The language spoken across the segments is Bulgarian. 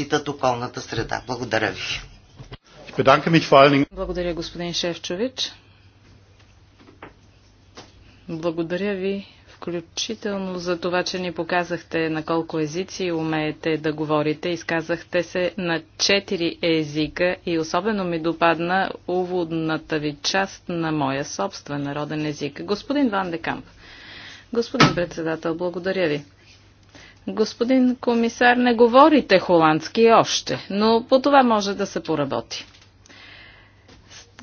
защитат околната среда. Благодаря ви. Благодаря, господин Шевчович. Благодаря ви включително за това, че ни показахте на колко езици умеете да говорите. Изказахте се на четири езика и особено ми допадна уводната ви част на моя собствен народен език. Господин Ван Декамп. Господин председател, благодаря ви. Господин комисар, не говорите холандски още, но по това може да се поработи.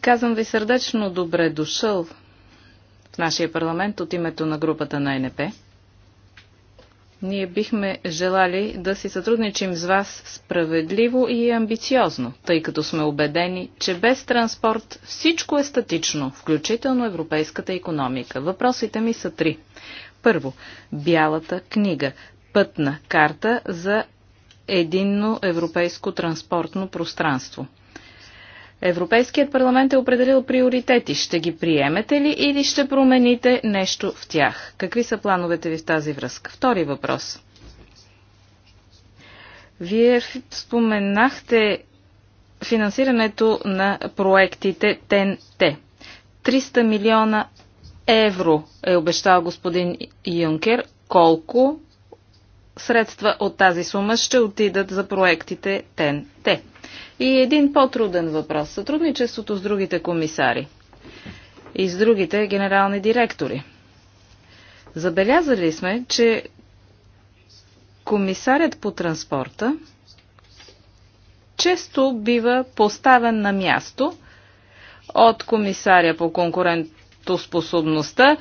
Казвам ви сърдечно добре дошъл в нашия парламент от името на групата на НП. Ние бихме желали да си сътрудничим с вас справедливо и амбициозно, тъй като сме убедени, че без транспорт всичко е статично, включително европейската економика. Въпросите ми са три. Първо, бялата книга пътна карта за единно европейско транспортно пространство. Европейският парламент е определил приоритети. Ще ги приемете ли или ще промените нещо в тях? Какви са плановете ви в тази връзка? Втори въпрос. Вие споменахте финансирането на проектите ТНТ. 300 милиона евро е обещал господин Юнкер. Колко средства от тази сума ще отидат за проектите ТЕН-Т. И един по-труден въпрос. Сътрудничеството с другите комисари и с другите генерални директори. Забелязали сме, че комисарят по транспорта често бива поставен на място от комисаря по конкурентоспособността,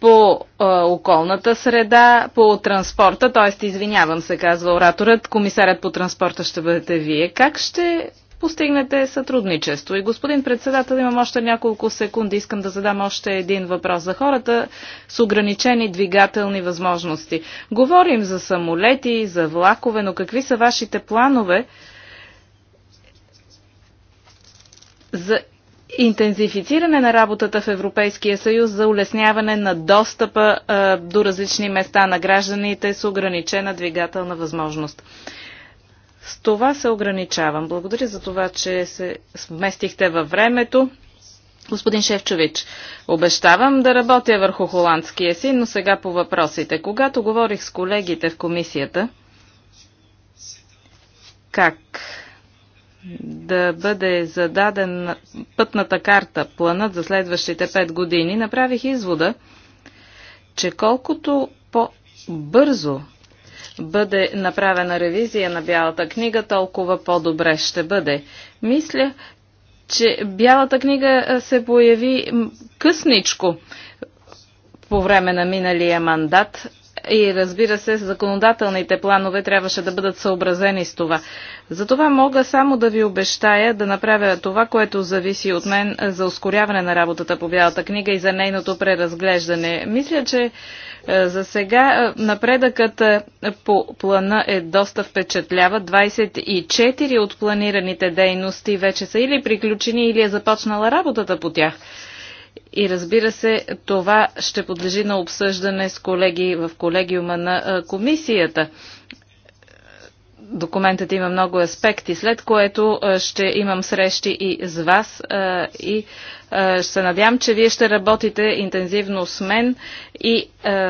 по а, околната среда, по транспорта, т.е. извинявам се, казва ораторът, комисарят по транспорта ще бъдете вие. Как ще постигнете сътрудничество? И господин председател, имам още няколко секунди, искам да задам още един въпрос за хората с ограничени двигателни възможности. Говорим за самолети, за влакове, но какви са вашите планове за интензифициране на работата в Европейския съюз за улесняване на достъпа а, е, до различни места на гражданите с ограничена двигателна възможност. С това се ограничавам. Благодаря за това, че се вместихте във времето. Господин Шевчович, обещавам да работя върху холандския си, но сега по въпросите. Когато говорих с колегите в комисията, как да бъде зададен пътната карта, планът за следващите 5 години, направих извода, че колкото по-бързо бъде направена ревизия на Бялата книга, толкова по-добре ще бъде. Мисля, че Бялата книга се появи късничко по време на миналия мандат и разбира се, законодателните планове трябваше да бъдат съобразени с това. Затова мога само да ви обещая да направя това, което зависи от мен за ускоряване на работата по Бялата книга и за нейното преразглеждане. Мисля, че е, за сега е, напредъкът е, по плана е доста впечатлява. 24 от планираните дейности вече са или приключени, или е започнала работата по тях. И разбира се, това ще подлежи на обсъждане с колеги в колегиума на комисията. Документът има много аспекти, след което ще имам срещи и с вас и се надявам, че вие ще работите интензивно с мен и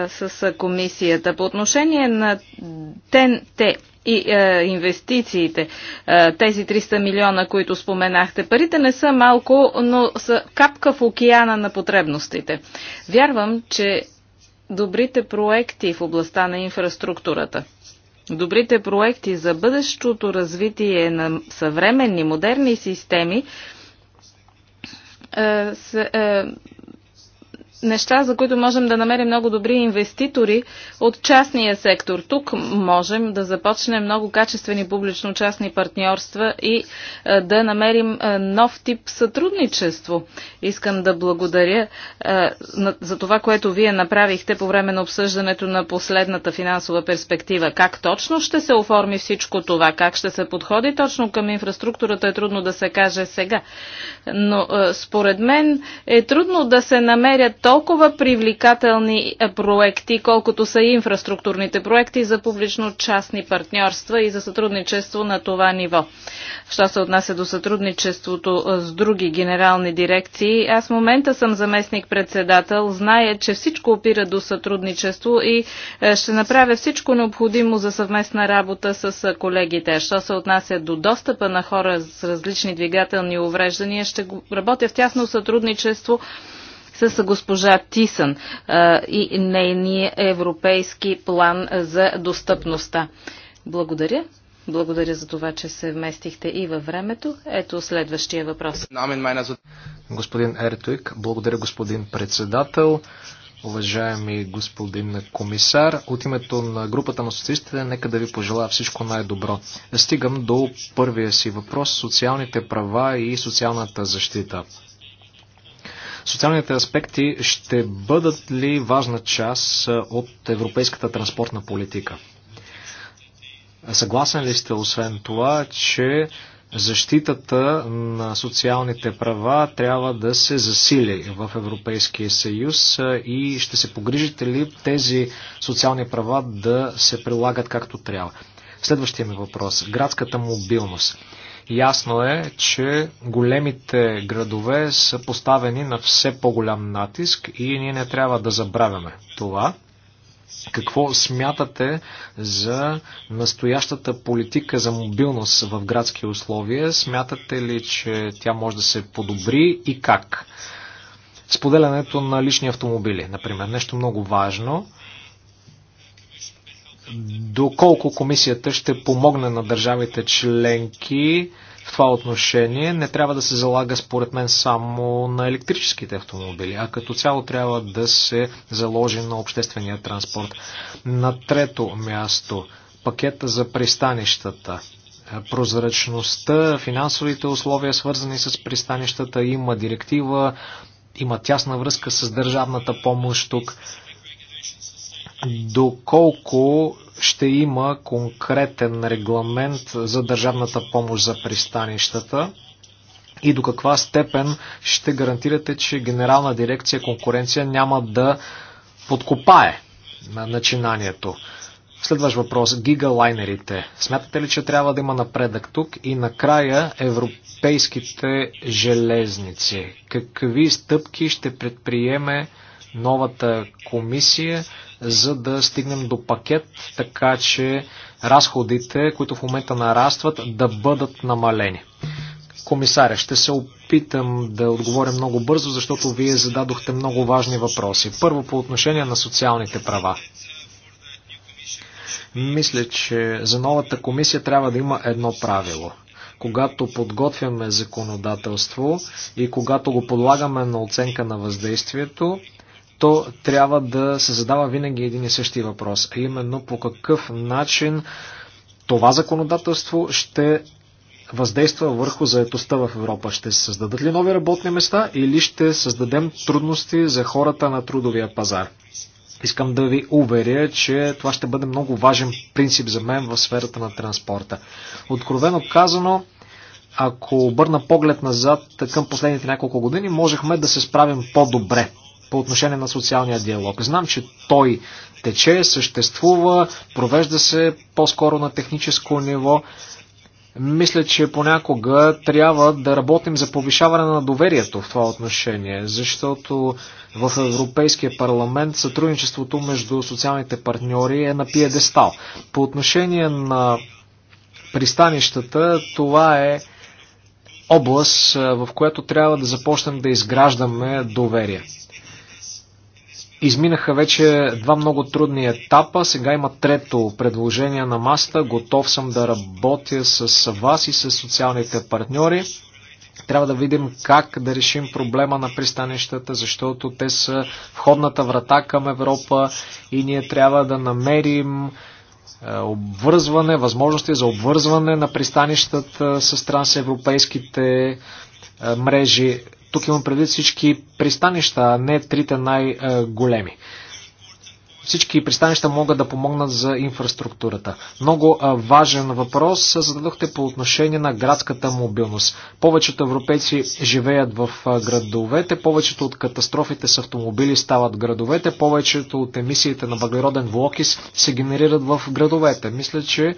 с комисията. По отношение на ТНТ, и е, инвестициите. Е, тези 300 милиона, които споменахте, парите не са малко, но са капка в океана на потребностите. Вярвам, че добрите проекти в областта на инфраструктурата, добрите проекти за бъдещото развитие на съвременни, модерни системи, е, с, е, неща, за които можем да намерим много добри инвеститори от частния сектор. Тук можем да започнем много качествени публично-частни партньорства и е, да намерим е, нов тип сътрудничество. Искам да благодаря е, за това, което вие направихте по време на обсъждането на последната финансова перспектива. Как точно ще се оформи всичко това? Как ще се подходи точно към инфраструктурата е трудно да се каже сега. Но според мен е трудно да се намерят толкова привлекателни е, проекти, колкото са и инфраструктурните проекти за публично-частни партньорства и за сътрудничество на това ниво. Що се отнася до сътрудничеството е, с други генерални дирекции, аз в момента съм заместник-председател, зная, че всичко опира до сътрудничество и е, ще направя всичко необходимо за съвместна работа с колегите. Що се отнася до достъпа на хора с различни двигателни увреждания, ще работя в тясно сътрудничество с госпожа Тисън и нейния европейски план за достъпността. Благодаря. Благодаря за това, че се вместихте и във времето. Ето следващия въпрос. Господин Ертуик, благодаря господин председател, уважаеми господин комисар. От името на групата на социалистите, нека да ви пожелая всичко най-добро. Стигам до първия си въпрос – социалните права и социалната защита. Социалните аспекти ще бъдат ли важна част от европейската транспортна политика? Съгласен ли сте освен това, че защитата на социалните права трябва да се засили в Европейския съюз и ще се погрижите ли тези социални права да се прилагат както трябва? Следващия ми въпрос. Градската мобилност. Ясно е, че големите градове са поставени на все по-голям натиск и ние не трябва да забравяме това. Какво смятате за настоящата политика за мобилност в градски условия? Смятате ли, че тя може да се подобри и как? Споделянето на лични автомобили, например, нещо много важно доколко комисията ще помогне на държавите членки в това отношение. Не трябва да се залага според мен само на електрическите автомобили, а като цяло трябва да се заложи на обществения транспорт. На трето място пакета за пристанищата. Прозрачността, финансовите условия, свързани с пристанищата, има директива, има тясна връзка с държавната помощ тук доколко ще има конкретен регламент за държавната помощ за пристанищата и до каква степен ще гарантирате, че Генерална дирекция конкуренция няма да подкопае на начинанието. Следващ въпрос. Гигалайнерите. Смятате ли, че трябва да има напредък тук? И накрая европейските железници. Какви стъпки ще предприеме новата комисия? за да стигнем до пакет, така че разходите, които в момента нарастват, да бъдат намалени. Комисаря, ще се опитам да отговоря много бързо, защото вие зададохте много важни въпроси. Първо по отношение на социалните права. Мисля, че за новата комисия трябва да има едно правило когато подготвяме законодателство и когато го подлагаме на оценка на въздействието, то трябва да се задава винаги един и същи въпрос, а именно по какъв начин това законодателство ще въздейства върху заетостта в Европа. Ще се създадат ли нови работни места или ще създадем трудности за хората на трудовия пазар? Искам да ви уверя, че това ще бъде много важен принцип за мен в сферата на транспорта. Откровено казано, ако обърна поглед назад към последните няколко години, можехме да се справим по-добре по отношение на социалния диалог. Знам, че той тече, съществува, провежда се по-скоро на техническо ниво. Мисля, че понякога трябва да работим за повишаване на доверието в това отношение, защото в Европейския парламент сътрудничеството между социалните партньори е на пиедестал. По отношение на пристанищата, това е област, в която трябва да започнем да изграждаме доверие. Изминаха вече два много трудни етапа. Сега има трето предложение на маста. Готов съм да работя с вас и с социалните партньори. Трябва да видим как да решим проблема на пристанищата, защото те са входната врата към Европа и ние трябва да намерим е, обвързване, възможности за обвързване на пристанищата с трансевропейските е, мрежи. Тук имам предвид всички пристанища, а не трите най-големи. Всички пристанища могат да помогнат за инфраструктурата. Много важен въпрос зададохте по отношение на градската мобилност. Повечето европейци живеят в градовете, повечето от катастрофите с автомобили стават градовете, повечето от емисиите на въглероден влокис се генерират в градовете. Мисля, че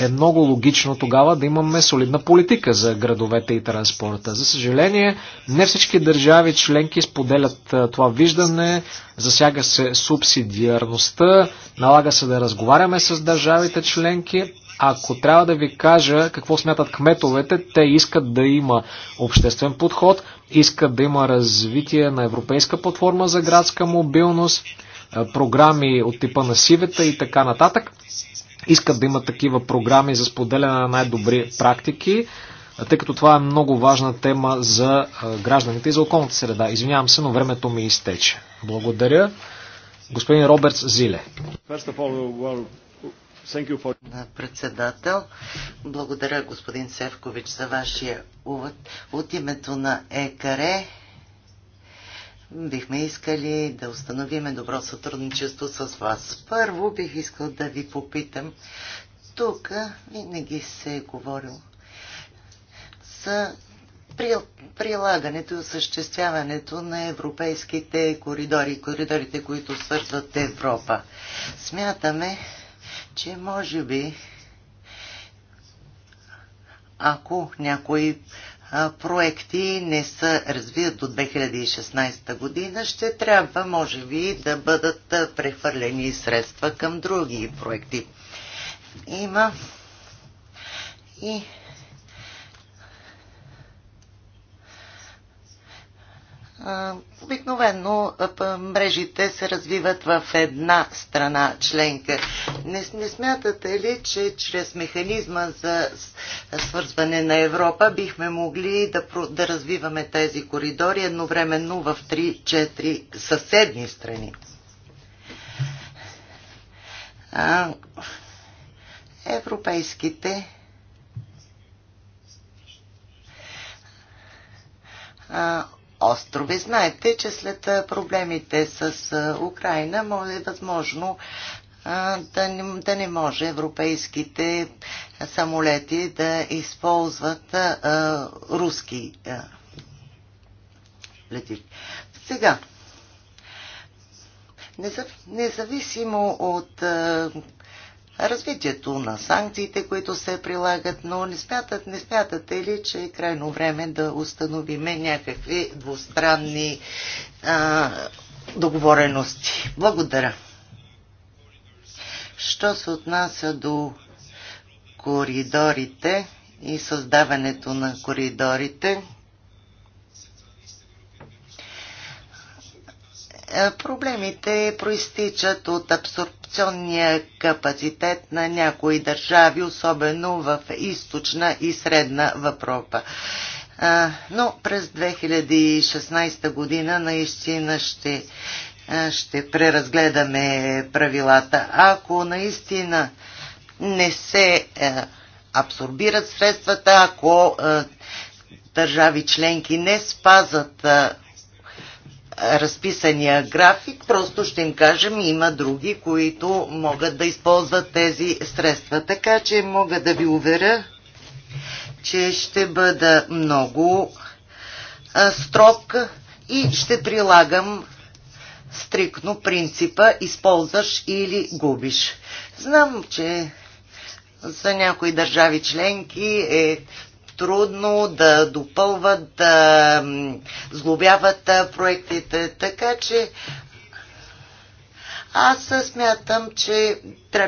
е много логично тогава да имаме солидна политика за градовете и транспорта. За съжаление, не всички държави членки споделят това виждане, засяга се субсидиарността, налага се да разговаряме с държавите членки. Ако трябва да ви кажа какво смятат кметовете, те искат да има обществен подход, искат да има развитие на европейска платформа за градска мобилност, програми от типа на сивета и така нататък искат да имат такива програми за споделяне на най-добри практики, тъй като това е много важна тема за гражданите и за околната среда. Извинявам се, но времето ми изтече. Благодаря. Господин Робертс Зиле. Председател, благодаря господин Севкович за вашия увод. От името на ЕКАРЕ бихме искали да установим добро сътрудничество с вас. Първо бих искал да ви попитам. Тук винаги се е говорил за прилагането и осъществяването на европейските коридори, коридорите, които свързват Европа. Смятаме, че може би ако някои проекти не се развият до 2016 година, ще трябва, може би, да бъдат прехвърлени средства към други проекти. Има и Обикновено мрежите се развиват в една страна членка. Не, не смятате ли, че чрез механизма за свързване на Европа бихме могли да, да развиваме тези коридори едновременно в 3-4 съседни страни? А, европейските а, острови. Знаете, че след проблемите с Украина е възможно да не, да не може европейските самолети да използват а, руски а, Сега, независимо от а, развитието на санкциите, които се прилагат, но не, смятат, не смятате ли, че е крайно време да установиме някакви двустранни а, договорености? Благодаря. Що се отнася до коридорите и създаването на коридорите, Е, проблемите проистичат от абсорбционния капацитет на някои държави, особено в източна и средна Европа. Е, но през 2016 година наистина ще, е, ще преразгледаме правилата. Ако наистина не се абсорбират средствата, ако държави членки не спазат разписания график, просто ще им кажем, има други, които могат да използват тези средства. Така че мога да ви уверя, че ще бъда много строг и ще прилагам стрикно принципа използваш или губиш. Знам, че за някои държави членки е трудно да допълват, да сглобяват проектите. Така че аз смятам, че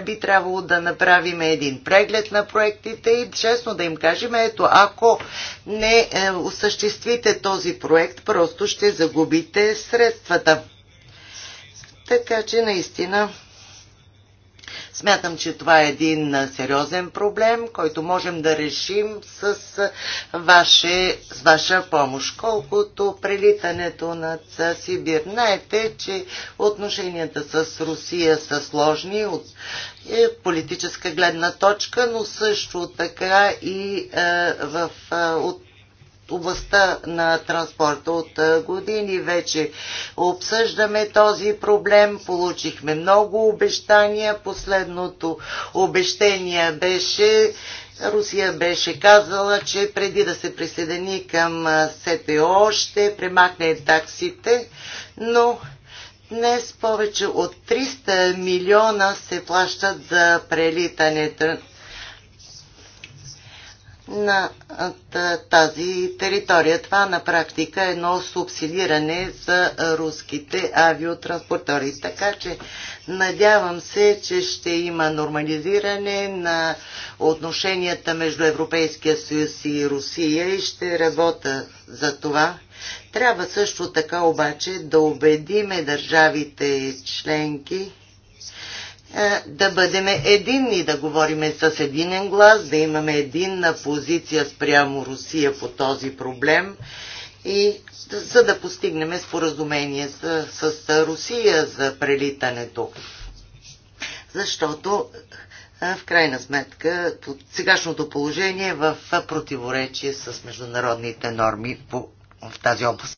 би трябвало да направим един преглед на проектите и честно да им кажем, ето, ако не е, осъществите този проект, просто ще загубите средствата. Така че наистина Смятам, че това е един сериозен проблем, който можем да решим с, ваше, с ваша помощ. Колкото прелитането на Сибир. Знаете, че отношенията с Русия са сложни от е, политическа гледна точка, но също така и е, в, е, от областта на транспорта. От години вече обсъждаме този проблем, получихме много обещания. Последното обещание беше Русия беше казала, че преди да се присъедини към СТО ще премахне таксите, но днес повече от 300 милиона се плащат за прелитането на тази територия. Това на практика е едно субсидиране за руските авиотранспортори. Така че надявам се, че ще има нормализиране на отношенията между Европейския съюз и Русия и ще работя за това. Трябва също така обаче да убедиме държавите членки е, да бъдем единни, да говориме с единен глас, да имаме единна позиция спрямо Русия по този проблем и за да постигнем споразумение с, с Русия за прелитането. Защото е, в крайна сметка сегашното положение е в противоречие с международните норми по, в тази област.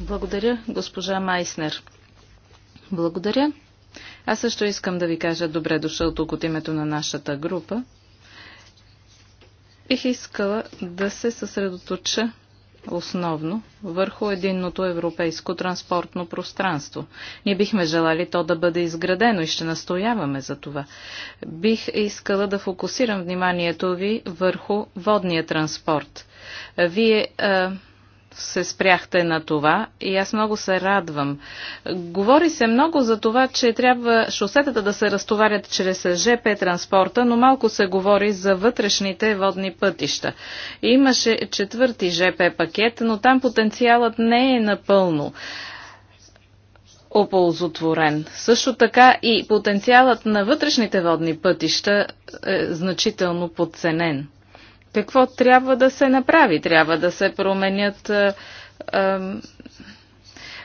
Благодаря, госпожа Майснер. Благодаря. Аз също искам да ви кажа добре дошъл тук от името на нашата група. Бих искала да се съсредоточа основно върху единното европейско транспортно пространство. Ние бихме желали то да бъде изградено и ще настояваме за това. Бих искала да фокусирам вниманието ви върху водния транспорт. Вие а, се спряхте на това и аз много се радвам. Говори се много за това, че трябва шосетата да се разтоварят чрез ЖП транспорта, но малко се говори за вътрешните водни пътища. Имаше четвърти ЖП пакет, но там потенциалът не е напълно оползотворен. Също така и потенциалът на вътрешните водни пътища е значително подценен. Какво трябва да се направи? Трябва да се променят е, е,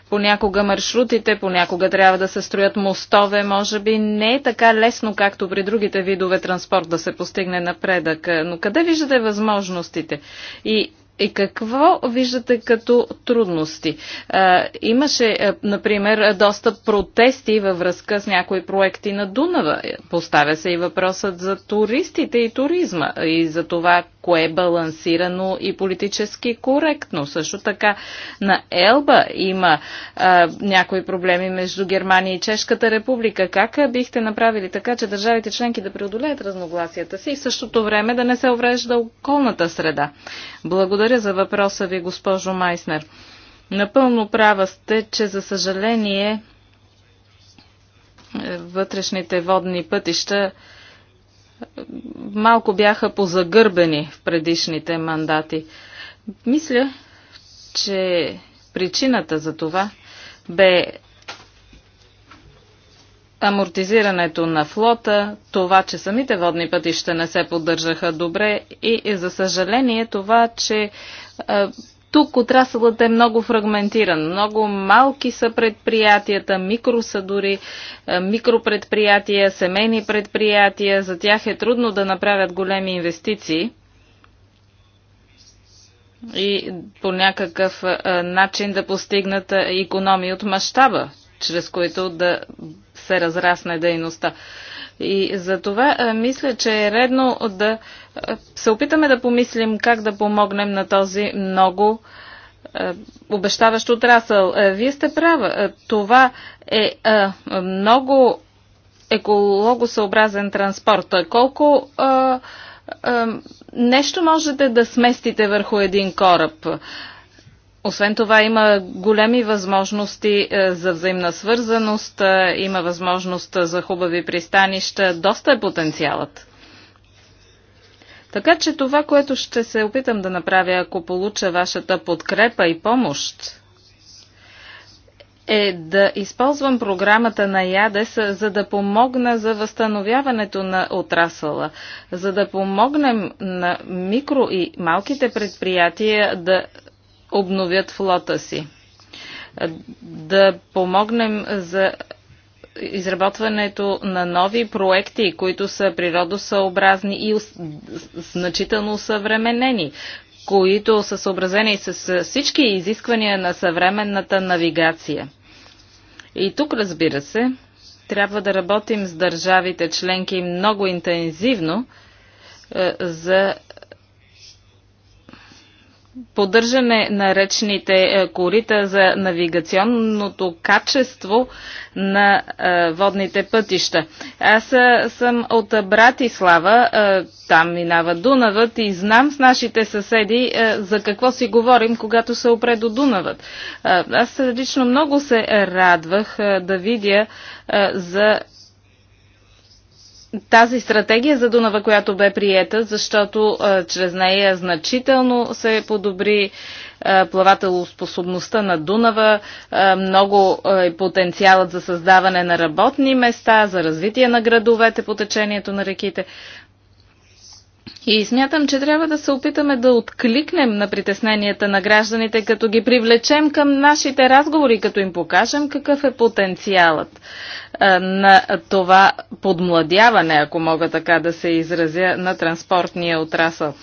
понякога маршрутите, понякога трябва да се строят мостове. Може би не е така лесно, както при другите видове транспорт да се постигне напредък. Но къде виждате възможностите? И и какво виждате като трудности? А, имаше, например, доста протести във връзка с някои проекти на Дунава. Поставя се и въпросът за туристите и туризма и за това кое е балансирано и политически коректно. Също така на Елба има а, някои проблеми между Германия и Чешката република. Как бихте направили така, че държавите членки да преодолеят разногласията си и в същото време да не се уврежда околната среда? Благодаря за въпроса ви, госпожо Майснер. Напълно права сте, че за съжаление вътрешните водни пътища малко бяха позагърбени в предишните мандати. Мисля, че причината за това бе амортизирането на флота, това, че самите водни пътища не се поддържаха добре и, и за съжаление това, че тук отрасълът е много фрагментиран. Много малки са предприятията, микро са дори е, микропредприятия, семейни предприятия. За тях е трудно да направят големи инвестиции и по някакъв е, начин да постигнат економии от мащаба, чрез които да се разрасне дейността. И за това мисля, че е редно да се опитаме да помислим как да помогнем на този много обещаващ отрасъл. Вие сте права. Това е много екологосъобразен транспорт. Колко нещо можете да сместите върху един кораб? Освен това има големи възможности е, за взаимна свързаност, е, има възможност за хубави пристанища, доста е потенциалът. Така че това, което ще се опитам да направя, ако получа вашата подкрепа и помощ, е да използвам програмата на ЯДЕС, за да помогна за възстановяването на отрасъла, за да помогнем на микро и малките предприятия да обновят флота си. Да помогнем за изработването на нови проекти, които са природосъобразни и значително съвременени, които са съобразени с всички изисквания на съвременната навигация. И тук, разбира се, трябва да работим с държавите членки много интензивно, е, за поддържане на речните е, корита за навигационното качество на е, водните пътища. Аз е, съм от Братислава, там минава Дунавът и знам с нашите съседи за какво си говорим, когато се опре до Дунавът. Аз лично много се радвах да видя за тази стратегия за Дунава, която бе приета, защото а, чрез нея значително се подобри плавателоспособността на Дунава, много е потенциалът за създаване на работни места, за развитие на градовете по течението на реките. И смятам, че трябва да се опитаме да откликнем на притесненията на гражданите, като ги привлечем към нашите разговори, като им покажем какъв е потенциалът на това подмладяване, ако мога така да се изразя, на транспортния отрасъл.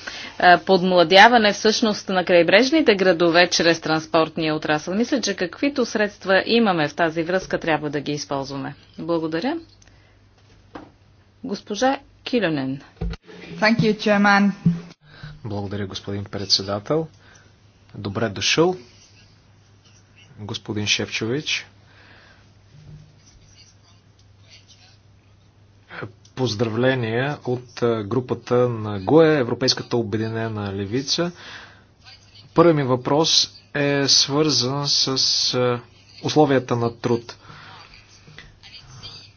Подмладяване всъщност на крайбрежните градове чрез транспортния отрасъл. Мисля, че каквито средства имаме в тази връзка, трябва да ги използваме. Благодаря. Госпожа Килонен. You, Благодаря, господин председател. Добре дошъл, господин Шепчович. Поздравления от групата на ГОЕ, Европейската обединена левица. Първият ми въпрос е свързан с условията на труд.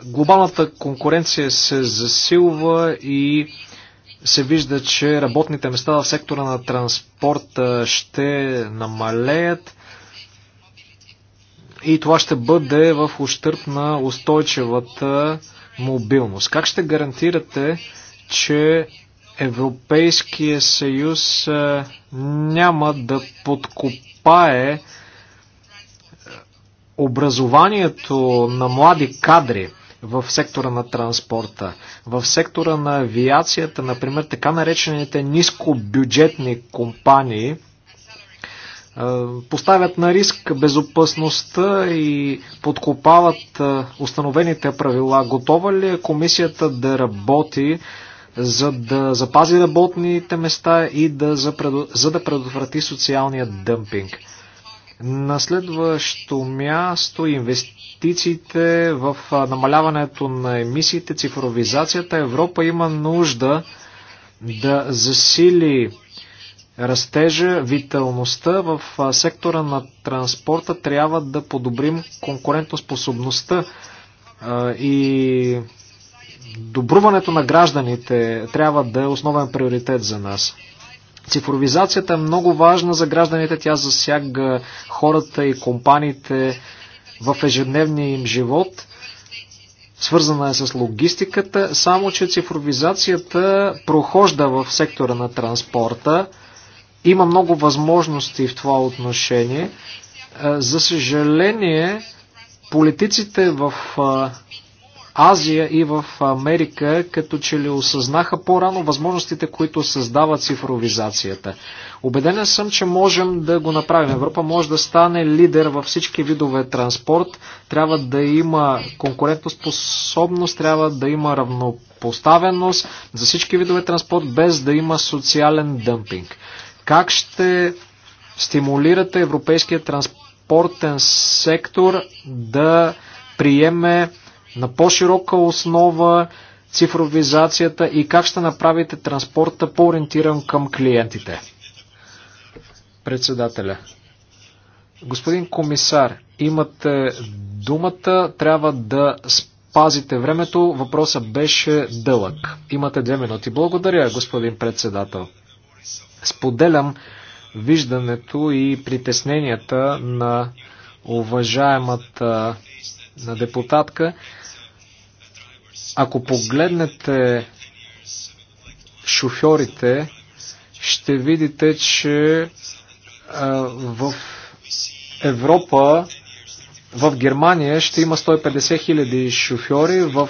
Глобалната конкуренция се засилва и се вижда, че работните места в сектора на транспорта ще намалеят и това ще бъде в ущърп на устойчивата мобилност. Как ще гарантирате, че Европейския съюз е, няма да подкопае е, образованието на млади кадри в сектора на транспорта, в сектора на авиацията, например, така наречените нискобюджетни компании, поставят на риск безопасността и подкопават установените правила. Готова ли е комисията да работи, за да запази работните места и да, за, за да предотврати социалния дъмпинг? На следващо място инвестициите в намаляването на емисиите, цифровизацията. Европа има нужда да засили растежа, виталността в сектора на транспорта. Трябва да подобрим конкурентоспособността и добруването на гражданите трябва да е основен приоритет за нас. Цифровизацията е много важна за гражданите, тя засяга хората и компаниите в ежедневния им живот. Свързана е с логистиката, само че цифровизацията прохожда в сектора на транспорта. Има много възможности в това отношение. За съжаление, политиците в Азия и в Америка като че ли осъзнаха по-рано възможностите, които създава цифровизацията. Обеден съм, че можем да го направим. Европа може да стане лидер във всички видове транспорт. Трябва да има конкурентоспособност, трябва да има равнопоставеност за всички видове транспорт, без да има социален дъмпинг. Как ще стимулирате европейския транспортен сектор да приеме на по-широка основа цифровизацията и как ще направите транспорта по-ориентиран към клиентите. Председателя. Господин комисар, имате думата, трябва да спазите времето. Въпросът беше дълъг. Имате две минути. Благодаря, господин председател. Споделям виждането и притесненията на уважаемата на депутатка. Ако погледнете шофьорите, ще видите, че в Европа, в Германия ще има 150 хиляди шофьори, в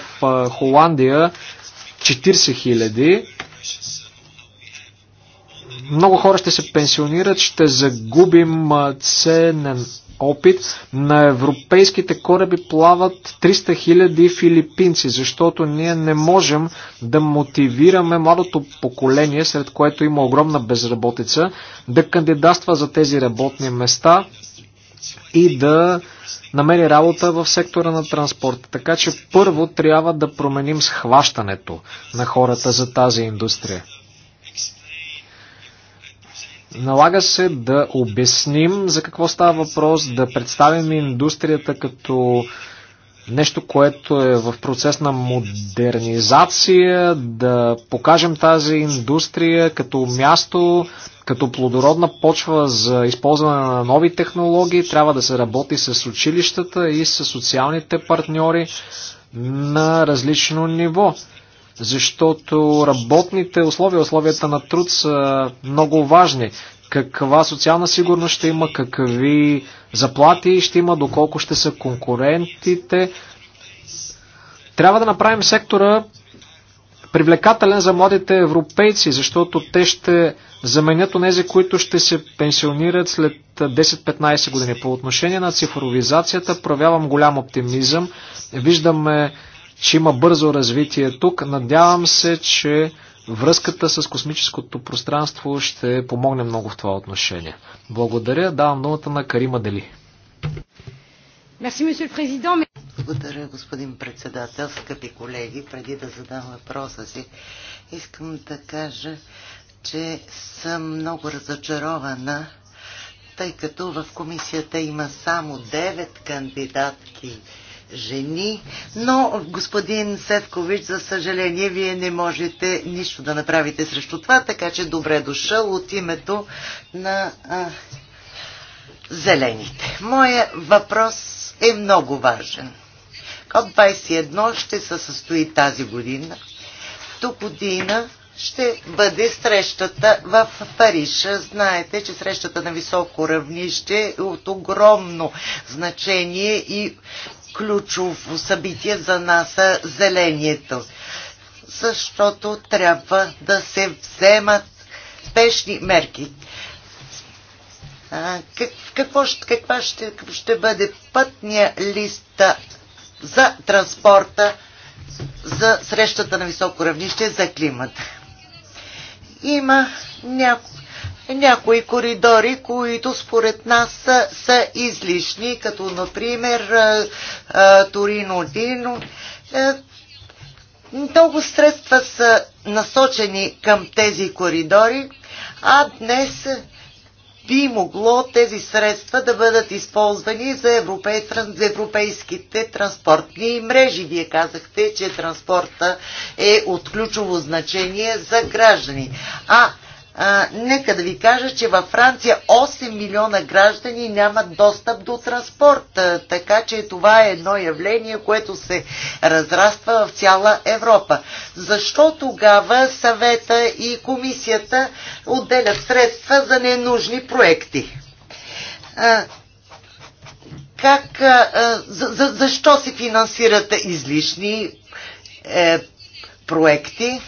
Холандия 40 хиляди. Много хора ще се пенсионират, ще загубим ценен опит. На европейските кораби плават 300 000 филипинци, защото ние не можем да мотивираме младото поколение, сред което има огромна безработица, да кандидатства за тези работни места и да намери работа в сектора на транспорта. Така че първо трябва да променим схващането на хората за тази индустрия. Налага се да обясним за какво става въпрос, да представим индустрията като нещо, което е в процес на модернизация, да покажем тази индустрия като място, като плодородна почва за използване на нови технологии. Трябва да се работи с училищата и с социалните партньори на различно ниво защото работните условия, условията на труд са много важни. Каква социална сигурност ще има, какви заплати ще има, доколко ще са конкурентите. Трябва да направим сектора привлекателен за младите европейци, защото те ще заменят онези, които ще се пенсионират след 10-15 години. По отношение на цифровизацията проявявам голям оптимизъм. Виждаме че има бързо развитие тук. Надявам се, че връзката с космическото пространство ще помогне много в това отношение. Благодаря. Давам думата на Карима Дели. Благодаря, господин председател, скъпи колеги. Преди да задам въпроса си, искам да кажа, че съм много разочарована, тъй като в комисията има само 9 кандидатки жени, но господин Севкович, за съжаление, вие не можете нищо да направите срещу това, така че добре дошъл от името на а, зелените. Моя въпрос е много важен. КОП-21 ще се състои тази година. До година ще бъде срещата в Париж. Знаете, че срещата на високо равнище е от огромно значение и ключово събитие за нас зелението, защото трябва да се вземат спешни мерки. А, как, какво, каква ще, ще бъде пътния лист за транспорта за срещата на високо равнище за климата? Има няколко някои коридори, които според нас са, са излишни, като например Торино-Дино. Е, много средства са насочени към тези коридори, а днес би могло тези средства да бъдат използвани за, европей, за европейските транспортни мрежи. Вие казахте, че транспорта е от ключово значение за граждани. А а, нека да ви кажа, че във Франция 8 милиона граждани нямат достъп до транспорт. А, така че това е едно явление, което се разраства в цяла Европа. Защо тогава съвета и комисията отделят средства за ненужни проекти? А, как, а, за, за, защо се финансират излишни е, проекти?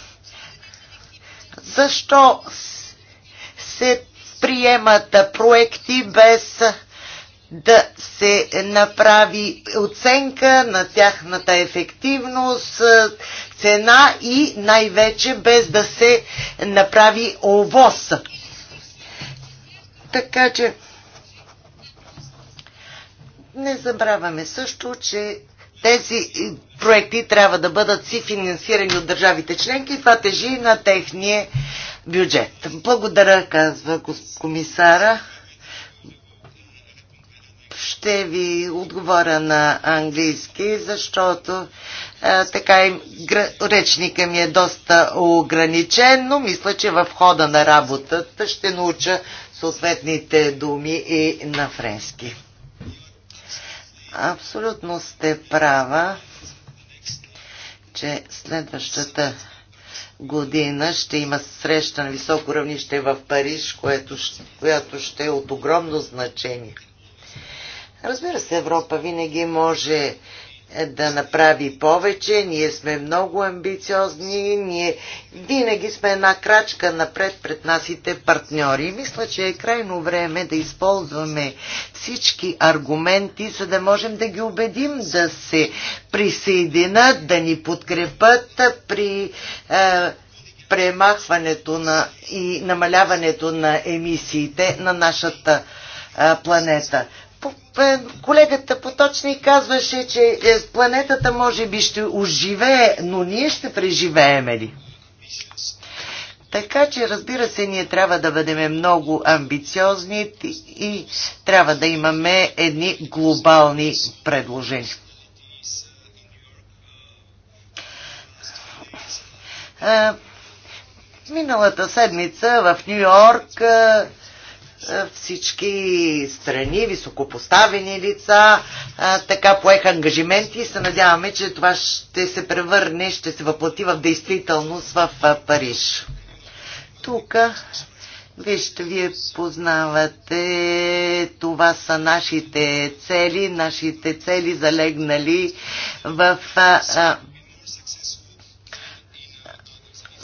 Защо се приемат проекти без да се направи оценка на тяхната ефективност, цена и най-вече без да се направи овоз. Така че не забравяме също, че тези проекти трябва да бъдат си финансирани от държавите членки. Това тежи на техния бюджет. Благодаря, казва комисара. Ще ви отговоря на английски, защото а, е, така и речника ми е доста ограничен, но мисля, че в хода на работата ще науча съответните думи и на френски. Абсолютно сте права, че следващата година ще има среща на високо равнище в Париж, което, която ще е от огромно значение. Разбира се, Европа винаги може да направи повече, ние сме много амбициозни, ние винаги сме една крачка напред пред нашите партньори. Мисля, че е крайно време да използваме всички аргументи, за да можем да ги убедим да се присъединят, да ни подкрепят при е, премахването на и намаляването на емисиите на нашата е, планета. Е, колегата Поточни казваше, че е, планетата може би ще оживее, но ние ще преживееме ли? Така че, разбира се, ние трябва да бъдем много амбициозни и трябва да имаме едни глобални предложения. Е, миналата седмица в Нью Йорк е, всички страни, високопоставени лица, е, така поеха ангажименти и се надяваме, че това ще се превърне, ще се въплати в действителност в е, Париж. Тук, вижте, вие познавате, това са нашите цели, нашите цели залегнали в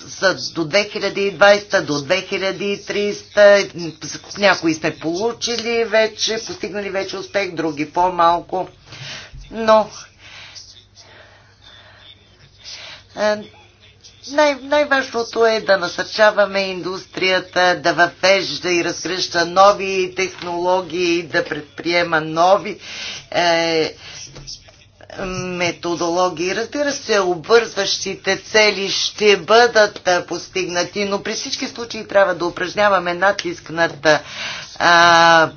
са до 2020, до 2300. Някои сме получили вече, постигнали вече успех, други по-малко. Но е, най- най-важното е да насърчаваме индустрията, да въвежда и разгръща нови технологии, да предприема нови е, методологии. Разбира се, обвързващите цели ще бъдат постигнати, но при всички случаи трябва да упражняваме натиск над а,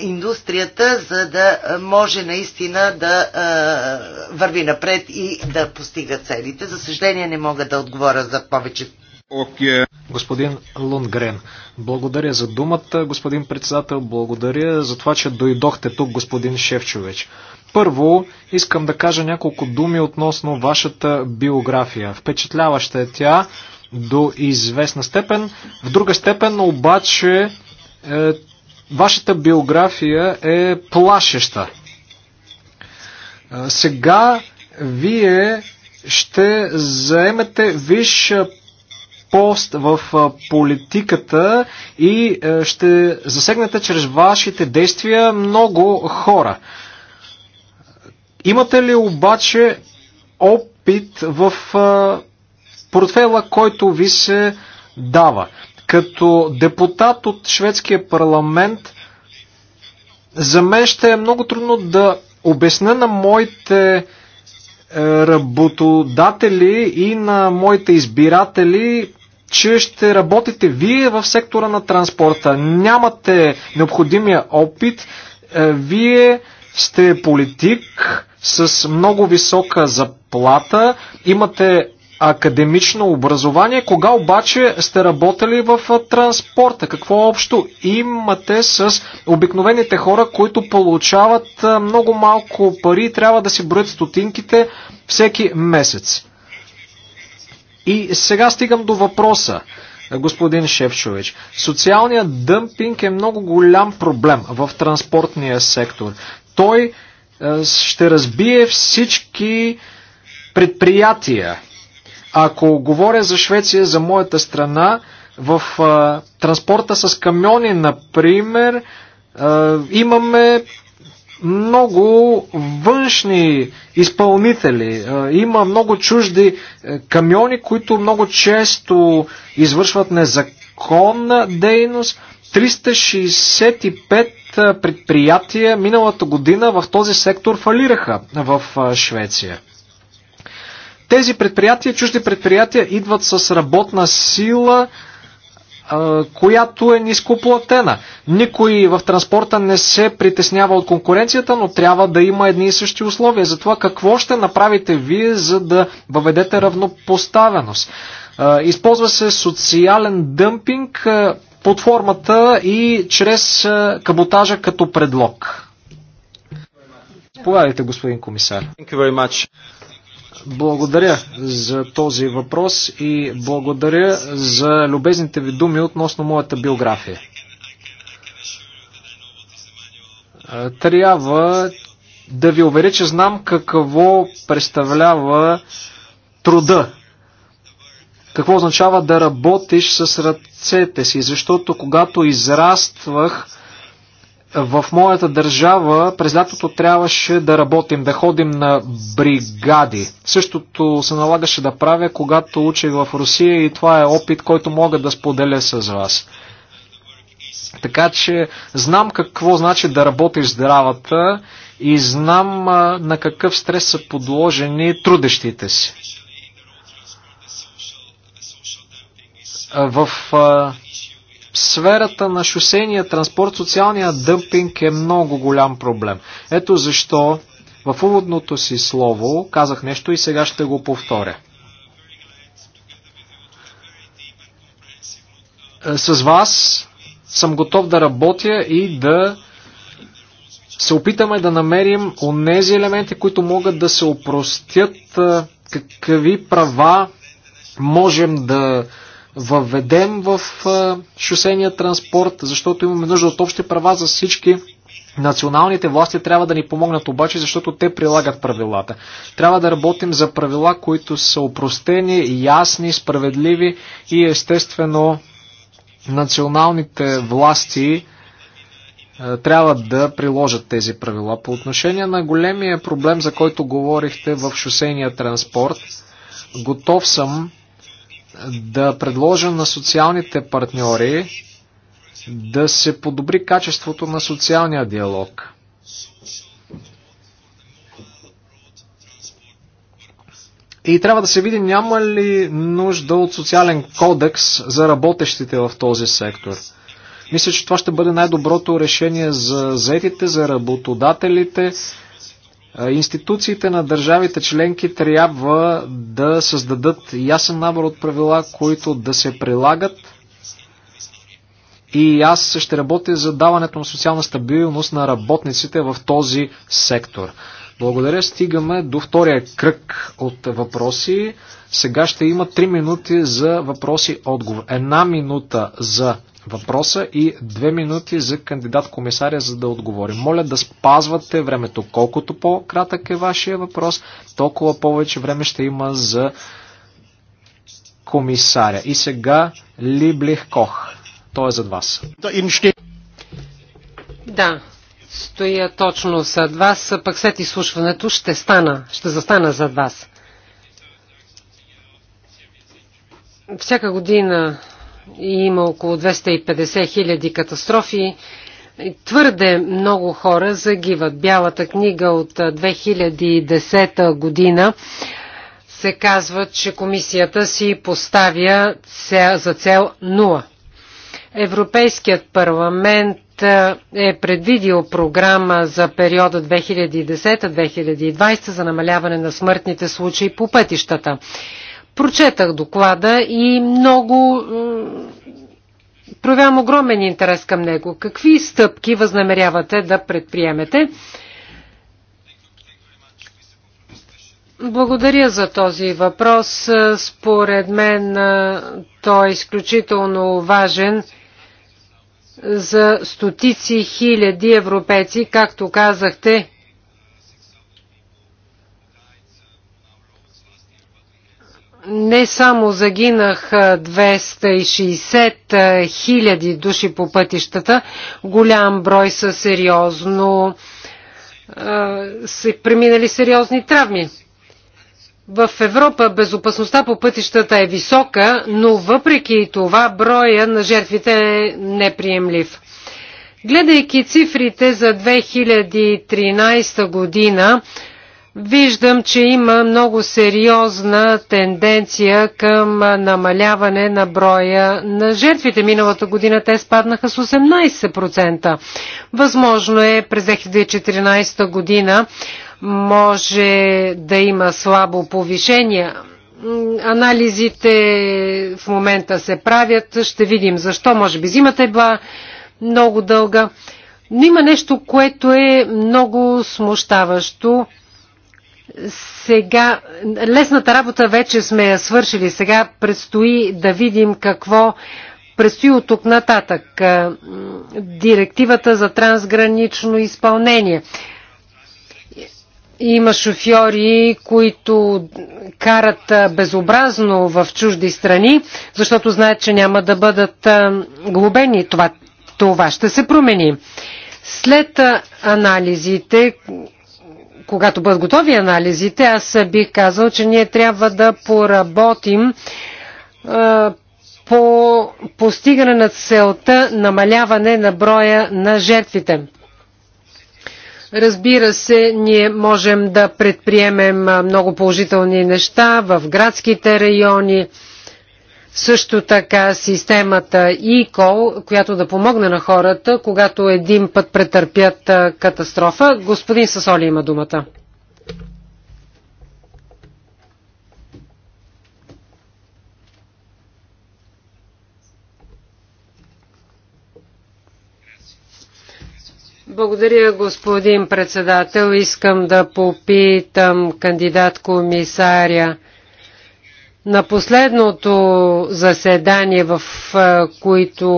индустрията, за да може наистина да а, върви напред и да постига целите. За съжаление не мога да отговоря за повече. Okay. Господин Лунгрен, благодаря за думата, господин председател, благодаря за това, че дойдохте тук, господин Шевчович. Първо, искам да кажа няколко думи относно вашата биография. Впечатляваща е тя до известна степен. В друга степен обаче е, вашата биография е плашеща. Е, сега вие ще заемете виш пост в е, политиката и е, ще засегнете чрез вашите действия много хора. Имате ли обаче опит в портфела, който ви се дава? Като депутат от шведския парламент, за мен ще е много трудно да обясня на моите е, работодатели и на моите избиратели, че ще работите вие в сектора на транспорта. Нямате необходимия опит. Е, вие сте политик, с много висока заплата, имате академично образование, кога обаче сте работили в транспорта? Какво общо имате с обикновените хора, които получават много малко пари и трябва да си броят стотинките всеки месец? И сега стигам до въпроса, господин Шевчович. Социалният дъмпинг е много голям проблем в транспортния сектор. Той е, ще разбие всички предприятия. Ако говоря за Швеция, за моята страна, в а, е, транспорта с камиони, например, а, е, имаме много външни изпълнители. А, има много чужди а, камиони, които много често извършват незаконна дейност. 365 предприятия миналата година в този сектор фалираха в Швеция. Тези предприятия, чужди предприятия, идват с работна сила, която е нископлатена. Никой в транспорта не се притеснява от конкуренцията, но трябва да има едни и същи условия. Затова какво ще направите вие, за да въведете равнопоставеност? Използва се социален дъмпинг под формата и чрез е, каботажа като предлог. Заповядайте, господин комисар. Благодаря за този въпрос и благодаря за любезните ви думи относно моята биография. Е, трябва да ви уверя, че знам какво представлява труда какво означава да работиш с ръцете си, защото когато израствах в моята държава, през лятото трябваше да работим, да ходим на бригади. Същото се налагаше да правя, когато учех в Русия и това е опит, който мога да споделя с вас. Така че знам какво значи да работиш здравата и знам на какъв стрес са подложени трудещите си. В сферата на шосения транспорт социалния дъмпинг е много голям проблем. Ето защо в уводното си слово казах нещо и сега ще го повторя. С вас съм готов да работя и да се опитаме да намерим онези елементи, които могат да се опростят, какви права можем да въведем в шосения транспорт, защото имаме нужда от общи права за всички. Националните власти трябва да ни помогнат обаче, защото те прилагат правилата. Трябва да работим за правила, които са опростени, ясни, справедливи и естествено националните власти трябва да приложат тези правила. По отношение на големия проблем, за който говорихте в шосейния транспорт, готов съм да предложа на социалните партньори да се подобри качеството на социалния диалог. И трябва да се види няма ли нужда от социален кодекс за работещите в този сектор. Мисля, че това ще бъде най-доброто решение за заетите, за работодателите, Институциите на държавите членки трябва да създадат ясен набор от правила, които да се прилагат и аз ще работя за даването на социална стабилност на работниците в този сектор. Благодаря. Стигаме до втория кръг от въпроси. Сега ще има 3 минути за въпроси-отговор. Една минута за въпроса и две минути за кандидат комисаря, за да отговори. Моля да спазвате времето. Колкото по-кратък е вашия въпрос, толкова повече време ще има за комисаря. И сега Либлих Кох. Той е зад вас. Да, стоя точно зад вас, пък след изслушването ще стана, ще застана зад вас. Всяка година и Има около 250 хиляди катастрофи. Твърде много хора загиват. Бялата книга от 2010 година се казва, че комисията си поставя за цел 0. Европейският парламент е предвидил програма за периода 2010-2020 за намаляване на смъртните случаи по пътищата. Прочетах доклада и много проявявам огромен интерес към него. Какви стъпки възнамерявате да предприемете? Благодаря за този въпрос. Според мен той е изключително важен за стотици хиляди европейци, както казахте. не само загинах 260 хиляди души по пътищата, голям брой са сериозно са преминали сериозни травми. В Европа безопасността по пътищата е висока, но въпреки това броя на жертвите е неприемлив. Гледайки цифрите за 2013 година, Виждам, че има много сериозна тенденция към намаляване на броя на жертвите. Миналата година те спаднаха с 18%. Възможно е през 2014 година може да има слабо повишение. Анализите в момента се правят. Ще видим защо. Може би зимата е била много дълга. Но има нещо, което е много смущаващо. Сега лесната работа вече сме я свършили. Сега предстои да видим какво предстои от тук нататък. Е, директивата за трансгранично изпълнение. Има шофьори, които карат е, безобразно в чужди страни, защото знаят, че няма да бъдат е, глобени. Това, това ще се промени. След анализите, когато бъдат готови анализите, аз бих казал, че ние трябва да поработим по постигане на целта намаляване на броя на жертвите. Разбира се, ние можем да предприемем много положителни неща в градските райони, също така системата ECOL, която да помогне на хората, когато един път претърпят катастрофа. Господин Сасоли има думата. Благодаря, господин председател. Искам да попитам кандидат комисаря на последното заседание, в които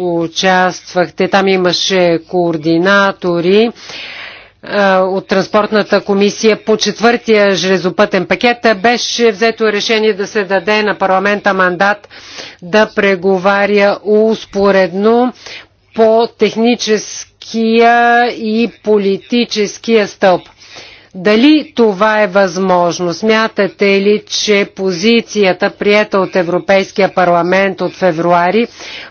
участвахте, там имаше координатори от Транспортната комисия по четвъртия железопътен пакет беше взето решение да се даде на парламента мандат да преговаря успоредно по техническия и политическия стълб. Дали това е възможно? Смятате ли, че позицията, прията от Европейския парламент от февруари,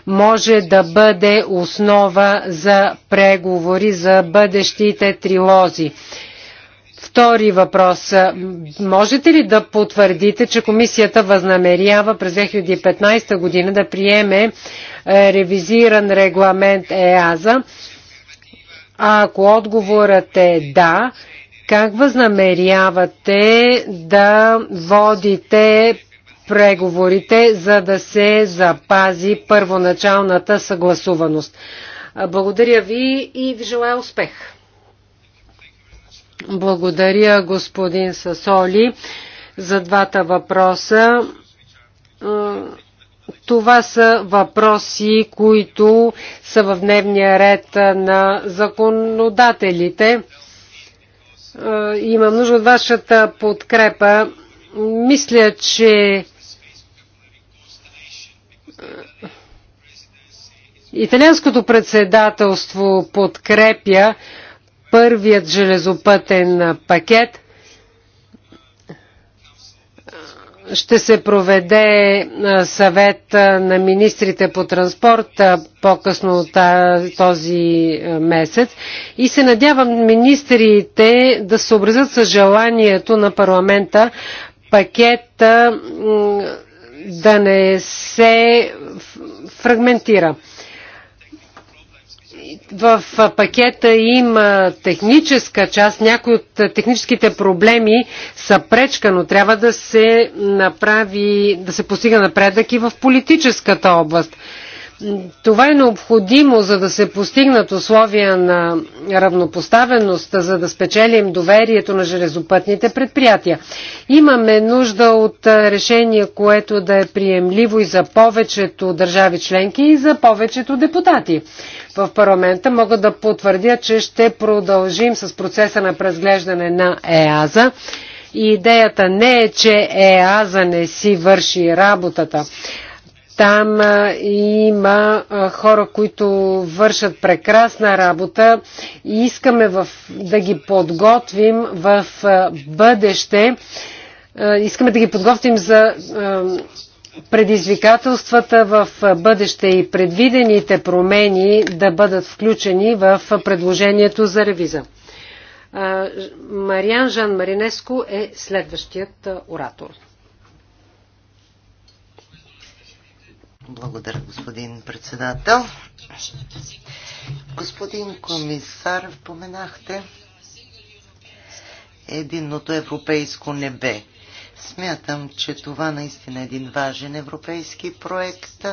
може да бъде основа за преговори за бъдещите трилози? Втори въпрос. Можете ли да потвърдите, че комисията възнамерява през 2015 година да приеме е, ревизиран регламент ЕАЗа? А ако отговорът е да, как възнамерявате да водите преговорите, за да се запази първоначалната съгласуваност? Благодаря ви и ви желая успех! Благодаря господин Сасоли за двата въпроса. Това са въпроси, които са в дневния ред на законодателите. Е, имам нужда от вашата подкрепа. Мисля, че е, Италианското председателство подкрепя първият железопътен пакет. ще се проведе съвет на министрите по транспорт по-късно този месец и се надявам министрите да съобразят с желанието на парламента пакета да не се фрагментира в пакета има техническа част. Някои от техническите проблеми са пречка, но трябва да се направи, да се постига напредък и в политическата област. Това е необходимо, за да се постигнат условия на равнопоставеност, за да спечелим доверието на железопътните предприятия. Имаме нужда от решение, което да е приемливо и за повечето държави членки и за повечето депутати. В парламента мога да потвърдя, че ще продължим с процеса на презглеждане на ЕАЗа. И идеята не е, че ЕАЗа не си върши работата там има хора, които вършат прекрасна работа и искаме в, да ги подготвим в бъдеще. Искаме да ги подготвим за предизвикателствата в бъдеще и предвидените промени да бъдат включени в предложението за ревиза. Мариан Жан Маринеско е следващият оратор. Благодаря, господин председател. Господин комисар, споменахте единното европейско небе. Смятам, че това наистина е един важен европейски проект,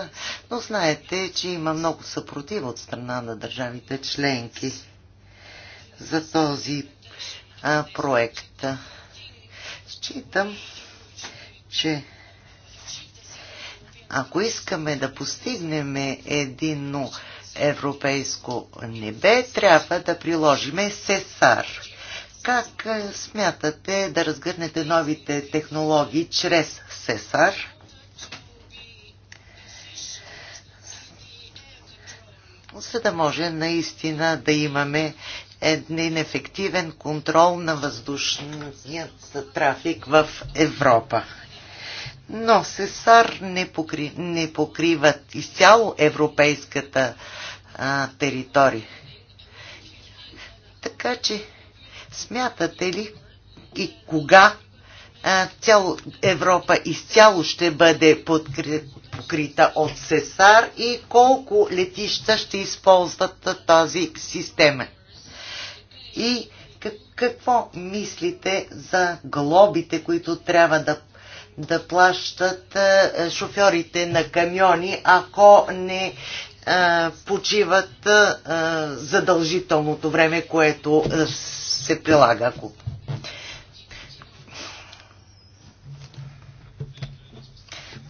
но знаете, че има много съпротива от страна на държавите членки за този а, проект. Считам, че ако искаме да постигнем единно европейско небе, трябва да приложиме СЕСАР. Как е, смятате да разгърнете новите технологии чрез СЕСАР? за да може наистина да имаме един ефективен контрол на въздушния трафик в Европа но СЕСАР не, покри, не покриват изцяло европейската а, територия. Така че, смятате ли и кога а, цяло Европа изцяло ще бъде подкри, покрита от СЕСАР и колко летища ще използват тази система? И какво мислите за глобите, които трябва да да плащат е, шофьорите на камиони, ако не е, почиват е, задължителното време, което се прилага.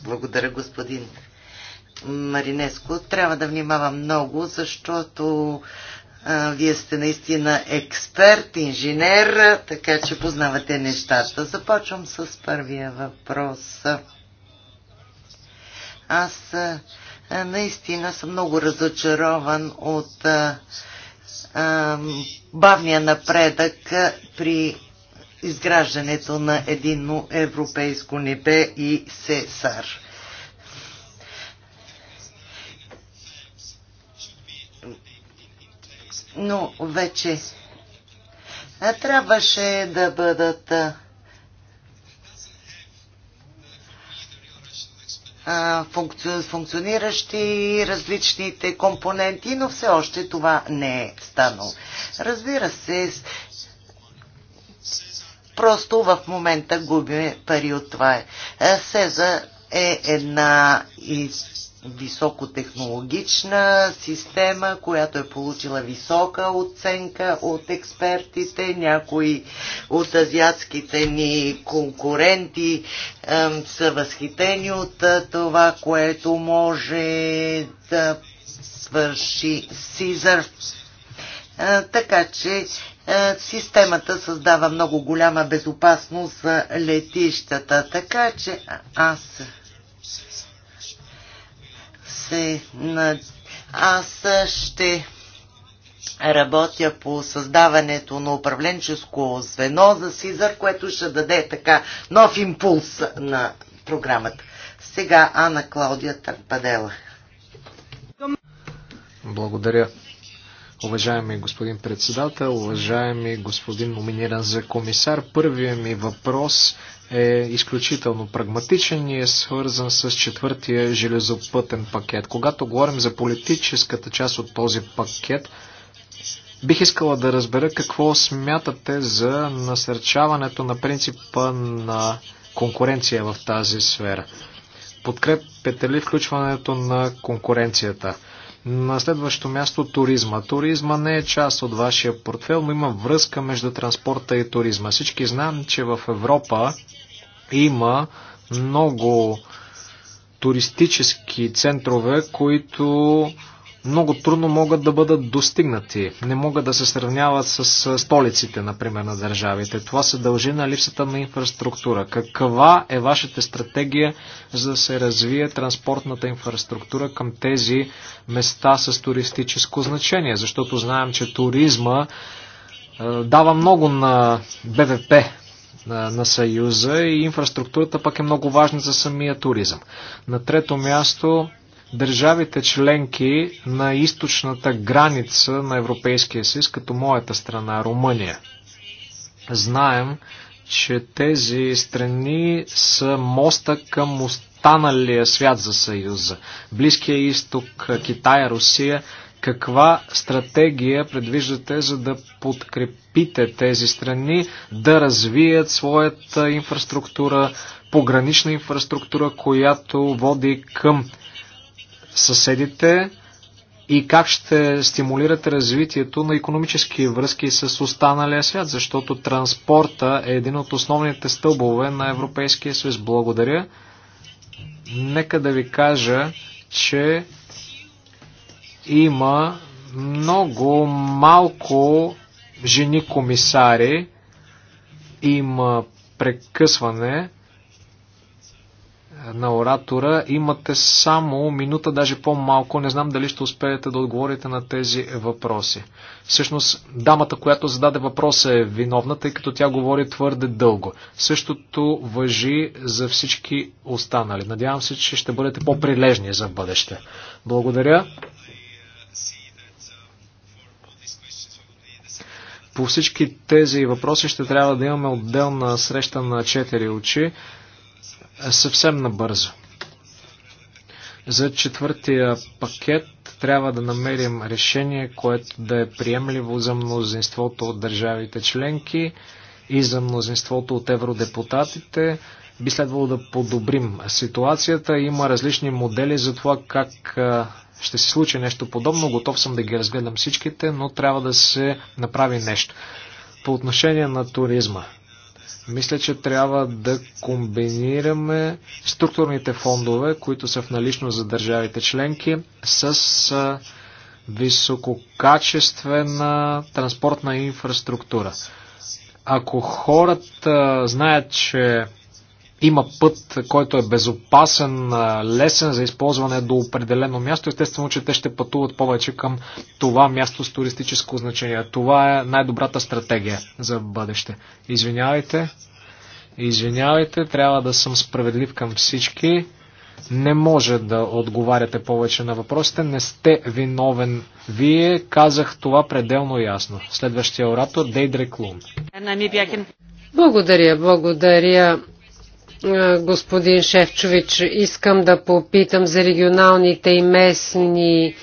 Благодаря, господин Маринеско. Трябва да внимавам много, защото вие сте наистина експерт, инженер, така че познавате нещата. Започвам с първия въпрос. Аз наистина съм много разочарован от бавния напредък при изграждането на единно европейско небе и СЕСАР. но вече трябваше да бъдат функциониращи различните компоненти, но все още това не е станало. Разбира се, просто в момента губим пари от това. Е, Сеза е една из високотехнологична система, която е получила висока оценка от експертите. Някои от азиатските ни конкуренти е, са възхитени от е, това, което може да свърши Сизър. Е, така че е, системата създава много голяма безопасност за летищата. Така че аз се над... Аз ще работя по създаването на управленческо звено за Сизър, което ще даде така нов импулс на програмата. Сега Ана Клаудия Тарпадела. Благодаря. Уважаеми господин председател, уважаеми господин номиниран за комисар, първият ми въпрос е изключително прагматичен и е свързан с четвъртия железопътен пакет. Когато говорим за политическата част от този пакет, бих искала да разбера какво смятате за насърчаването на принципа на конкуренция в тази сфера. Подкрепяте ли включването на конкуренцията? На следващо място туризма. Туризма не е част от вашия портфел, но има връзка между транспорта и туризма. Всички знаем, че в Европа има много туристически центрове, които много трудно могат да бъдат достигнати. Не могат да се сравняват с столиците, например, на държавите. Това се дължи на липсата на инфраструктура. Каква е вашата стратегия за да се развие транспортната инфраструктура към тези места с туристическо значение? Защото знаем, че туризма е, дава много на БВП е, на Съюза и инфраструктурата пък е много важна за самия туризъм. На трето място държавите членки на източната граница на Европейския съюз, като моята страна, Румъния. Знаем, че тези страни са моста към останалия свят за Съюза. Близкия изток, Китай, Русия. Каква стратегия предвиждате, за да подкрепите тези страни да развият своята инфраструктура, погранична инфраструктура, която води към съседите и как ще стимулирате развитието на економически връзки с останалия свят, защото транспорта е един от основните стълбове на Европейския съюз. Благодаря. Нека да ви кажа, че има много малко жени комисари, има прекъсване на оратора. Имате само минута, даже по-малко. Не знам дали ще успеете да отговорите на тези въпроси. Всъщност, дамата, която зададе въпроса е виновна, тъй като тя говори твърде дълго. Същото въжи за всички останали. Надявам се, че ще бъдете по-прилежни за бъдеще. Благодаря. По всички тези въпроси ще трябва да имаме отделна среща на четири очи. Е съвсем набързо. За четвъртия пакет трябва да намерим решение, което да е приемливо за мнозинството от държавите членки и за мнозинството от евродепутатите. Би следвало да подобрим ситуацията. Има различни модели за това как е, ще се случи нещо подобно. Готов съм да ги разгледам всичките, но трябва да се направи нещо. По отношение на туризма. Мисля, че трябва да комбинираме структурните фондове, които са в налично за държавите членки, с висококачествена транспортна инфраструктура. Ако хората знаят, че има път, който е безопасен, лесен за използване до определено място, естествено, че те ще пътуват повече към това място с туристическо значение. Това е най-добрата стратегия за бъдеще. Извинявайте, извинявайте, трябва да съм справедлив към всички. Не може да отговаряте повече на въпросите. Не сте виновен. Вие казах това пределно ясно. Следващия оратор Дейдре Клун. Благодаря, благодаря господин Шефчович. Искам да попитам за регионалните и местни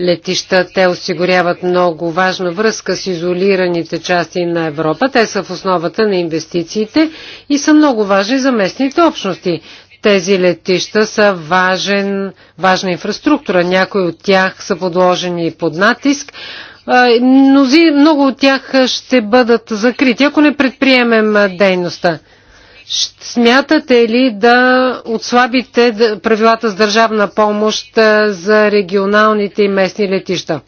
летища. Те осигуряват много важна връзка с изолираните части на Европа. Те са в основата на инвестициите и са много важни за местните общности. Тези летища са важен, важна инфраструктура. Някои от тях са подложени под натиск. Мнози, много от тях ще бъдат закрити, ако не предприемем дейността. Смятате ли да отслабите правилата с държавна помощ за регионалните и местни летища?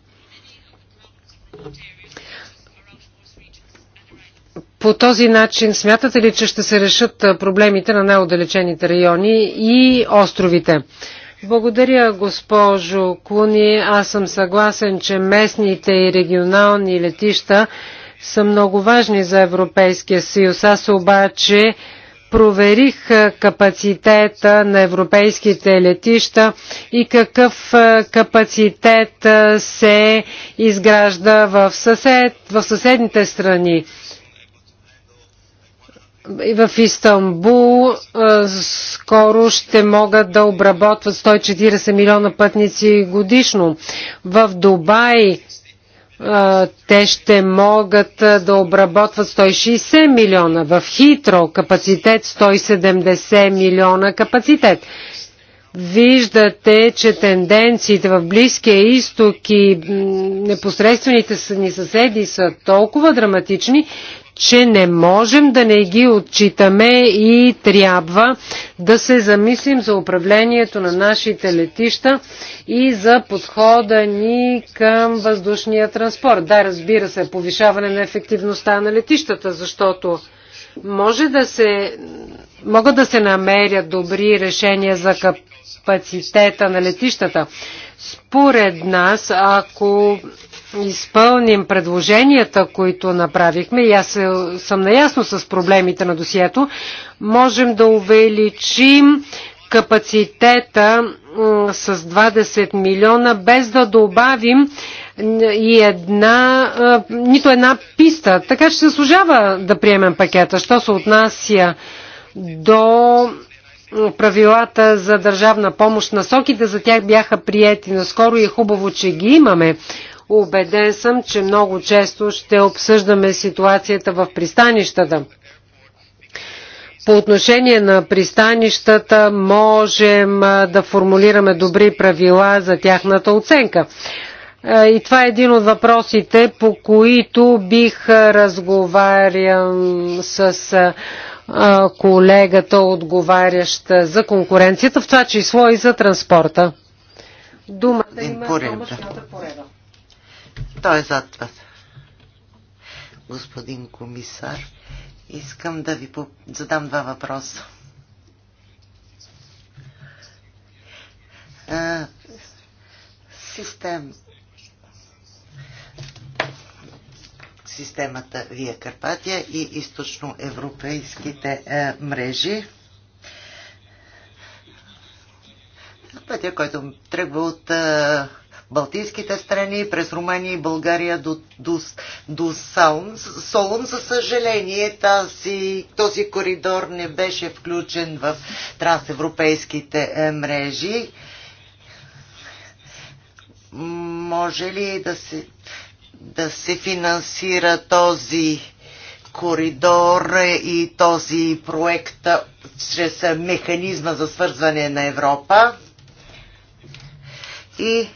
По този начин смятате ли, че ще се решат проблемите на най-отдалечените райони и островите? Благодаря, госпожо Куни. Аз съм съгласен, че местните и регионални летища са много важни за Европейския съюз. Аз обаче проверих капацитета на европейските летища и какъв капацитет се изгражда в, съсед, в съседните страни. В Истанбул скоро ще могат да обработват 140 милиона пътници годишно. В Дубай те ще могат да обработват 160 милиона. В Хитро капацитет 170 милиона капацитет. Виждате, че тенденциите в Близкия изток и непосредствените ни съседи са толкова драматични, че не можем да не ги отчитаме и трябва да се замислим за управлението на нашите летища и за подхода ни към въздушния транспорт. Да, разбира се, повишаване на ефективността на летищата, защото може да се, могат да се намерят добри решения за капацитета на летищата. Според нас, ако изпълним предложенията, които направихме, и аз съм наясно с проблемите на досието, можем да увеличим капацитета с 20 милиона, без да добавим и една, нито една писта. Така че се служава да приемем пакета. Що се отнася до правилата за държавна помощ, насоките за тях бяха приети наскоро и е хубаво, че ги имаме. Убеден съм, че много често ще обсъждаме ситуацията в пристанищата. По отношение на пристанищата можем да формулираме добри правила за тяхната оценка. И това е един от въпросите, по които бих разговарям с колегата, отговаряща за конкуренцията, в това число и за транспорта. Думата има Пореда. Той е зад вас. Господин комисар, искам да ви задам два въпроса. систем... Системата Вия Карпатия и източноевропейските е, мрежи. Пътя, който тръгва от е, Балтийските страни, през Румъния и България до, до, до Солун. Солун. За съжаление, тази, този коридор не беше включен в трансевропейските е, мрежи. Може ли да се, да се финансира този коридор е, и този проект е, чрез механизма за свързване на Европа? И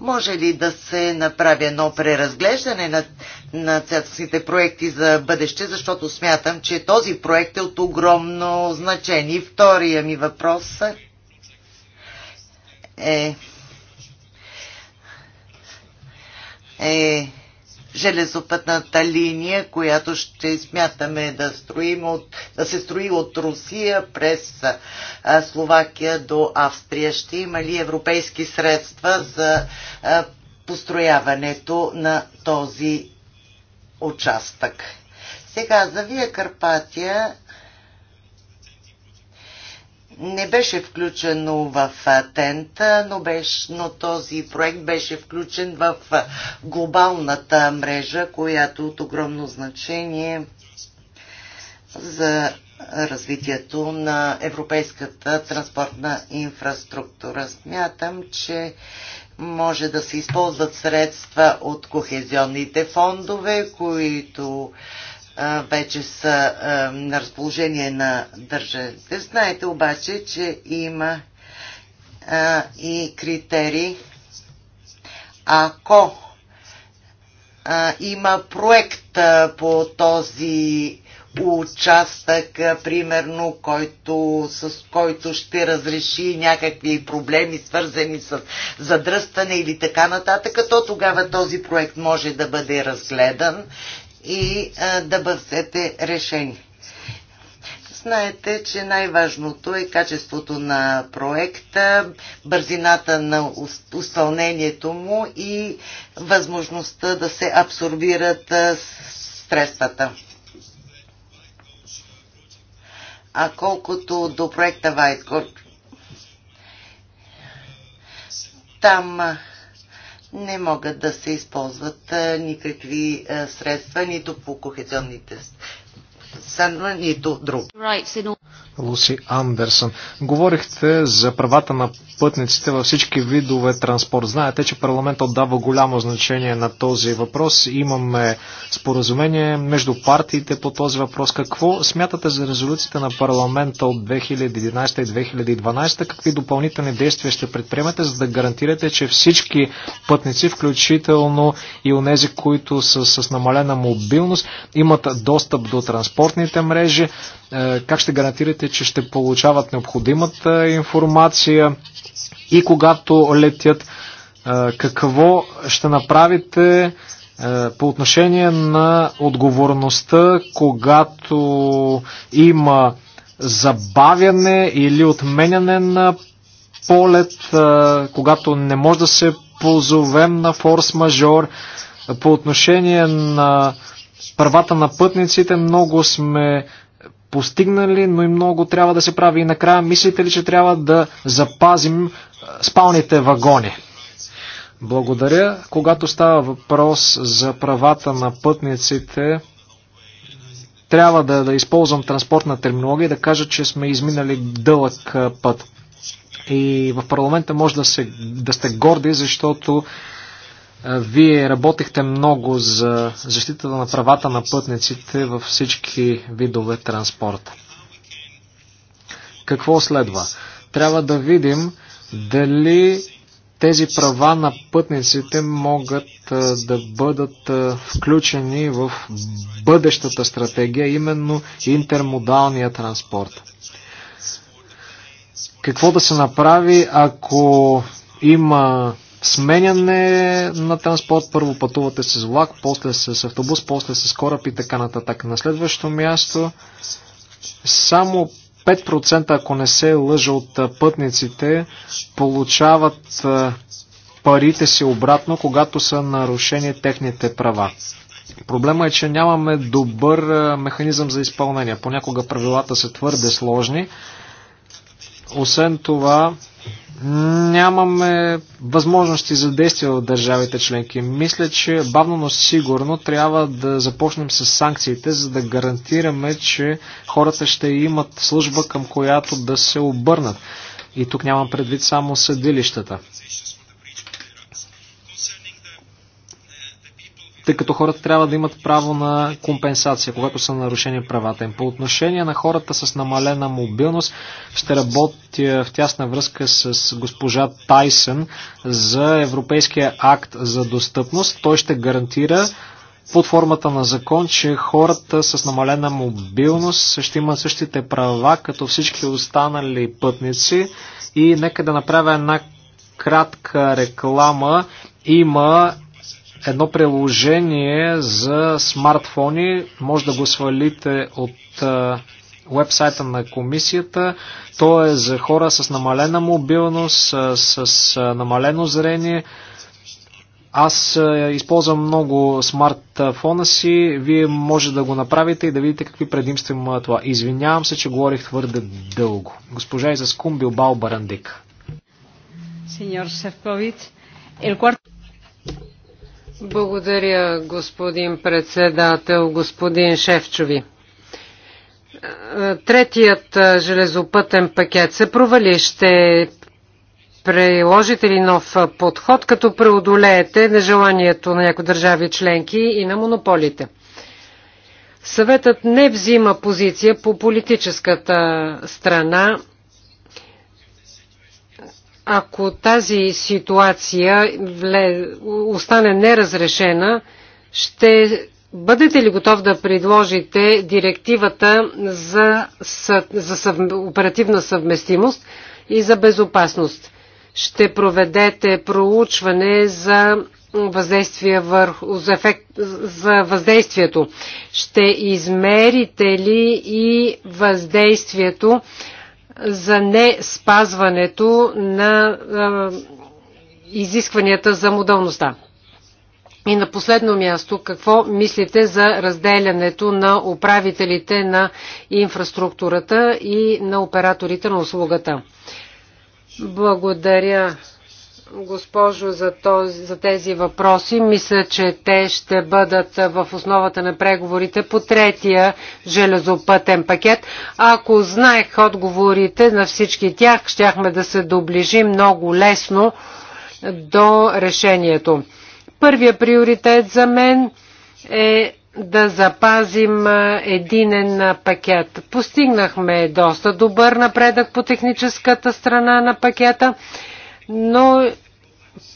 може ли да се направи едно преразглеждане на, на цялостните проекти за бъдеще, защото смятам, че този проект е от огромно значение. И втория ми въпрос е е железопътната линия, която ще смятаме да, строим от, да се строи от Русия през Словакия до Австрия. Ще има ли европейски средства за построяването на този участък? Сега за Вия Карпатия не беше включено в тента, но, беше, но този проект беше включен в глобалната мрежа, която е от огромно значение за развитието на европейската транспортна инфраструктура. Смятам, че може да се използват средства от кохезионните фондове, които вече са на разположение на държавите. Знаете обаче, че има и критерии. Ако има проект по този участък, примерно, който, с който ще разреши някакви проблеми, свързани с задръстване или така нататък, то тогава този проект може да бъде разгледан и а, да бъдете решени. Знаете, че най-важното е качеството на проекта, бързината на изпълнението му и възможността да се абсорбират средствата. А колкото до проекта Вайткор, там не могат да се използват никакви средства, нито по кохезионните нито друг. Луси Андерсон. говорихте за правата на пътниците във всички видове транспорт. Знаете, че парламентът отдава голямо значение на този въпрос. Имаме споразумение между партиите по този въпрос. Какво смятате за резолюциите на парламента от 2011 и 2012? Какви допълнителни действия ще предприемете, за да гарантирате, че всички пътници, включително и нези, които са с намалена мобилност, имат достъп до транспортни местните мрежи? Е, как ще гарантирате, че ще получават необходимата информация и когато летят? Е, какво ще направите е, по отношение на отговорността, когато има забавяне или отменяне на полет, когато не може да се позовем на форс-мажор по отношение на правата на пътниците. Много сме постигнали, но и много трябва да се прави. И накрая мислите ли, че трябва да запазим спалните вагони? Благодаря. Когато става въпрос за правата на пътниците, трябва да, да използвам транспортна терминология и да кажа, че сме изминали дълъг път. И в парламента може да, се, да сте горди, защото вие работехте много за защита на правата на пътниците във всички видове транспорта. Какво следва? Трябва да видим дали тези права на пътниците могат да бъдат включени в бъдещата стратегия, именно интермодалния транспорт. Какво да се направи, ако има сменяне на транспорт. Първо пътувате с влак, после с автобус, после с кораб и така нататък. На следващото място само 5%, ако не се лъжа от пътниците, получават парите си обратно, когато са нарушени техните права. Проблема е, че нямаме добър механизъм за изпълнение. Понякога правилата са твърде сложни. Освен това, нямаме възможности за действия от държавите членки. Мисля, че бавно, но сигурно трябва да започнем с санкциите, за да гарантираме, че хората ще имат служба, към която да се обърнат. И тук нямам предвид само съдилищата. тъй като хората трябва да имат право на компенсация, когато са нарушени правата им. По отношение на хората с намалена мобилност, ще работя в тясна връзка с госпожа Тайсън за Европейския акт за достъпност. Той ще гарантира под формата на закон, че хората с намалена мобилност ще имат същите права, като всички останали пътници. И нека да направя една кратка реклама. Има едно приложение за смартфони. Може да го свалите от вебсайта на комисията. То е за хора с намалена мобилност, с, с намалено зрение. Аз използвам много смартфона си. Вие може да го направите и да видите какви предимства има това. Извинявам се, че говорих твърде дълго. Госпожа Изаскум Бал Барандик. Сеньор Севкович, е благодаря, господин председател, господин Шефчови. Третият железопътен пакет се провали. Ще приложите ли нов подход, като преодолеете нежеланието на някои държави членки и на монополите? Съветът не взима позиция по политическата страна ако тази ситуация остане неразрешена, ще бъдете ли готов да предложите директивата за, за съв... оперативна съвместимост и за безопасност? Ще проведете проучване за въздействие върху, за, ефект, за въздействието. Ще измерите ли и въздействието за не спазването на изискванията за модалността. И на последно място, какво мислите за разделянето на управителите на инфраструктурата и на операторите на услугата? Благодаря госпожо, за, този, за тези въпроси. Мисля, че те ще бъдат в основата на преговорите по третия железопътен пакет. Ако знаех отговорите на всички тях, щяхме да се доближим много лесно до решението. Първия приоритет за мен е да запазим единен пакет. Постигнахме доста добър напредък по техническата страна на пакета но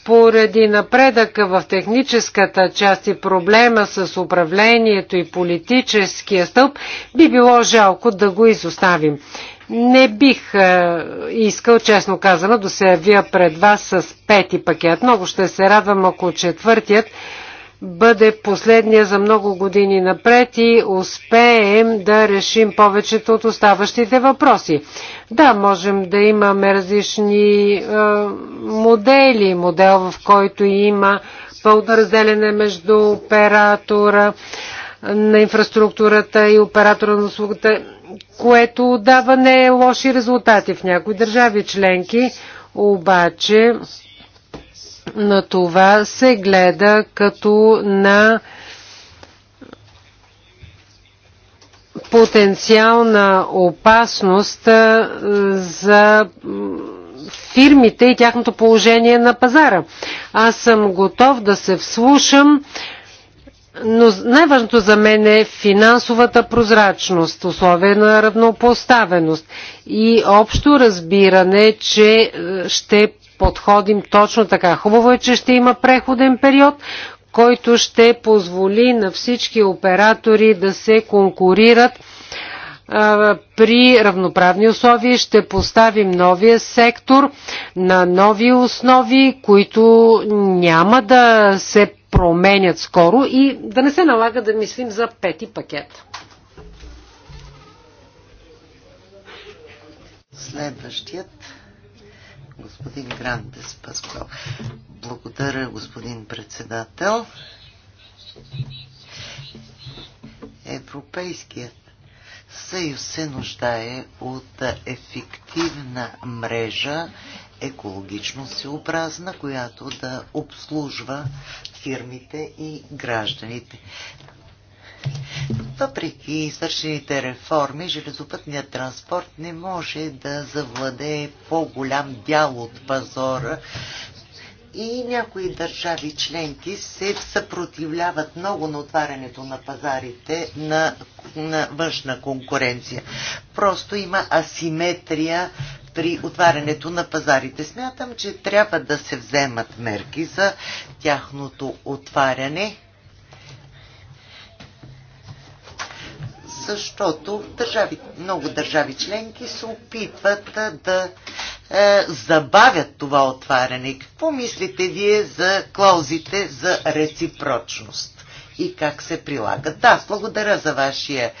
поради напредъка в техническата част и проблема с управлението и политическия стълб, би било жалко да го изоставим. Не бих е, искал, честно казано, да се явя пред вас с пети пакет. Много ще се радвам, ако четвъртият бъде последния за много години напред и успеем да решим повечето от оставащите въпроси. Да, можем да имаме различни е, модели, модел в който има пълно разделене между оператора на инфраструктурата и оператора на услугата, което дава не лоши резултати в някои държави членки, обаче на това се гледа като на потенциална опасност за фирмите и тяхното положение на пазара. Аз съм готов да се вслушам, но най-важното за мен е финансовата прозрачност, условие на равнопоставеност и общо разбиране, че ще подходим точно така. Хубаво е, че ще има преходен период, който ще позволи на всички оператори да се конкурират при равноправни условия ще поставим новия сектор на нови основи, които няма да се променят скоро и да не се налага да мислим за пети пакет. Следващият господин Грандес Паскал. Благодаря, господин председател. Европейският съюз се нуждае от ефективна мрежа, екологично съобразна, която да обслужва фирмите и гражданите. Въпреки извършените реформи, железопътният транспорт не може да завладее по-голям дял от пазора и някои държави членки се съпротивляват много на отварянето на пазарите на, на външна конкуренция. Просто има асиметрия при отварянето на пазарите. Смятам, че трябва да се вземат мерки за тяхното отваряне защото държави, много държави членки се опитват да е, забавят това отваряне. Какво мислите вие за клаузите за реципрочност и как се прилагат? Да, благодаря за вашия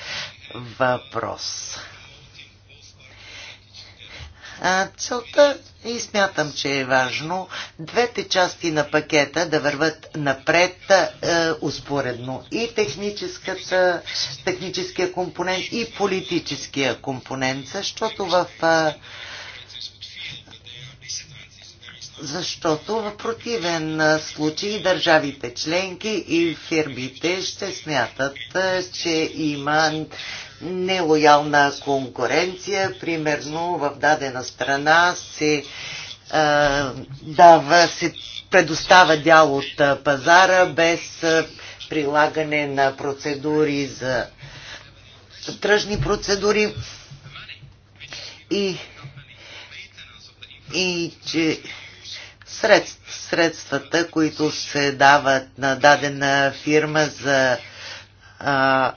въпрос. Целта и смятам, че е важно двете части на пакета да върват напред успоредно. И техническата, техническия компонент, и политическия компонент, защото в защото в противен случай държавите членки и фирмите ще смятат, че има нелоялна конкуренция. Примерно в дадена страна се а, дава, се предостава дял от пазара без прилагане на процедури за тръжни процедури и, и че средств, средствата, които се дават на дадена фирма за а,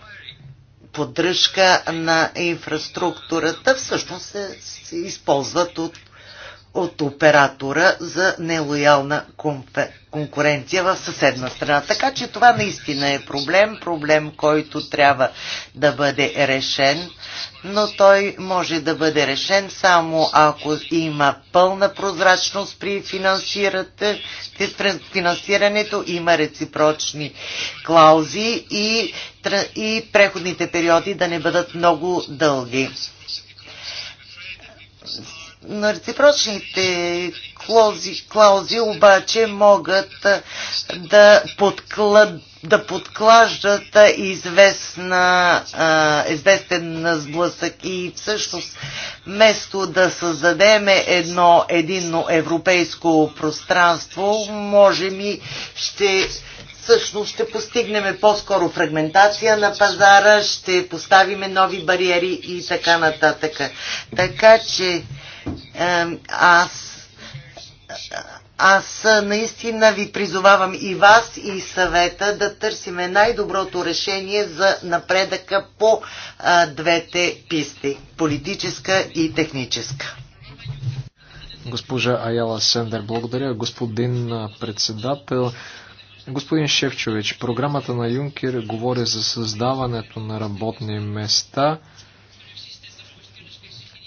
поддръжка на инфраструктурата всъщност се, се използват от от оператора за нелоялна конкуренция в съседна страна. Така че това наистина е проблем, проблем, който трябва да бъде решен, но той може да бъде решен само ако има пълна прозрачност при финансирането, има реципрочни клаузи и, и преходните периоди да не бъдат много дълги на Реципрочните клаузи, клаузи обаче могат да, подклад, да подклаждат известна, известен сблъсък и всъщност вместо да създадем едно единно европейско пространство, може ми ще всъщност ще постигнем по-скоро фрагментация на пазара, ще поставиме нови бариери и така нататък. Така че аз аз наистина ви призовавам и вас, и съвета да търсиме най-доброто решение за напредъка по а, двете писти политическа и техническа. Госпожа Аяла Сендер, благодаря. Господин председател, господин Шевчович, програмата на Юнкер говори за създаването на работни места.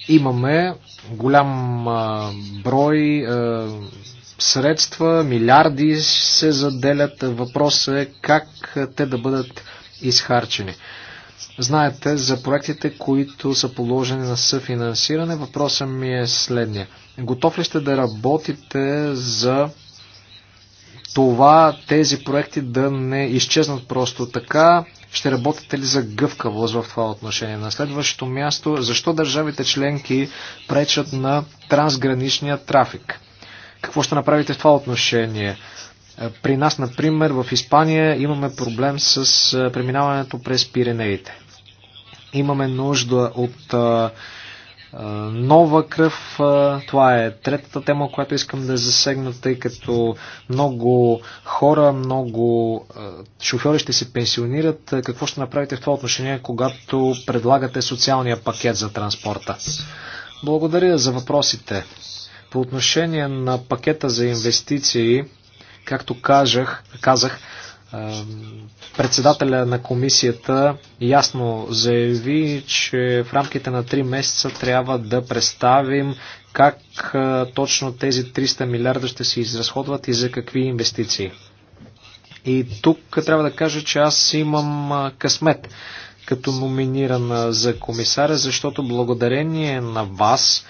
Имаме голям брой средства, милиарди се заделят. Въпросът е как те да бъдат изхарчени. Знаете за проектите, които са положени на съфинансиране. Въпросът ми е следния. Готов ли сте да работите за това тези проекти да не изчезнат просто така, ще работите ли за гъвкавост в това отношение? На следващото място, защо държавите членки пречат на трансграничния трафик? Какво ще направите в това отношение? Е, при нас, например, в Испания имаме проблем с е, преминаването през Пиренеите. Имаме нужда от е, нова кръв. Това е третата тема, която искам да засегна, тъй като много хора, много шофьори ще се пенсионират. Какво ще направите в това отношение, когато предлагате социалния пакет за транспорта? Благодаря за въпросите. По отношение на пакета за инвестиции, както казах, председателя на комисията ясно заяви, че в рамките на 3 месеца трябва да представим как точно тези 300 милиарда ще се изразходват и за какви инвестиции. И тук трябва да кажа, че аз имам късмет като номиниран за комисаря, защото благодарение на вас,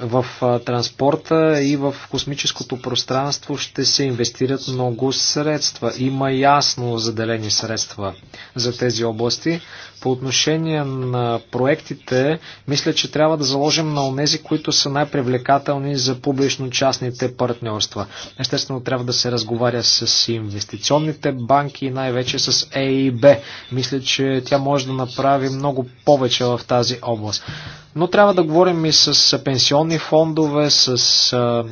в транспорта и в космическото пространство ще се инвестират много средства. Има ясно заделени средства за тези области. По отношение на проектите, мисля, че трябва да заложим на онези, които са най-привлекателни за публично-частните партньорства. Естествено, трябва да се разговаря с инвестиционните банки и най-вече с ЕИБ. Мисля, че тя може да направи много повече в тази област. Но трябва да говорим и с пенсионни фондове, с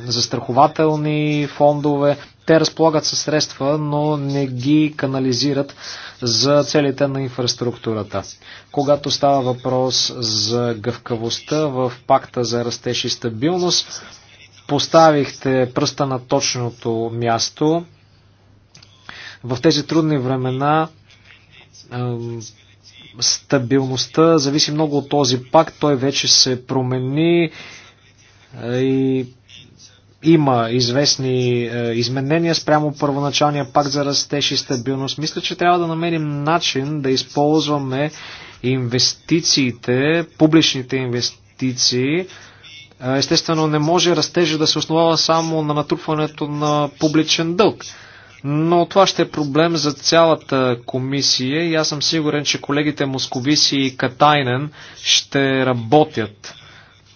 застрахователни фондове, те разполагат със средства, но не ги канализират за целите на инфраструктурата. Когато става въпрос за гъвкавостта в пакта за растеж и стабилност, поставихте пръста на точното място. В тези трудни времена стабилността зависи много от този пакт. Той вече се промени и има известни е, изменения спрямо първоначалния пакт за растеж и стабилност. Мисля, че трябва да намерим начин да използваме инвестициите, публичните инвестиции. Е, естествено, не може растежа да се основава само на натрупването на публичен дълг. Но това ще е проблем за цялата комисия и аз съм сигурен, че колегите Московиси и Катайнен ще работят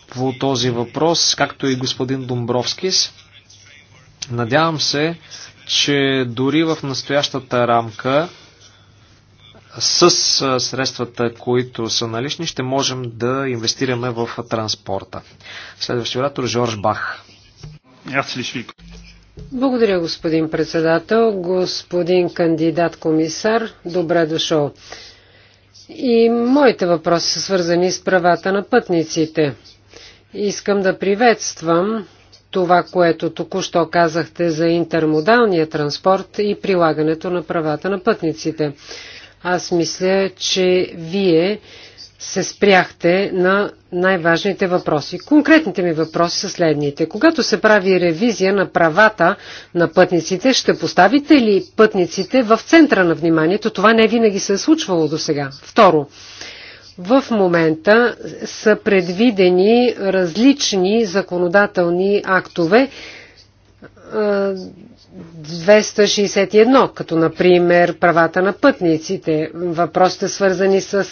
по този въпрос, както и господин Домбровскис. Надявам се, че дори в настоящата рамка с средствата, които са налични, ще можем да инвестираме в транспорта. Следващия оратор е Жорж Бах. Благодаря, господин председател. Господин кандидат комисар, добре дошъл. И моите въпроси са свързани с правата на пътниците. Искам да приветствам това, което току-що казахте за интермодалния транспорт и прилагането на правата на пътниците. Аз мисля, че вие се спряхте на най-важните въпроси. Конкретните ми въпроси са следните. Когато се прави ревизия на правата на пътниците, ще поставите ли пътниците в центъра на вниманието? Това не винаги се е случвало до сега. Второ, в момента са предвидени различни законодателни актове 261, като например правата на пътниците, въпросите свързани с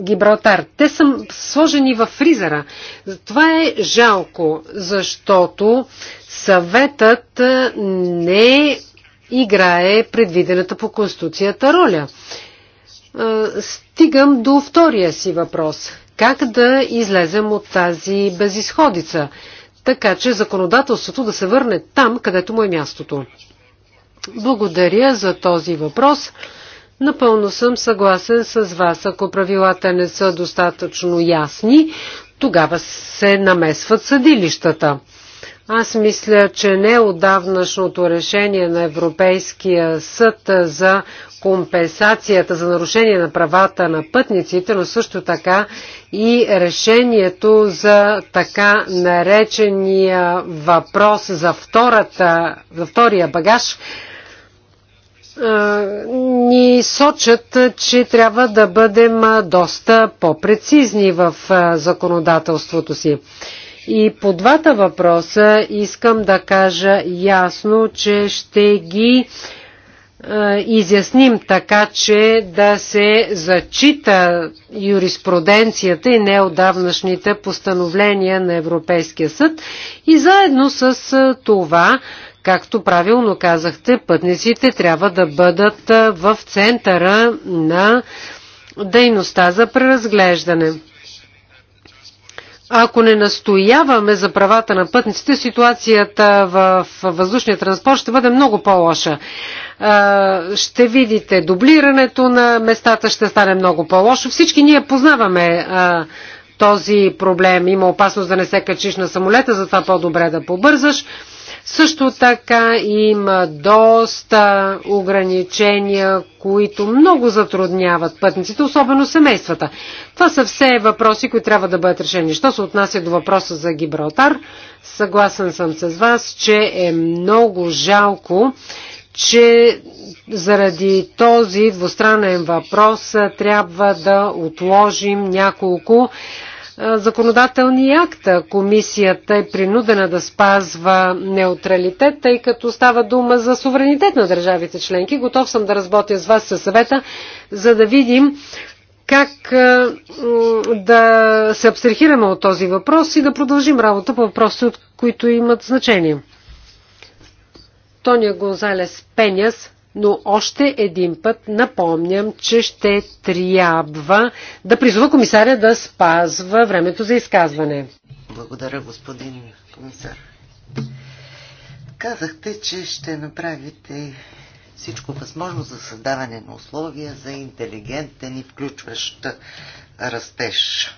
Гибралтар. Те са сложени в фризера. Това е жалко, защото съветът не играе предвидената по Конституцията роля стигам до втория си въпрос. Как да излезем от тази безисходица, така че законодателството да се върне там, където му е мястото? Благодаря за този въпрос. Напълно съм съгласен с вас. Ако правилата не са достатъчно ясни, тогава се намесват съдилищата. Аз мисля, че не отдавнашното решение на Европейския съд за компенсацията за нарушение на правата на пътниците, но също така и решението за така наречения въпрос за, втората, за втория багаж ни сочат, че трябва да бъдем доста по-прецизни в законодателството си. И по двата въпроса искам да кажа ясно, че ще ги е, изясним така, че да се зачита юриспруденцията и неодавнашните постановления на Европейския съд и заедно с е, това, както правилно казахте, пътниците трябва да бъдат е, в центъра на дейността за преразглеждане. Ако не настояваме за правата на пътниците, ситуацията в въздушния транспорт ще бъде много по-лоша. Ще видите дублирането на местата, ще стане много по-лошо. Всички ние познаваме този проблем. Има опасност да не се качиш на самолета, затова по-добре да побързаш. Също така има доста ограничения, които много затрудняват пътниците, особено семействата. Това са все въпроси, които трябва да бъдат решени. Що се отнася до въпроса за Гибралтар, съгласен съм с вас, че е много жалко, че заради този двустранен въпрос трябва да отложим няколко законодателни акта. Комисията е принудена да спазва неутралитет, тъй като става дума за суверенитет на държавите членки. Готов съм да работя с вас със съвета, за да видим как да се абстрахираме от този въпрос и да продължим работа по въпроси, от които имат значение. Тония Гонзалес Пеняс но още един път напомням, че ще трябва да призова комисаря да спазва времето за изказване. Благодаря, господин комисар. Казахте, че ще направите всичко възможно за създаване на условия за интелигентен и включващ растеж.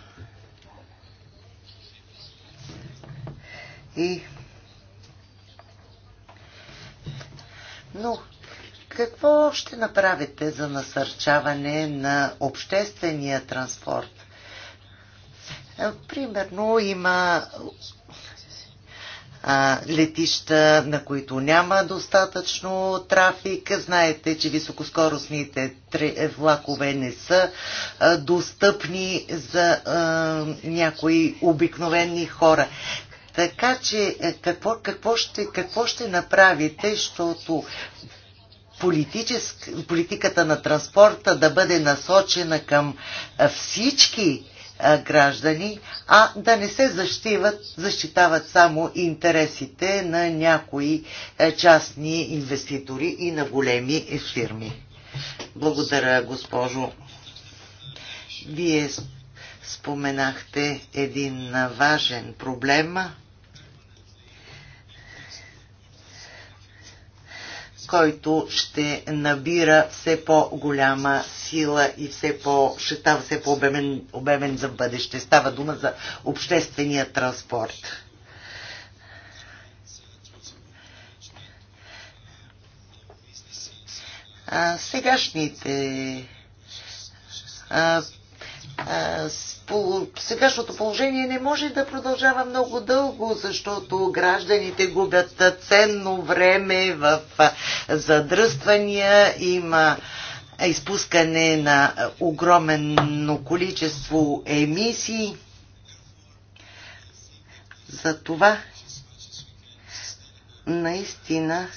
И... Но какво ще направите за насърчаване на обществения транспорт? Е, примерно има а, летища, на които няма достатъчно трафик. Знаете, че високоскоростните е, влакове не са а, достъпни за а, някои обикновени хора. Така че е, какво, какво, ще, какво ще направите, защото политическ, политиката на транспорта да бъде насочена към всички граждани, а да не се защитават, защитават само интересите на някои частни инвеститори и на големи фирми. Благодаря, госпожо. Вие споменахте един важен проблем, който ще набира все по-голяма сила и все по, ще става все по-обемен обемен за бъдеще. Става дума за обществения транспорт. А, сегашните а, а, сегашното положение не може да продължава много дълго, защото гражданите губят ценно време в задръствания, има изпускане на огромно количество емисии. Затова наистина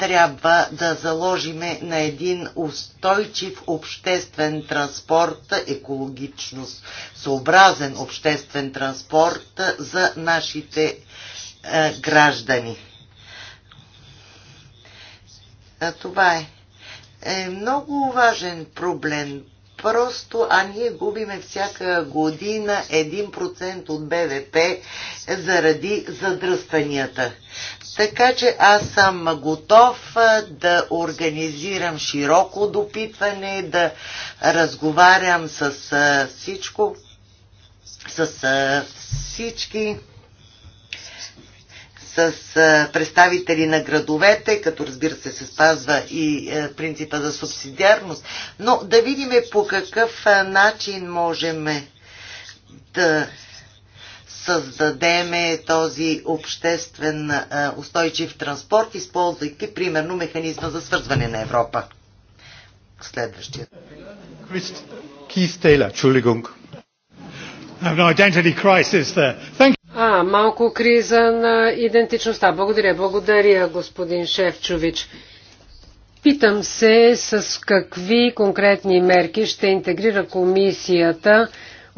трябва да заложиме на един устойчив обществен транспорт, екологично съобразен обществен транспорт за нашите е, граждани. А това е, е много важен проблем. Просто, а ние губиме всяка година 1% от БВП заради задръстванията. Така че аз съм готов да организирам широко допитване, да разговарям с всичко, с всички с представители на градовете, като разбира се се спазва и принципа за субсидиарност, но да видим по какъв начин можем да създадеме този обществен устойчив транспорт, използвайки примерно механизма за свързване на Европа. Следващия. Кис Тейлър, чулигунг. А, малко криза на идентичността. Благодаря, благодаря, господин Шефчович. Питам се с какви конкретни мерки ще интегрира комисията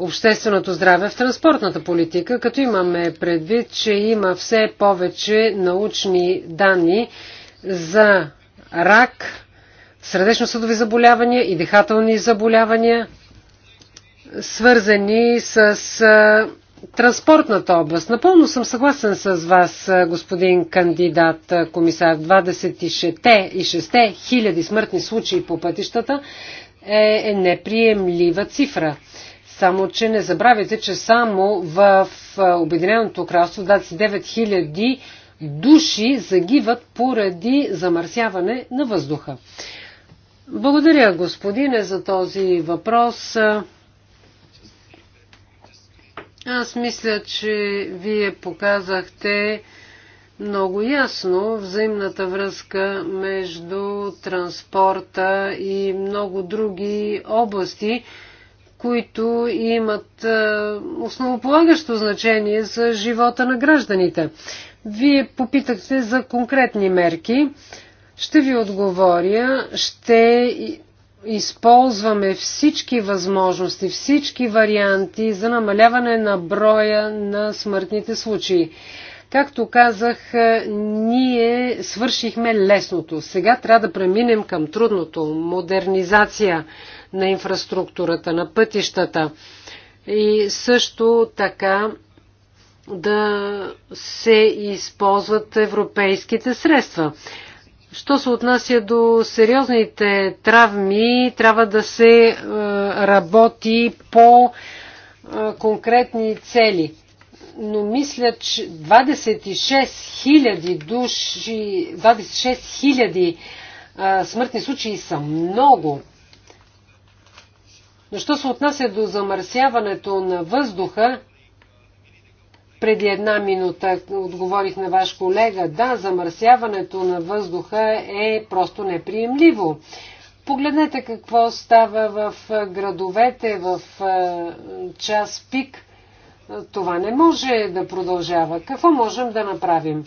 общественото здраве в транспортната политика, като имаме предвид, че има все повече научни данни за рак, сърдечно-съдови заболявания и дихателни заболявания, свързани с транспортната област. Напълно съм съгласен с вас, господин кандидат комисар. 26 хиляди смъртни случаи по пътищата е, е неприемлива цифра. Само, че не забравяйте, че само в Обединеното кралство 29 000 души загиват поради замърсяване на въздуха. Благодаря, господине, за този въпрос. Аз мисля, че вие показахте много ясно взаимната връзка между транспорта и много други области, които имат е, основополагащо значение за живота на гражданите. Вие попитахте за конкретни мерки. Ще ви отговоря. Ще използваме всички възможности, всички варианти за намаляване на броя на смъртните случаи. Както казах, е, ние свършихме лесното. Сега трябва да преминем към трудното. Модернизация на инфраструктурата, на пътищата. И също така да се използват европейските средства. Що се отнася до сериозните травми, трябва да се е, работи по е, конкретни цели. Но мисля, че 26 000 души, 26 000 е, смъртни случаи са много. Но що се отнася до замърсяването на въздуха, преди една минута отговорих на ваш колега, да, замърсяването на въздуха е просто неприемливо. Погледнете какво става в градовете, в час пик. Това не може да продължава. Какво можем да направим?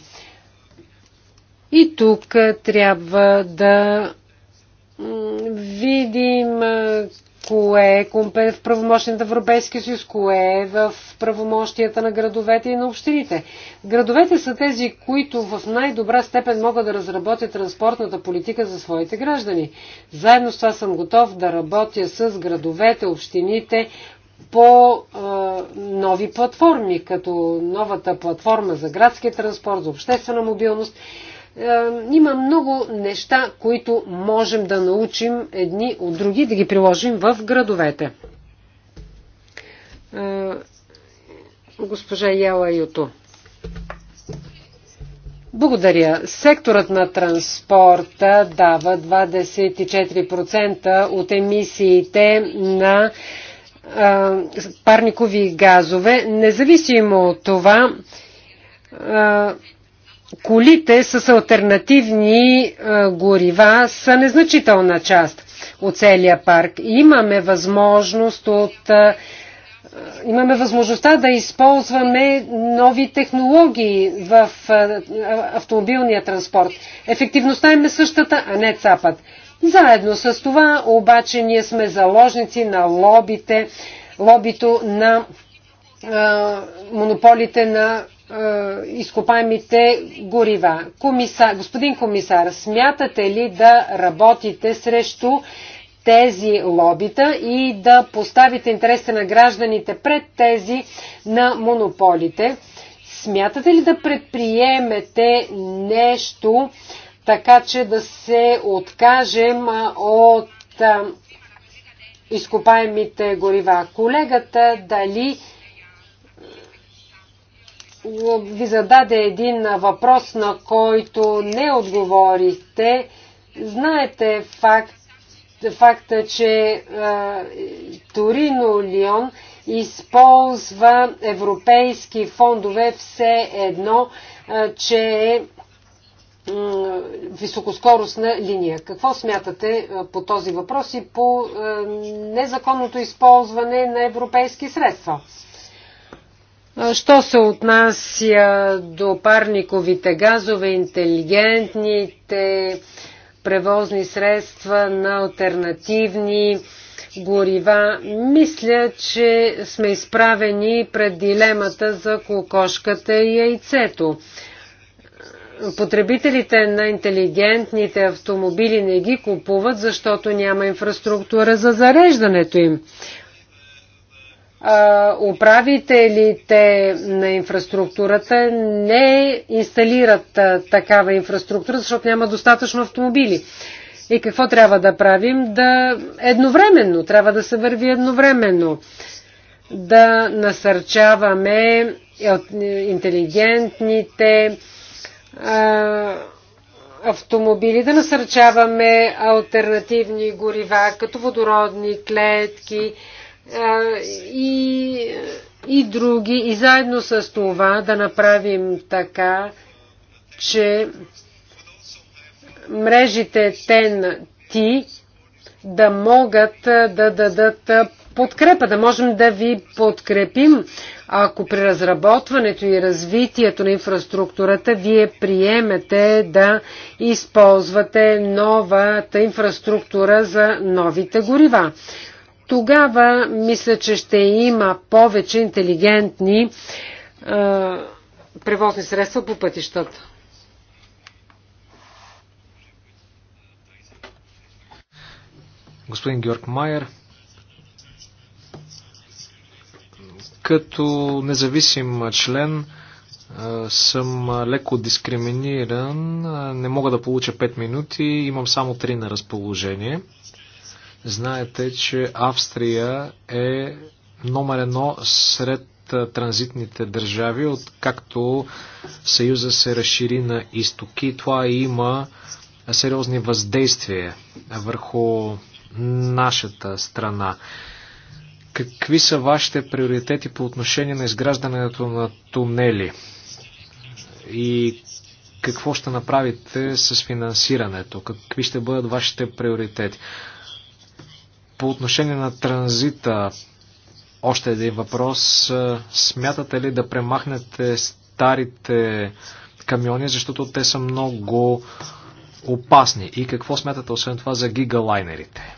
И тук трябва да видим кое е в правомощията на Европейския съюз, кое е в правомощията на градовете и на общините. Градовете са тези, които в най-добра степен могат да разработят транспортната политика за своите граждани. Заедно с това съм готов да работя с градовете, общините по е, нови платформи, като новата платформа за градския транспорт, за обществена мобилност има много неща, които можем да научим едни от други, да ги приложим в градовете. Е, госпожа Яла Юто. Благодаря. Секторът на транспорта дава 24% от емисиите на е, парникови газове. Независимо от това, е, колите с альтернативни е, горива са незначителна част от целия парк. Имаме възможност от е, е, имаме възможността да използваме нови технологии в автомобилния транспорт. Ефективността им е същата, а не цапът. Заедно с това обаче ние сме заложници на лобите, лобито на монополите на е, изкопаемите горива. Комисар, господин комисар, смятате ли да работите срещу тези лобита и да поставите интересите на гражданите пред тези на монополите? Смятате ли да предприемете нещо, така че да се откажем от изкопаемите горива? Колегата дали ви зададе един въпрос, на който не отговорихте. Знаете факт, факта, че е, Торино Лион използва европейски фондове все едно, е, че е високоскоростна линия. Какво смятате по този въпрос и по незаконното използване на европейски средства? Що се отнася до парниковите газове, интелигентните превозни средства на альтернативни горива, мисля, че сме изправени пред дилемата за кокошката и яйцето. Потребителите на интелигентните автомобили не ги купуват, защото няма инфраструктура за зареждането им управителите на инфраструктурата не инсталират такава инфраструктура, защото няма достатъчно автомобили. И какво трябва да правим? Да едновременно, трябва да се върви едновременно. Да насърчаваме интелигентните автомобили, да насърчаваме альтернативни горива, като водородни клетки, и, и други. И заедно с това да направим така, че мрежите тен t да могат да дадат подкрепа, да можем да ви подкрепим, ако при разработването и развитието на инфраструктурата вие приемете да използвате новата инфраструктура за новите горива тогава мисля, че ще има повече интелигентни е, превозни средства по пътищата. Господин Георг Майер, като независим член съм леко дискриминиран, не мога да получа 5 минути, имам само 3 на разположение. Знаете, че Австрия е номер едно сред транзитните държави, откакто Съюза се разшири на изтоки. Това има сериозни въздействия върху нашата страна. Какви са вашите приоритети по отношение на изграждането на тунели? И какво ще направите с финансирането? Какви ще бъдат вашите приоритети? По отношение на транзита, още един въпрос. Е, смятате ли да премахнете старите камиони, защото те са много опасни? И какво смятате освен това за гигалайнерите?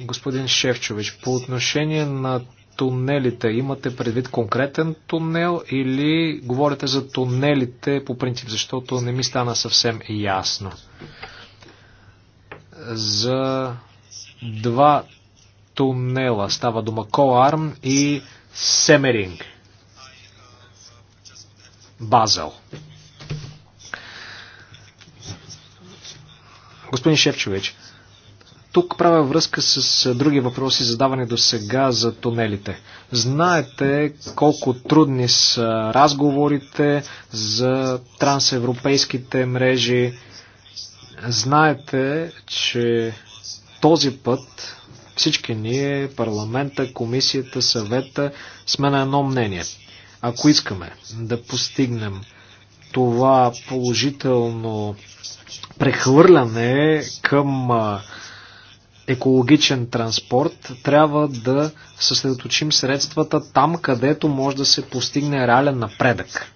Господин Шевчович, по отношение на тунелите, имате предвид конкретен тунел или говорите за тунелите по принцип, защото не ми стана съвсем ясно за два тунела. Става дума Коарм и Семеринг. Базел. Господин Шевчович, тук правя връзка с други въпроси, задавани до сега за тунелите. Знаете колко трудни са разговорите за трансевропейските мрежи. Знаете, че този път всички ние, парламента, комисията, съвета, сме на едно мнение. Ако искаме да постигнем това положително прехвърляне към екологичен транспорт, трябва да съсредоточим средствата там, където може да се постигне реален напредък.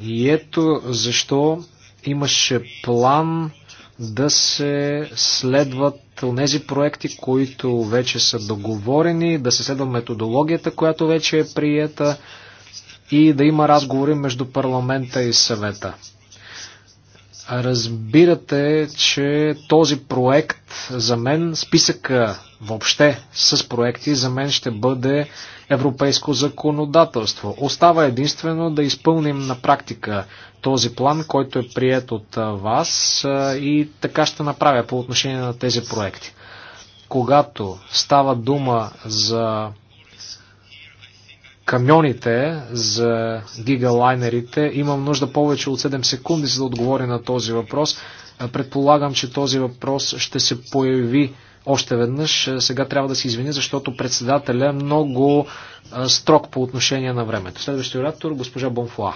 И ето защо имаше план да се следват тези проекти, които вече са договорени, да се следва методологията, която вече е приета и да има разговори между парламента и съвета разбирате, че този проект за мен, списъка въобще с проекти, за мен ще бъде европейско законодателство. Остава единствено да изпълним на практика този план, който е прият от вас и така ще направя по отношение на тези проекти. Когато става дума за камионите, за гигалайнерите. Имам нужда повече от 7 секунди, за да отговоря на този въпрос. Предполагам, че този въпрос ще се появи още веднъж. Сега трябва да се извини, защото председателя е много строг по отношение на времето. Следващия оратор, госпожа Бонфуа.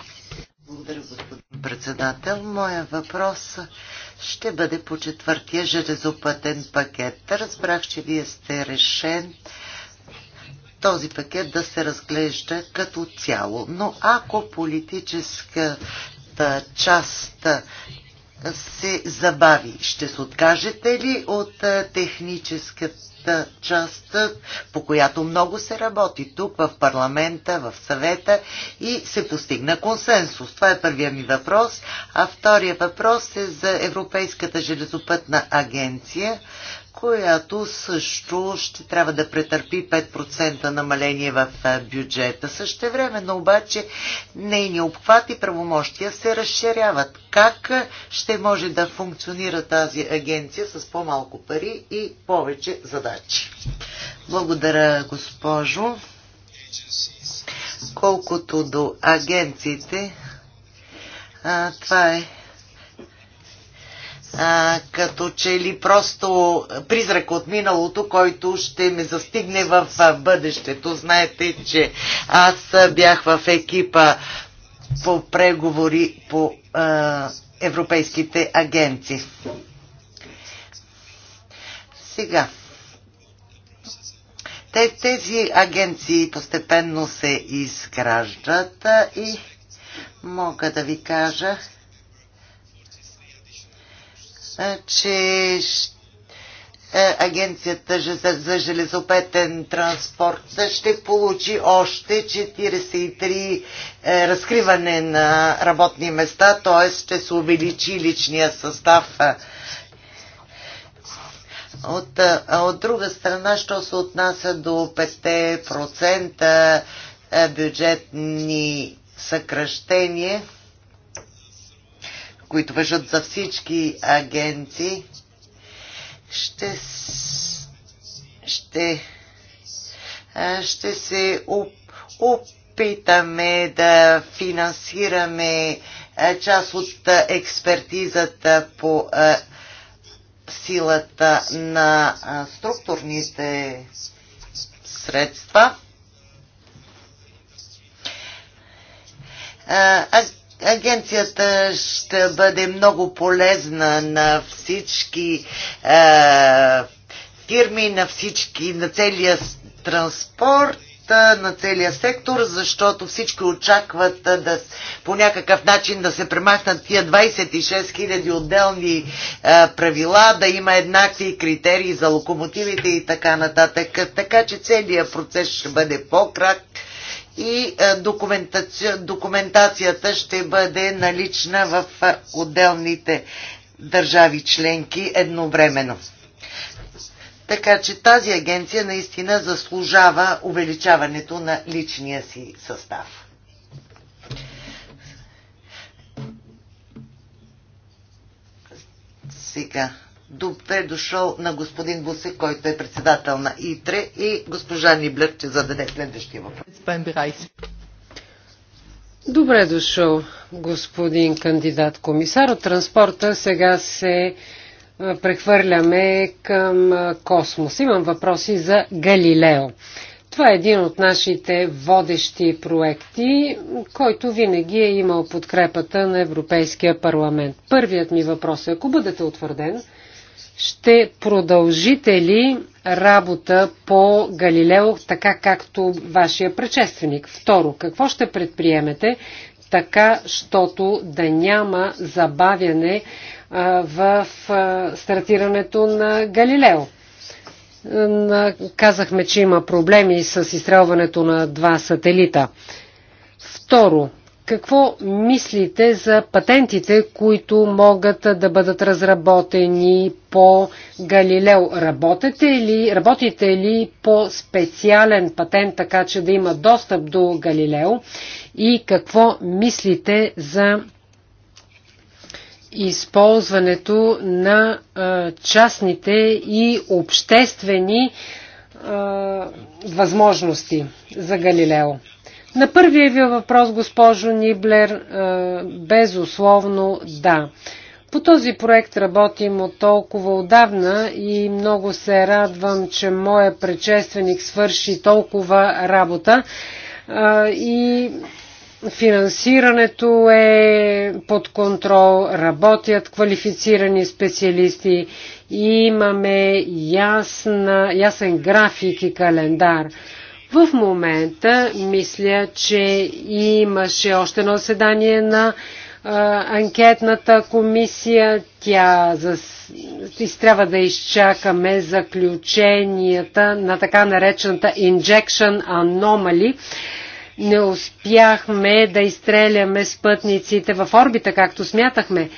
Благодаря, господин председател. Моя въпрос ще бъде по четвъртия железопътен пакет. Разбрах, че вие сте решен този пакет да се разглежда като цяло. Но ако политическата част се забави, ще се откажете ли от техническата част, по която много се работи тук, в парламента, в съвета и се постигна консенсус? Това е първия ми въпрос. А втория въпрос е за Европейската железопътна агенция която също ще трябва да претърпи 5% намаление в бюджета. Също време, но обаче нейния обхват и правомощия се разширяват. Как ще може да функционира тази агенция с по-малко пари и повече задачи? Благодаря, госпожо. Колкото до агенциите, това е а, като че ли просто призрак от миналото, който ще ме застигне в бъдещето. Знаете, че аз бях в екипа по преговори по а, европейските агенции. Сега. Те, тези агенции постепенно се изграждат и мога да ви кажа, че Агенцията за железопетен транспорт ще получи още 43 е, разкриване на работни места, т.е. ще се увеличи личния състав. От, от друга страна, що се отнася до 5% бюджетни съкръщения, които въжат за всички агенции, ще, ще, ще се опитаме да финансираме част от експертизата по силата на структурните средства. Агенцията ще бъде много полезна на всички е, фирми, на всички, на целия транспорт, е, на целия сектор, защото всички очакват е, да по някакъв начин да се премахнат тия 26 000 отделни е, правила, да има еднакви критерии за локомотивите и така нататък. Така че целият процес ще бъде по-кратък и е, документация, документацията ще бъде налична в е, отделните държави членки едновременно. Така че тази агенция наистина заслужава увеличаването на личния си състав. Сега добре дошъл на господин Бусе, който е председател на ИТРЕ и госпожа Ниблер, че зададе следващия въпрос. Добре дошъл, господин кандидат комисар. От транспорта сега се прехвърляме към космос. Имам въпроси за Галилео. Това е един от нашите водещи проекти, който винаги е имал подкрепата на Европейския парламент. Първият ми въпрос е, ако бъдете утвърден, ще продължите ли работа по Галилео, така както вашия предшественик? Второ, какво ще предприемете, така, щото да няма забавяне в стартирането на Галилео? Казахме, че има проблеми с изстрелването на два сателита. Второ, какво мислите за патентите, които могат да бъдат разработени по Галилео? Работите ли, работите ли по специален патент, така че да има достъп до Галилео? И какво мислите за използването на частните и обществени възможности за Галилео? На първия ви въпрос, госпожо Ниблер, е, безусловно да. По този проект работим от толкова отдавна и много се радвам, че моя предшественик свърши толкова работа е, и финансирането е под контрол, работят квалифицирани специалисти и имаме ясна, ясен график и календар. В момента мисля, че имаше още едно заседание на анкетната комисия. Тя зас... трябва да изчакаме заключенията на така наречената Injection Anomaly. Не успяхме да изстреляме спътниците в орбита, както смятахме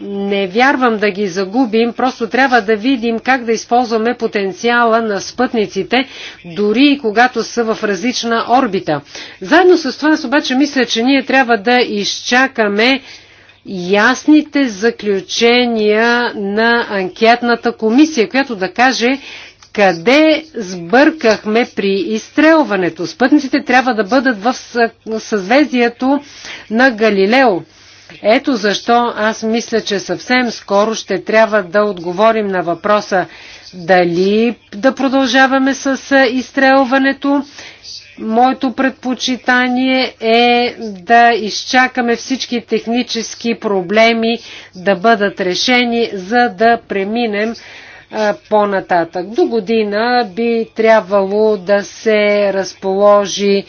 не вярвам да ги загубим, просто трябва да видим как да използваме потенциала на спътниците, дори и когато са в различна орбита. Заедно с това аз обаче мисля, че ние трябва да изчакаме ясните заключения на анкетната комисия, която да каже къде сбъркахме при изстрелването. Спътниците трябва да бъдат в съзвездието на Галилео. Ето защо аз мисля, че съвсем скоро ще трябва да отговорим на въпроса дали да продължаваме с изстрелването. Моето предпочитание е да изчакаме всички технически проблеми да бъдат решени, за да преминем по-нататък. До година би трябвало да се разположи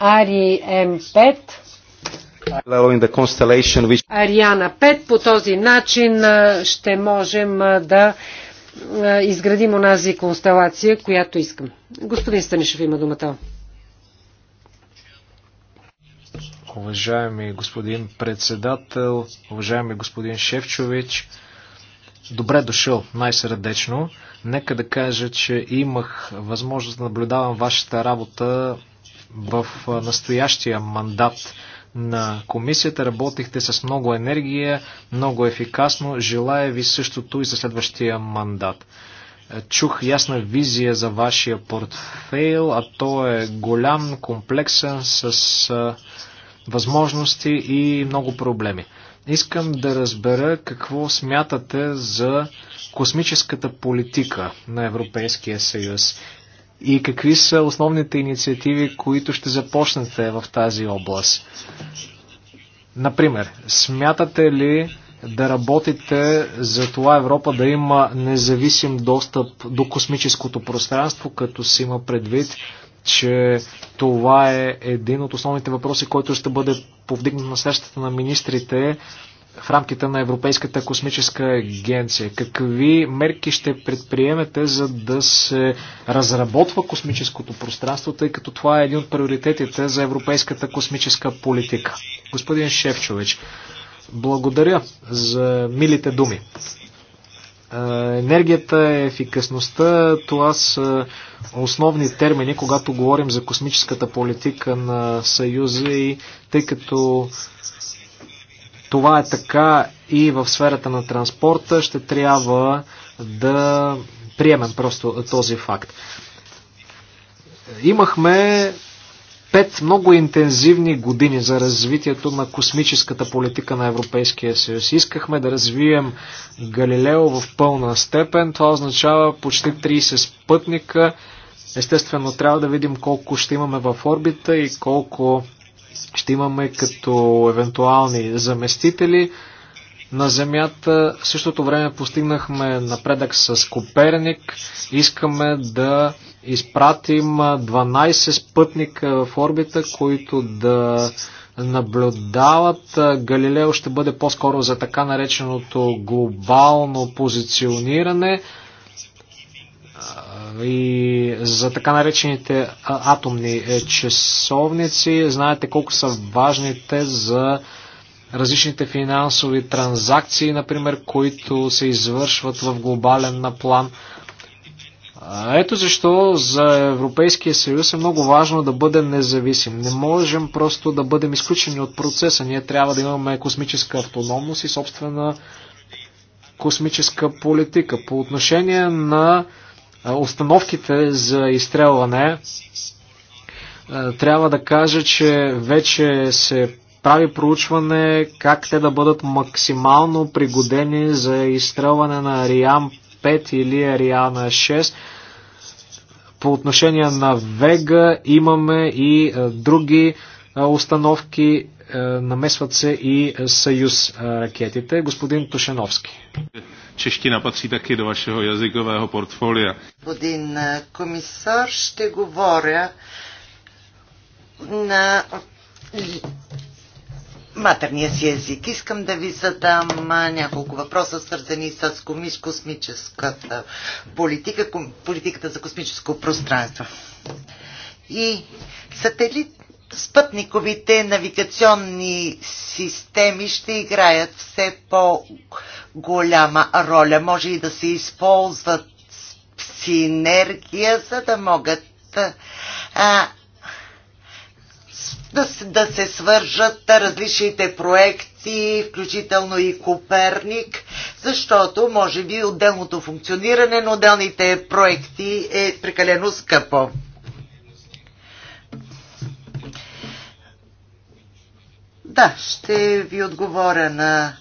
Ари м 5 Ариана 5. По този начин ще можем да изградим онази констелация, която искам. Господин Станишев има думата. Уважаеми господин председател, уважаеми господин Шевчович, добре дошъл най-сърдечно. Нека да кажа, че имах възможност да наблюдавам вашата работа в настоящия мандат на комисията. Работихте с много енергия, много ефикасно. Желая ви същото и за следващия мандат. Чух ясна визия за вашия портфейл, а то е голям, комплексен, с възможности и много проблеми. Искам да разбера какво смятате за космическата политика на Европейския съюз и какви са основните инициативи, които ще започнете в тази област? Например, смятате ли да работите за това Европа да има независим достъп до космическото пространство, като се има предвид, че това е един от основните въпроси, който ще бъде повдигнат на срещата на министрите в рамките на Европейската космическа агенция. Какви мерки ще предприемете, за да се разработва космическото пространство, тъй като това е един от приоритетите за Европейската космическа политика? Господин Шевчович, благодаря за милите думи. Е, енергията, ефикасността, това са основни термини, когато говорим за космическата политика на Съюза и тъй като това е така и в сферата на транспорта. Ще трябва да приемем просто този факт. Имахме пет много интензивни години за развитието на космическата политика на Европейския съюз. Искахме да развием Галилео в пълна степен. Това означава почти 30 спътника. Естествено, трябва да видим колко ще имаме в орбита и колко ще имаме като евентуални заместители на Земята. В същото време постигнахме напредък с Коперник. Искаме да изпратим 12 спътника в орбита, които да наблюдават. Галилео ще бъде по-скоро за така нареченото глобално позициониране и за така наречените атомни е, часовници. Знаете колко са важните за различните финансови транзакции, например, които се извършват в глобален план. Ето защо за Европейския съюз е много важно да бъдем независим. Не можем просто да бъдем изключени от процеса. Ние трябва да имаме космическа автономност и собствена космическа политика. По отношение на установките за изстрелване, трябва да кажа, че вече се прави проучване как те да бъдат максимално пригодени за изстрелване на Ариан 5 или Ариана 6. По отношение на Вега имаме и други установки е, намесват се и съюз е, ракетите. Господин Тушеновски. Чещина паци таки до вашето язикового портфолио. Господин е, комисар, ще говоря на матерния си език. Искам да ви задам няколко въпроса, свързани с космическата политика, политиката за космическо пространство. И сателит, спътниковите навигационни системи ще играят все по-голяма роля. Може и да се използват синергия, за да могат а, да, да се свържат различните проекти, включително и Коперник, защото може би отделното функциониране на отделните проекти е прекалено скъпо. Да, ще ви отговоря на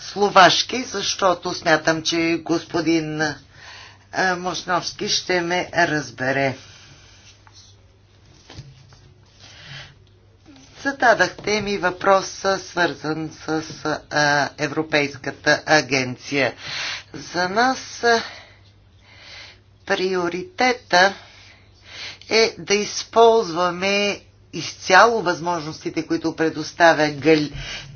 словашки, защото смятам, че господин е, Мошновски ще ме разбере. Зададахте ми въпрос, свързан с е, Европейската агенция. За нас е, приоритета е да използваме изцяло възможностите, които предоставя Гал,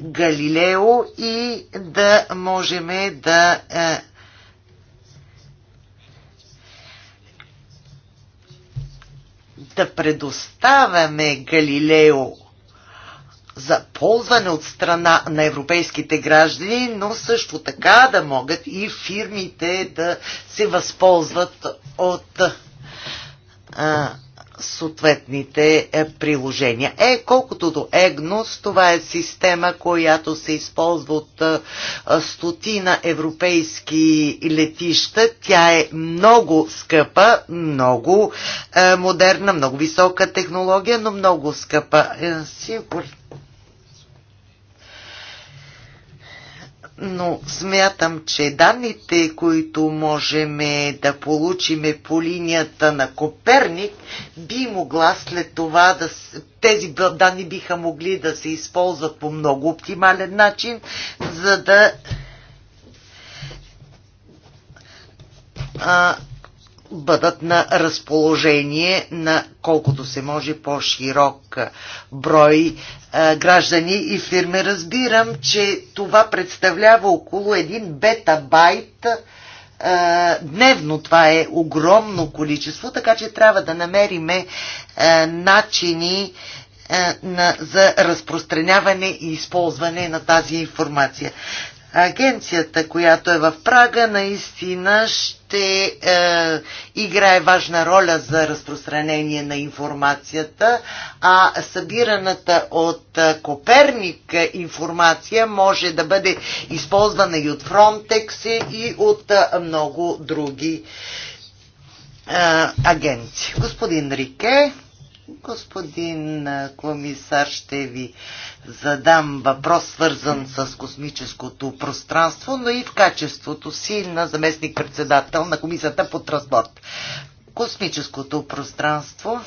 Галилео и да можем да е, да предоставяме Галилео за ползване от страна на европейските граждани, но също така да могат и фирмите да се възползват от а, е, съответните е, приложения. Е, колкото до EGNOS, това е система, която се използва от е, е, стотина европейски летища. Тя е много скъпа, много модерна, много висока технология, но много скъпа. Сигурно но смятам, че данните, които можем да получим по линията на Коперник, би могла след това да тези данни биха могли да се използват по много оптимален начин, за да а, бъдат на разположение на колкото се може по-широк брой граждани и фирми. Разбирам, че това представлява около 1 бетабайт дневно. Това е огромно количество, така че трябва да намериме начини на, за разпространяване и използване на тази информация агенцията, която е в Прага, наистина ще е, играе важна роля за разпространение на информацията, а събираната от е, Коперник информация може да бъде използвана и от Frontex и от е, много други е, агенции. Господин Рике. Господин комисар, ще ви задам въпрос, свързан с космическото пространство, но и в качеството си на заместник-председател на Комисията по транспорт. Космическото пространство,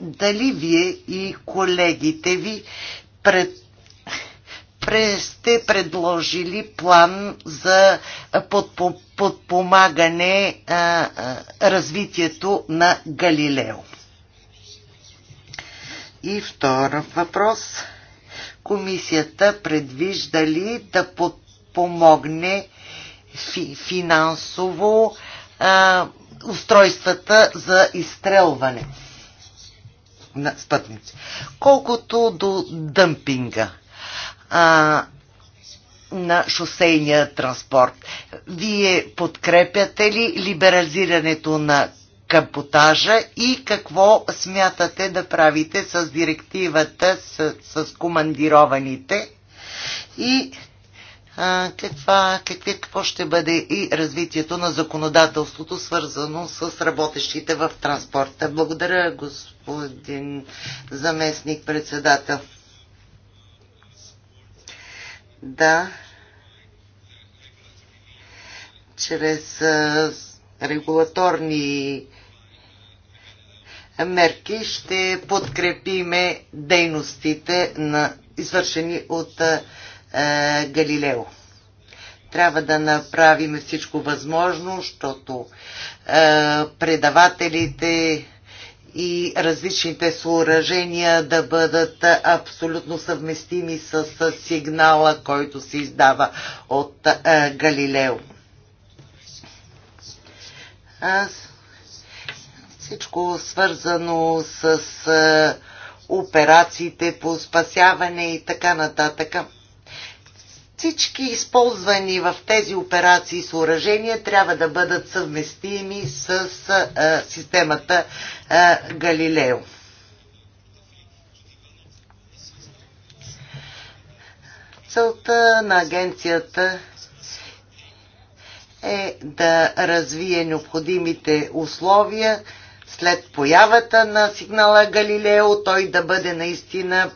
дали вие и колегите ви пред сте предложили план за подпомагане а, а, развитието на Галилео. И втора въпрос. Комисията предвижда ли да подпомогне фи, финансово а, устройствата за изстрелване на спътници? Колкото до дъмпинга а, на шосейния транспорт, вие подкрепяте ли либерализирането на капотажа и какво смятате да правите с директивата с, с командированите и а, каква, какви, какво ще бъде и развитието на законодателството, свързано с работещите в транспорта. Благодаря, господин заместник председател. Да, чрез регулаторни мерки ще подкрепиме дейностите на извършени от е, Галилео. Трябва да направим всичко възможно, защото е, предавателите и различните съоръжения да бъдат абсолютно съвместими с, с сигнала, който се издава от е, Галилео. Аз всичко свързано с е, операциите по спасяване и така нататък. Всички използвани в тези операции съоръжения трябва да бъдат съвместими с а, е, системата а, е, Галилео. Целта на агенцията е да развие необходимите условия след появата на сигнала Галилео, той да бъде наистина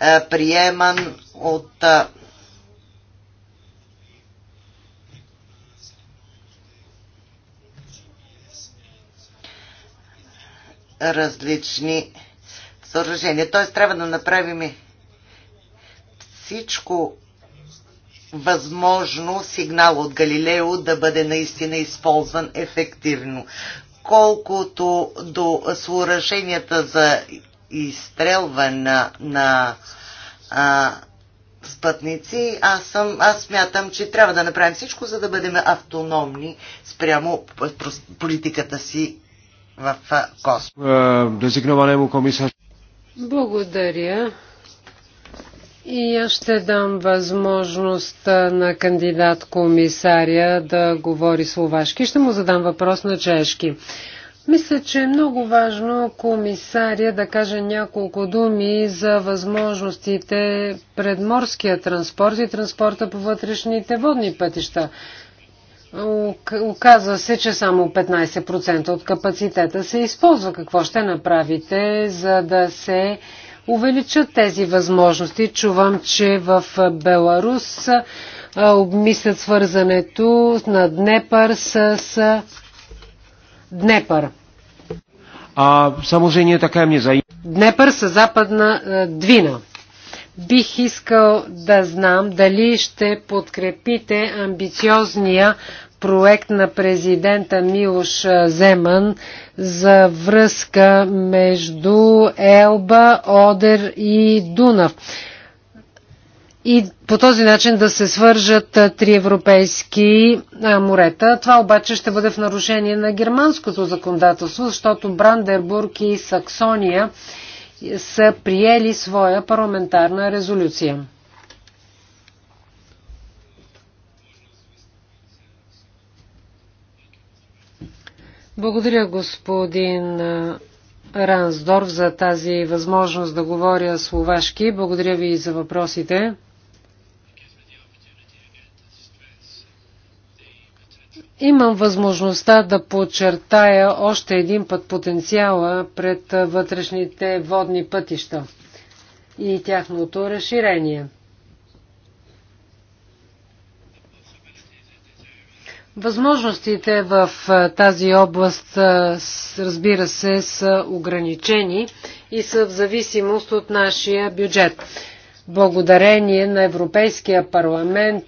е, приеман от е, различни съоръжения. Т.е. трябва да направим всичко възможно сигнал от Галилео да бъде наистина използван ефективно колкото до съоръженията за изстрелване на, на а, спътници, аз, съм, аз смятам, че трябва да направим всичко, за да бъдем автономни спрямо политиката си в космос. Е, Благодаря. И аз ще дам възможност на кандидат комисаря да говори словашки. Ще му задам въпрос на чешки. Мисля, че е много важно комисаря да каже няколко думи за възможностите пред морския транспорт и транспорта по вътрешните водни пътища. Оказва се, че само 15% от капацитета се използва. Какво ще направите, за да се увеличат тези възможности. Чувам, че в Беларус обмислят свързането на Днепър с Днепър. А, samozřejmě така ми за... Днепър с западна Двина. Бих искал да знам дали ще подкрепите амбициозния проект на президента Милош Земан за връзка между Елба, Одер и Дунав. И по този начин да се свържат три европейски морета. Това обаче ще бъде в нарушение на германското законодателство, защото Брандербург и Саксония са приели своя парламентарна резолюция. Благодаря, господин Рансдорф, за тази възможност да говоря словашки. Благодаря ви за въпросите. Имам възможността да подчертая още един път потенциала пред вътрешните водни пътища и тяхното разширение. Възможностите в тази област, разбира се, са ограничени и са в зависимост от нашия бюджет. Благодарение на Европейския парламент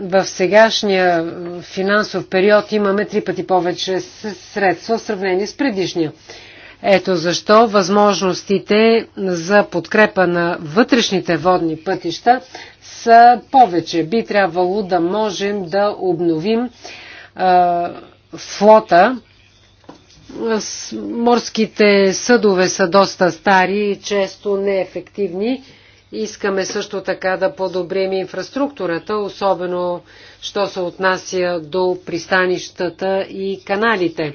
в сегашния финансов период имаме три пъти повече средства в сравнение с предишния. Ето защо възможностите за подкрепа на вътрешните водни пътища са повече. Би трябвало да можем да обновим а, флота. Морските съдове са доста стари и често неефективни. Искаме също така да подобрим инфраструктурата, особено що се отнася до пристанищата и каналите.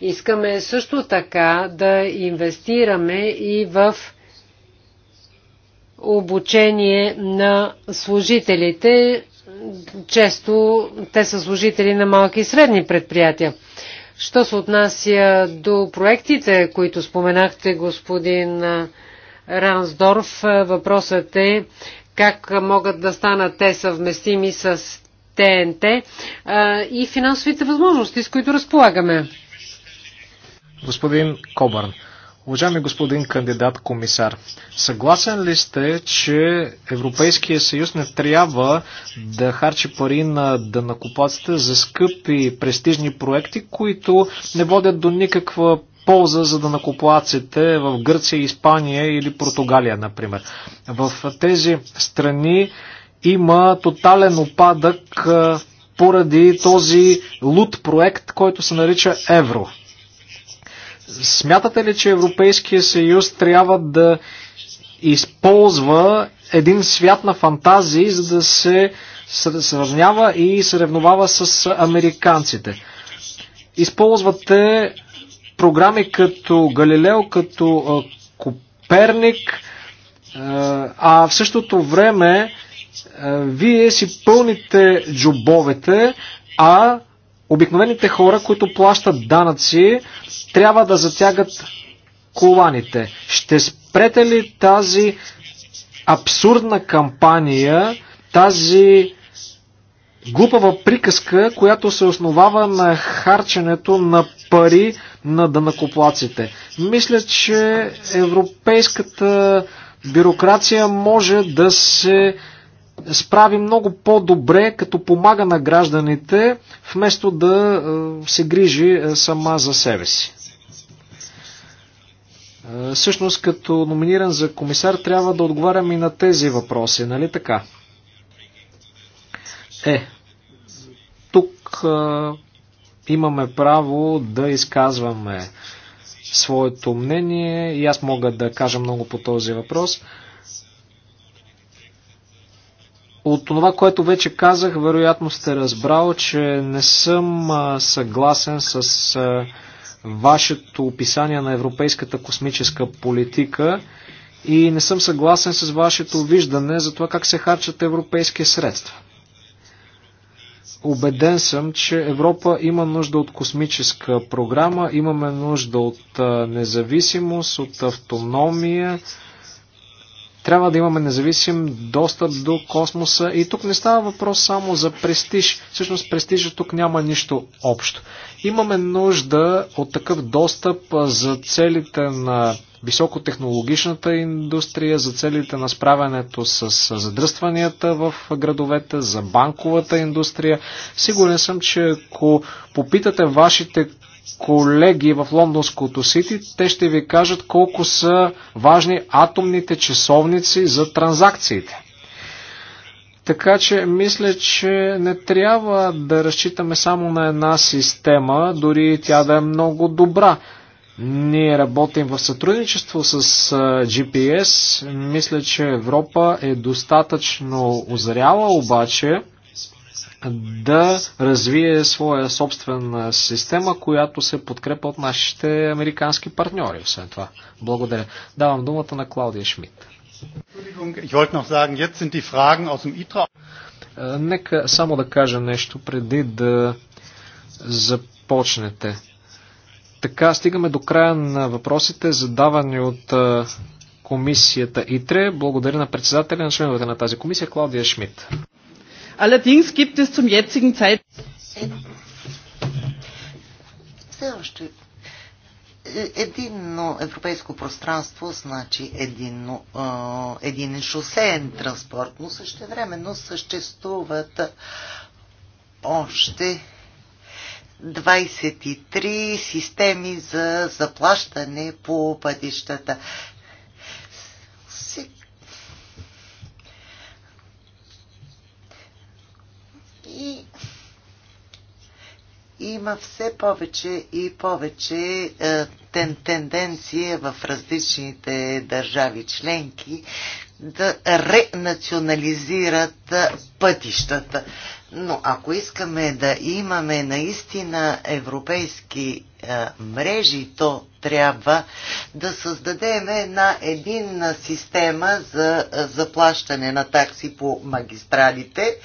Искаме също така да инвестираме и в обучение на служителите. Често те са служители на малки и средни предприятия. Що се отнася до проектите, които споменахте, господин Рансдорф, въпросът е как могат да станат те съвместими с ТНТ и финансовите възможности, с които разполагаме. Господин Кобърн, Уважаеми господин кандидат комисар, съгласен ли сте, че Европейския съюз не трябва да харчи пари на дънакопаците за скъпи престижни проекти, които не водят до никаква полза за дънакопаците в Гърция, Испания или Португалия, например? В тези страни има тотален опадък поради този лут проект, който се нарича Евро. Смятате ли, че Европейския съюз трябва да използва един свят на фантазии, за да се сравнява и съревновава с американците? Използвате програми като Галилео, като Коперник, а в същото време вие си пълните джобовете, а обикновените хора, които плащат данъци, трябва да затягат коланите. Ще спрете ли тази абсурдна кампания, тази глупава приказка, която се основава на харченето на пари на дънакоплаците. Мисля, че европейската бюрокрация може да се справи много по-добре, като помага на гражданите, вместо да е, се грижи е, сама за себе си. Е, всъщност като номиниран за комисар трябва да отговарям и на тези въпроси, нали така? Е, тук а, е, имаме право да изказваме своето мнение и аз мога да кажа много по този въпрос. От това, което вече казах, вероятно сте разбрал, че не съм е, съгласен с вашето описание на европейската космическа политика и не съм съгласен с вашето виждане за това как се харчат европейски средства. Обеден съм, че Европа има нужда от космическа програма, имаме нужда от независимост, от автономия, трябва да имаме независим достъп до космоса и тук не става въпрос само за престиж. Всъщност престижа тук няма нищо общо. Имаме нужда от такъв достъп за целите на високотехнологичната индустрия, за целите на справянето с задръстванията в градовете, за банковата индустрия. Сигурен съм, че ако попитате вашите колеги в лондонското Сити, те ще ви кажат колко са важни атомните часовници за транзакциите. Така че мисля, че не трябва да разчитаме само на една система, дори тя да е много добра. Ние работим в сътрудничество с GPS. Мисля, че Европа е достатъчно озряла, обаче да развие своя собствена система, която се подкрепа от нашите американски партньори. Освен това, благодаря. Давам думата на Клаудия Шмидт. Нека само да кажа нещо преди да започнете. Така стигаме до края на въпросите, задавани от комисията ИТРЕ. Благодаря на председателя на членовете на тази комисия Клаудия Шмидт. Allerdings gibt es zum jetzigen Zeitpunkt. Е, единно европейско пространство значи единно, е, един шосеен транспорт, но същевременно съществуват още 23 системи за заплащане по пътищата. И има все повече и повече е, тен, тенденция в различните държави членки да ренационализират пътищата. Но ако искаме да имаме наистина европейски мрежи, то трябва да създадем една единна система за заплащане на такси по магистралите.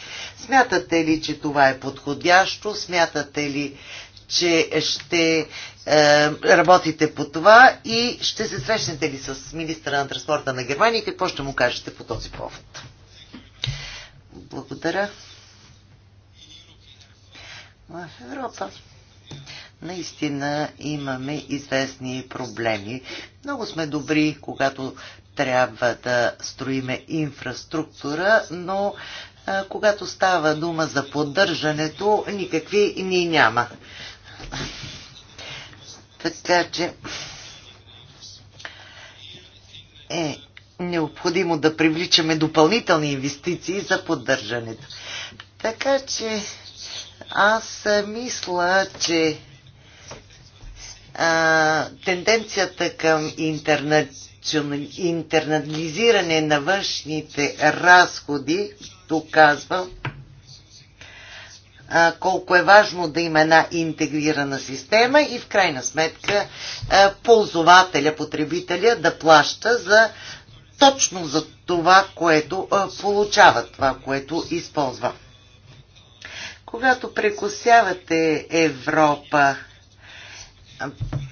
Смятате ли, че това е подходящо? Смятате ли, че ще е, работите по това и ще се срещнете ли с министра на транспорта на Германия и какво ще му кажете по този повод? Благодаря. В Европа наистина имаме известни проблеми. Много сме добри, когато трябва да строиме инфраструктура, но а, е, когато става дума за поддържането, никакви ни няма. Така че е необходимо да привличаме допълнителни инвестиции за поддържането. Така че аз мисля, че а, тенденцията към интернет интернализиране на външните разходи, доказвам, колко е важно да има една интегрирана система и в крайна сметка ползвателя, потребителя да плаща за точно за това, което получава, това, което използва. Когато прекусявате Европа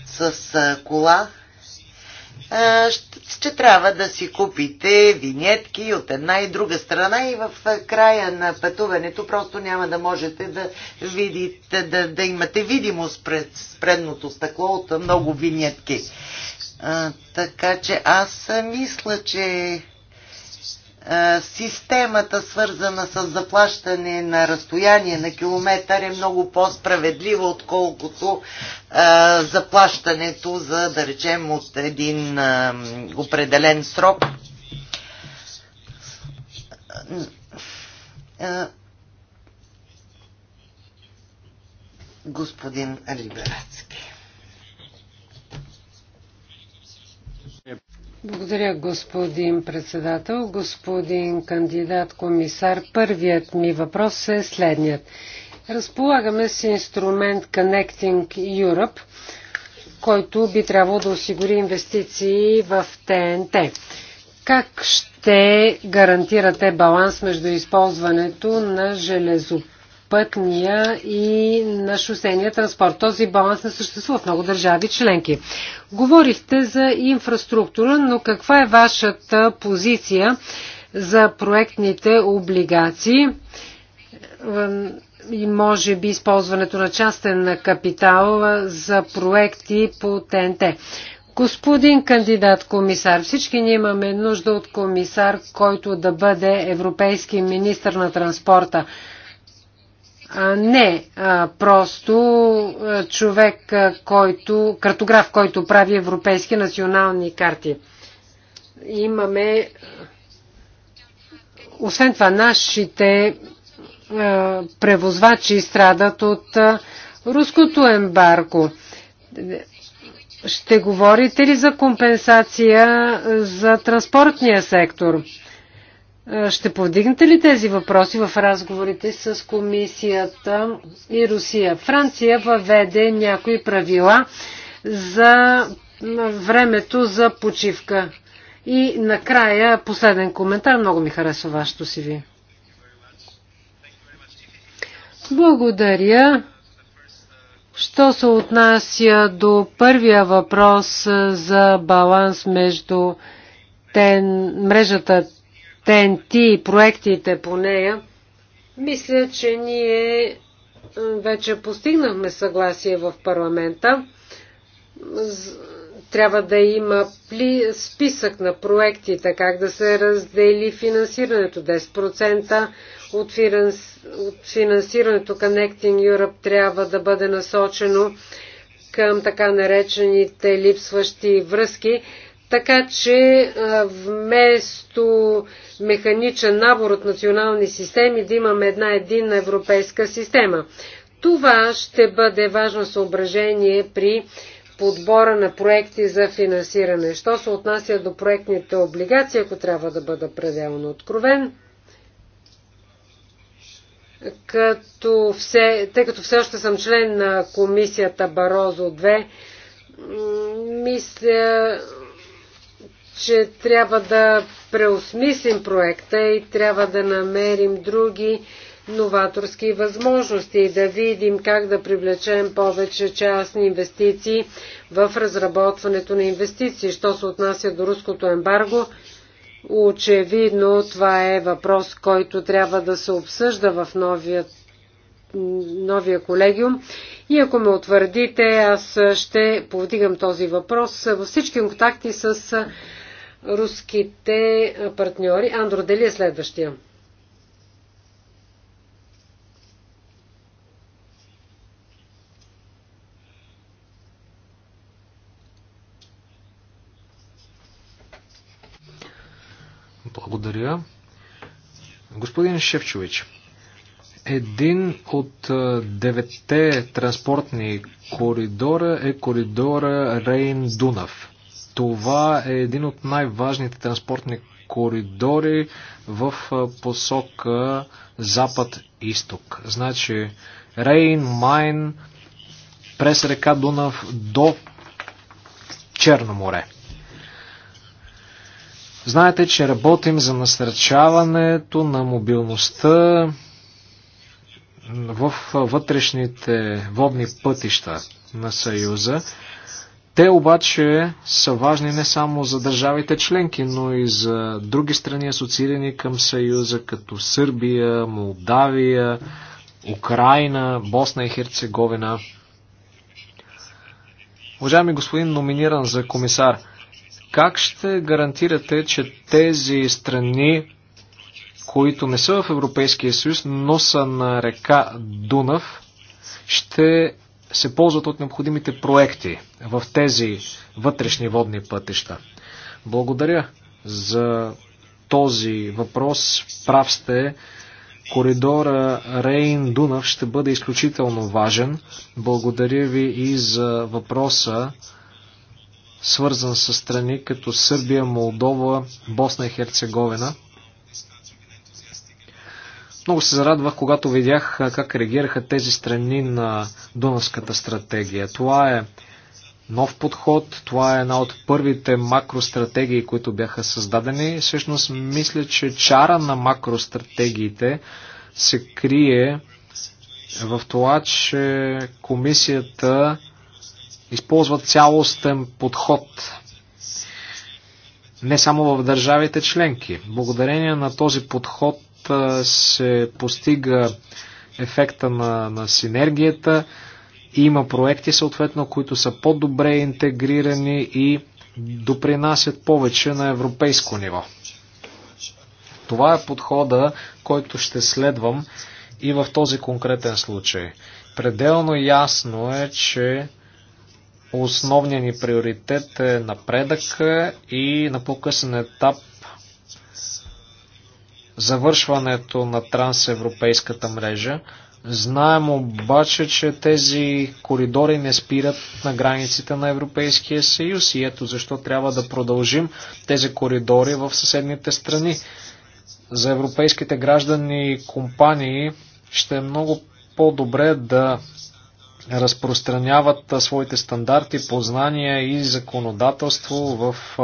с кола, че трябва да си купите винетки от една и друга страна и в края на пътуването просто няма да можете да видите, да, да имате видимост пред предното стъкло от много винетки. А, така че аз мисля, че е, системата, свързана с заплащане на разстояние на километър, е много по-справедлива, отколкото е, заплащането за, да речем, от един е, определен срок. Господин Либерацки. Благодаря, господин председател. Господин кандидат комисар, първият ми въпрос е следният. Разполагаме с инструмент Connecting Europe, който би трябвало да осигури инвестиции в ТНТ. Как ще гарантирате баланс между използването на железопътните пътния и на шосения транспорт. Този баланс не съществува в много държави членки. Говорихте за инфраструктура, но каква е вашата позиция за проектните облигации? и може би използването на частен капитал за проекти по ТНТ. Господин кандидат комисар, всички ние имаме нужда от комисар, който да бъде европейски министр на транспорта не просто човек, който, картограф, който прави европейски национални карти. Имаме. Освен това, нашите превозвачи страдат от руското ембарко. Ще говорите ли за компенсация за транспортния сектор? Е, ще повдигнете ли тези въпроси в разговорите с комисията и Русия? Франция въведе някои правила за времето за почивка. И накрая последен коментар. Много ми харесва вашето си ви. Благодаря. Що се отнася до първия въпрос за баланс между тен, мрежата ТНТ и проектите по нея, мисля, че ние вече постигнахме съгласие в парламента. Трябва да има списък на проектите, как да се раздели финансирането. 10% от финансирането Connecting Europe трябва да бъде насочено към така наречените липсващи връзки. Така че вместо механичен набор от национални системи, да имаме една единна европейска система. Това ще бъде важно съображение при подбора на проекти за финансиране. Що се отнася до проектните облигации, ако трябва да бъда пределно откровен, като все, тъй като все още съм член на комисията Барозо 2, мисля, че трябва да преосмислим проекта и трябва да намерим други новаторски възможности и да видим как да привлечем повече частни инвестиции в разработването на инвестиции. Що се отнася до руското ембарго, очевидно това е въпрос, който трябва да се обсъжда в новия, новия колегиум. И ако ме утвърдите, аз ще повдигам този въпрос във всички контакти с руските партньори. Андро, дали е следващия? Благодаря. Господин Шевчович, един от девете транспортни коридора е коридора Рейн-Дунав. Това е един от най-важните транспортни коридори в посока запад-исток. Значи Рейн, Майн, през река Дунав до Черно море. Знаете, че работим за насърчаването на мобилността в вътрешните водни пътища на Съюза. Те обаче са важни не само за държавите членки, но и за други страни асоциирани към Съюза, като Сърбия, Молдавия, Украина, Босна и Херцеговина. Уважаеми господин номиниран за комисар, как ще гарантирате, че тези страни, които не са в Европейския съюз, но са на река Дунав, ще се ползват от необходимите проекти в тези вътрешни водни пътища. Благодаря за този въпрос. Прав сте. Коридора Рейн-Дунав ще бъде изключително важен. Благодаря ви и за въпроса, свързан с страни като Сърбия, Молдова, Босна и Херцеговина. Много се зарадвах, когато видях как реагираха тези страни на Дунавската стратегия. Това е нов подход, това е една от първите макростратегии, които бяха създадени. Всъщност мисля, че чара на макростратегиите се крие в това, че комисията използва цялостен подход не само в държавите членки. Благодарение на този подход се постига ефекта на, на синергията. Има проекти, съответно, които са по-добре интегрирани и допринасят повече на европейско ниво. Това е подхода, който ще следвам и в този конкретен случай. Пределно ясно е, че основният ни приоритет е напредък и на по-късен етап завършването на трансевропейската мрежа. Знаем обаче, че тези коридори не спират на границите на Европейския съюз и ето защо трябва да продължим тези коридори в съседните страни. За европейските граждани и компании ще е много по-добре да разпространяват своите стандарти, познания и законодателство в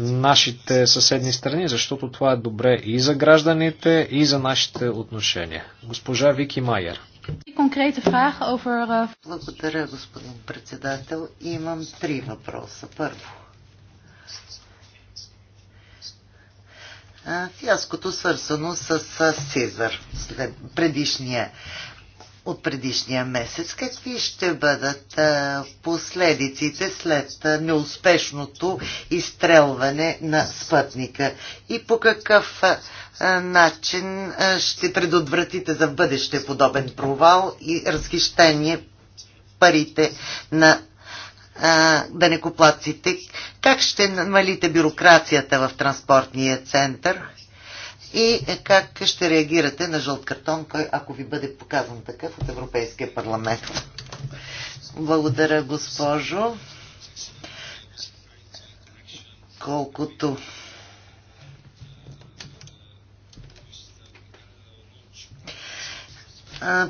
нашите съседни страни, защото това е добре и за гражданите, и за нашите отношения. Госпожа Вики Майер. Uh, Благодаря, господин председател. Имам три въпроса. Първо. Фиаското свързано с Сезар, след предишния от предишния месец. Какви ще бъдат последиците след неуспешното изстрелване на спътника и по какъв начин ще предотвратите за бъдеще подобен провал и разхищение парите на данекоплаците? Как ще намалите бюрокрацията в транспортния център? и как ще реагирате на жълт картон, кой, ако ви бъде показан такъв от Европейския парламент. Благодаря, госпожо. Колкото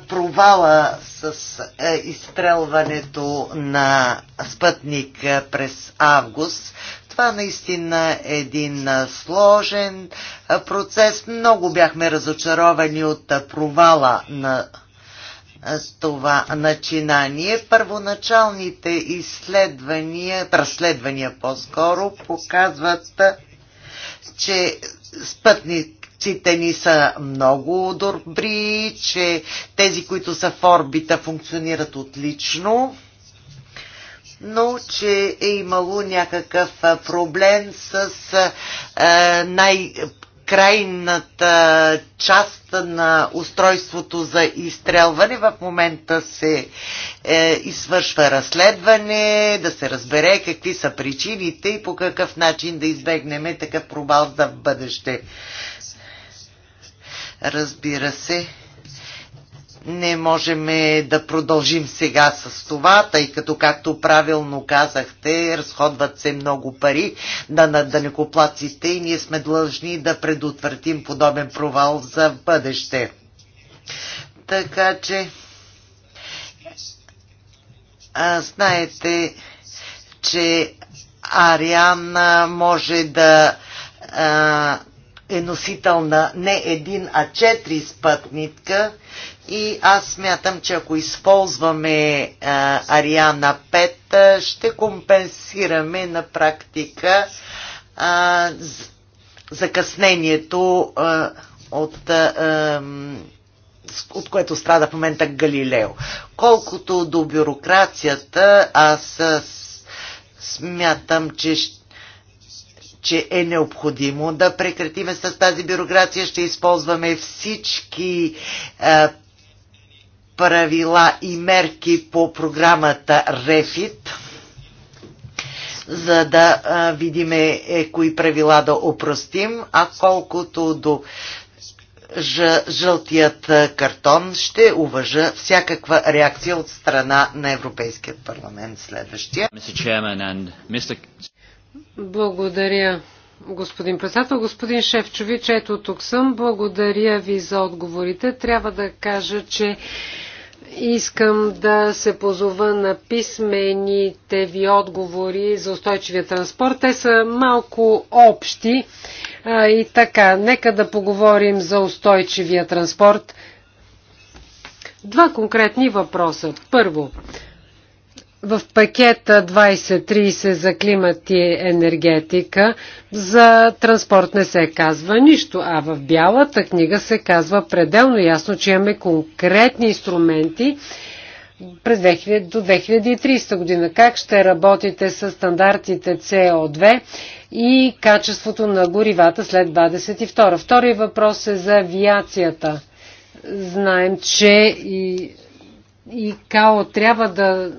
провала с е, изстрелването на спътник през август. Това наистина е един сложен процес. Много бяхме разочаровани от провала на това начинание. Първоначалните изследвания, преследвания по-скоро, показват, че спътниците ни са много добри, че тези, които са в орбита, функционират отлично но че е имало някакъв проблем с най- крайната част на устройството за изстрелване. В момента се е, извършва разследване, да се разбере какви са причините и по какъв начин да избегнем такъв пробал за бъдеще. Разбира се, не можем да продължим сега с това, тъй като, както правилно казахте, разходват се много пари да, на данекоплаците и ние сме длъжни да предотвратим подобен провал за бъдеще. Така че, а, знаете, че Ариан може да е носител на не един, а четири спътника и аз смятам, че ако използваме а, Ариана 5, ще компенсираме на практика а, закъснението а, от а, от което страда в момента Галилео. Колкото до бюрокрацията, аз смятам, че ще че е необходимо да прекратиме с тази бюрокрация. Ще използваме всички е, правила и мерки по програмата РЕФИТ, за да е, видиме е, кои правила да опростим, а колкото до жълтият картон ще уважа всякаква реакция от страна на Европейския парламент следващия. Благодаря, господин председател. Господин Шефчович, ето тук съм. Благодаря ви за отговорите. Трябва да кажа, че искам да се позова на писмените ви отговори за устойчивия транспорт. Те са малко общи. А, и така, нека да поговорим за устойчивия транспорт. Два конкретни въпроса. Първо, в пакета 2030 за климат и енергетика за транспорт не се казва нищо, а в бялата книга се казва пределно ясно, че имаме конкретни инструменти през 2000, до 2030 година. Как ще работите с стандартите CO2 и качеството на горивата след 22? Втори въпрос е за авиацията. Знаем, че и, и КАО трябва да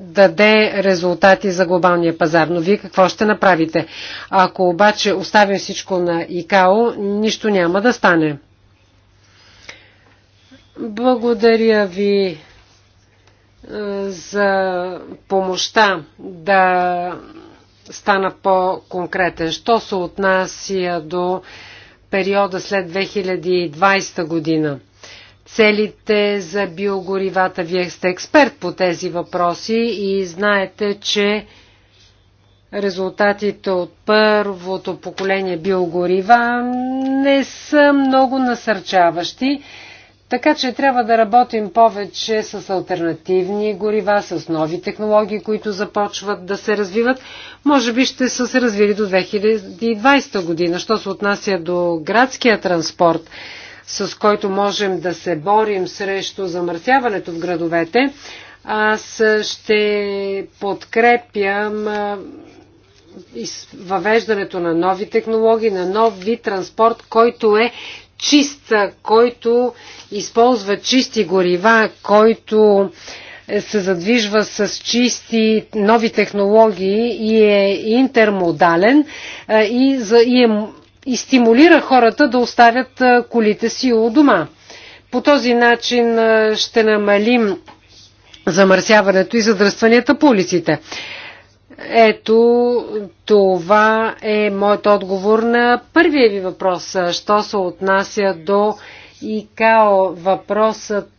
даде резултати за глобалния пазар. Но вие какво ще направите? Ако обаче оставим всичко на ИКАО, нищо няма да стане. Благодаря ви е, за помощта да стана по-конкретен. Що се отнася до периода след 2020 година? целите за биогоривата. Вие сте експерт по тези въпроси и знаете, че резултатите от първото поколение биогорива не са много насърчаващи. Така че трябва да работим повече с альтернативни горива, с нови технологии, които започват да се развиват. Може би ще са се развили до 2020 година. Що се отнася до градския транспорт, с който можем да се борим срещу замърсяването в градовете, аз ще подкрепям въвеждането на нови технологии, на нов вид транспорт, който е чист, който използва чисти горива, който е, се задвижва с чисти нови технологии и е интермодален и, и е и стимулира хората да оставят колите си у дома. По този начин ще намалим замърсяването и задръстванията по улиците. Ето, това е моят отговор на първия ви въпрос. Що се отнася до ИКАО въпросът,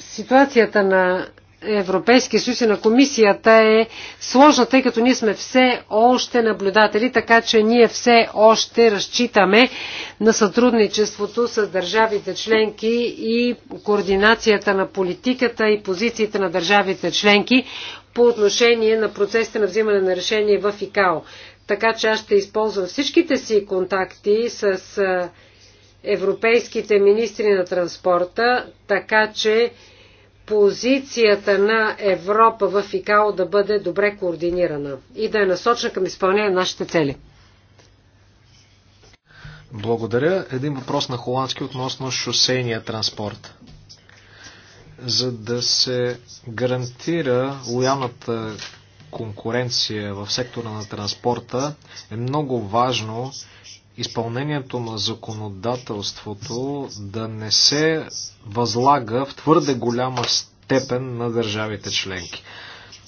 ситуацията на Европейския съюз и на комисията е сложна, тъй като ние сме все още наблюдатели, така че ние все още разчитаме на сътрудничеството с държавите членки и координацията на политиката и позициите на държавите членки по отношение на процесите на взимане на решение в ИКАО. Така че аз ще използвам всичките си контакти с европейските министри на транспорта, така че позицията на Европа в ИКАО да бъде добре координирана и да е насочена към изпълнение на нашите цели. Благодаря. Един въпрос на холандски относно шосейния транспорт. За да се гарантира лоялната конкуренция в сектора на транспорта, е много важно изпълнението на законодателството да не се възлага в твърде голяма степен на държавите членки.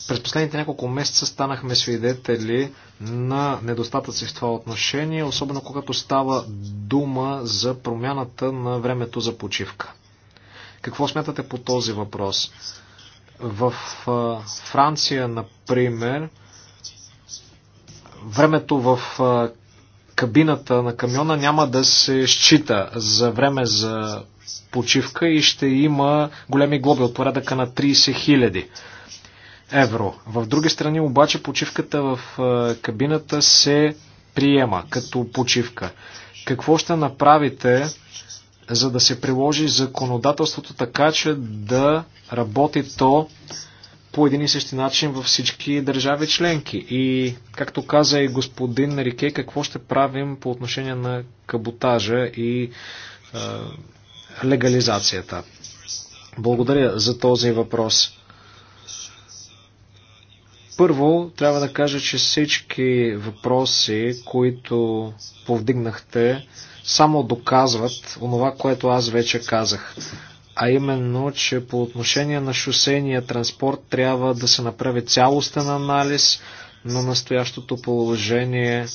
През последните няколко месеца станахме свидетели на недостатъци в това отношение, особено когато става дума за промяната на времето за почивка. Какво смятате по този въпрос? В Франция, например, времето в кабината на камиона няма да се счита за време за почивка и ще има големи глоби от порядъка на 30 000 евро. В други страни обаче почивката в кабината се приема като почивка. Какво ще направите, за да се приложи законодателството така, че да работи то по един и същи начин във всички държави членки. И, както каза и господин Рике, какво ще правим по отношение на каботажа и е, легализацията? Благодаря за този въпрос. Първо, трябва да кажа, че всички въпроси, които повдигнахте, само доказват онова, което аз вече казах а именно, че по отношение на шосейния транспорт трябва да се направи цялостен анализ на настоящото положение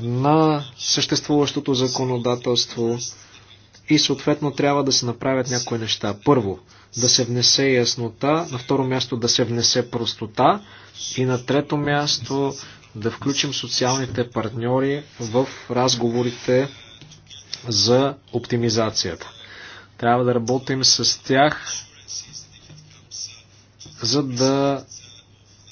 на съществуващото законодателство и съответно трябва да се направят някои неща. Първо, да се внесе яснота, на второ място да се внесе простота и на трето място да включим социалните партньори в разговорите за оптимизацията. Трябва да работим с тях, за да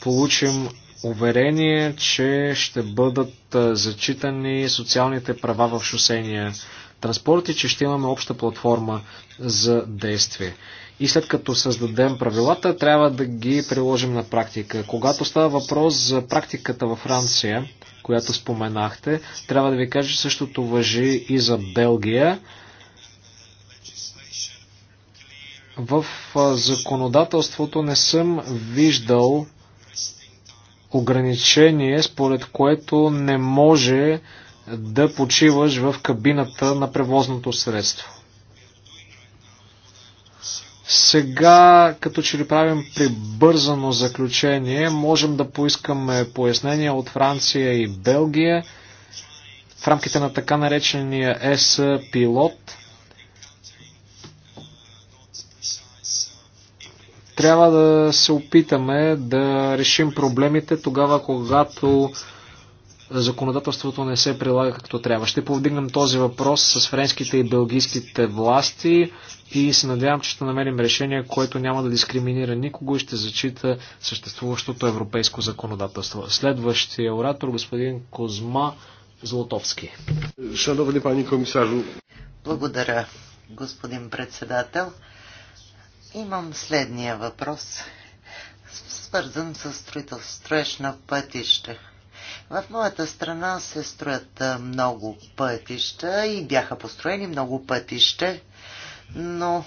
получим уверение, че ще бъдат зачитани социалните права в шосения транспорт и че ще имаме обща платформа за действие. И след като създадем правилата, трябва да ги приложим на практика. Когато става въпрос за практиката във Франция, която споменахте, трябва да ви кажа, същото въжи и за Белгия. в законодателството не съм виждал ограничение, според което не може да почиваш в кабината на превозното средство. Сега, като че ли правим прибързано заключение, можем да поискаме пояснения от Франция и Белгия в рамките на така наречения ЕС пилот – Трябва да се опитаме да решим проблемите тогава, когато законодателството не се прилага както трябва. Ще повдигнем този въпрос с френските и белгийските власти и се надявам, че ще намерим решение, което няма да дискриминира никого и ще зачита съществуващото европейско законодателство. Следващия оратор, господин Козма Золотовски. Шановни пани комисару. Благодаря, господин председател. Имам следния въпрос, свързан с строеж на пътища. В моята страна се строят много пътища и бяха построени много пътища, но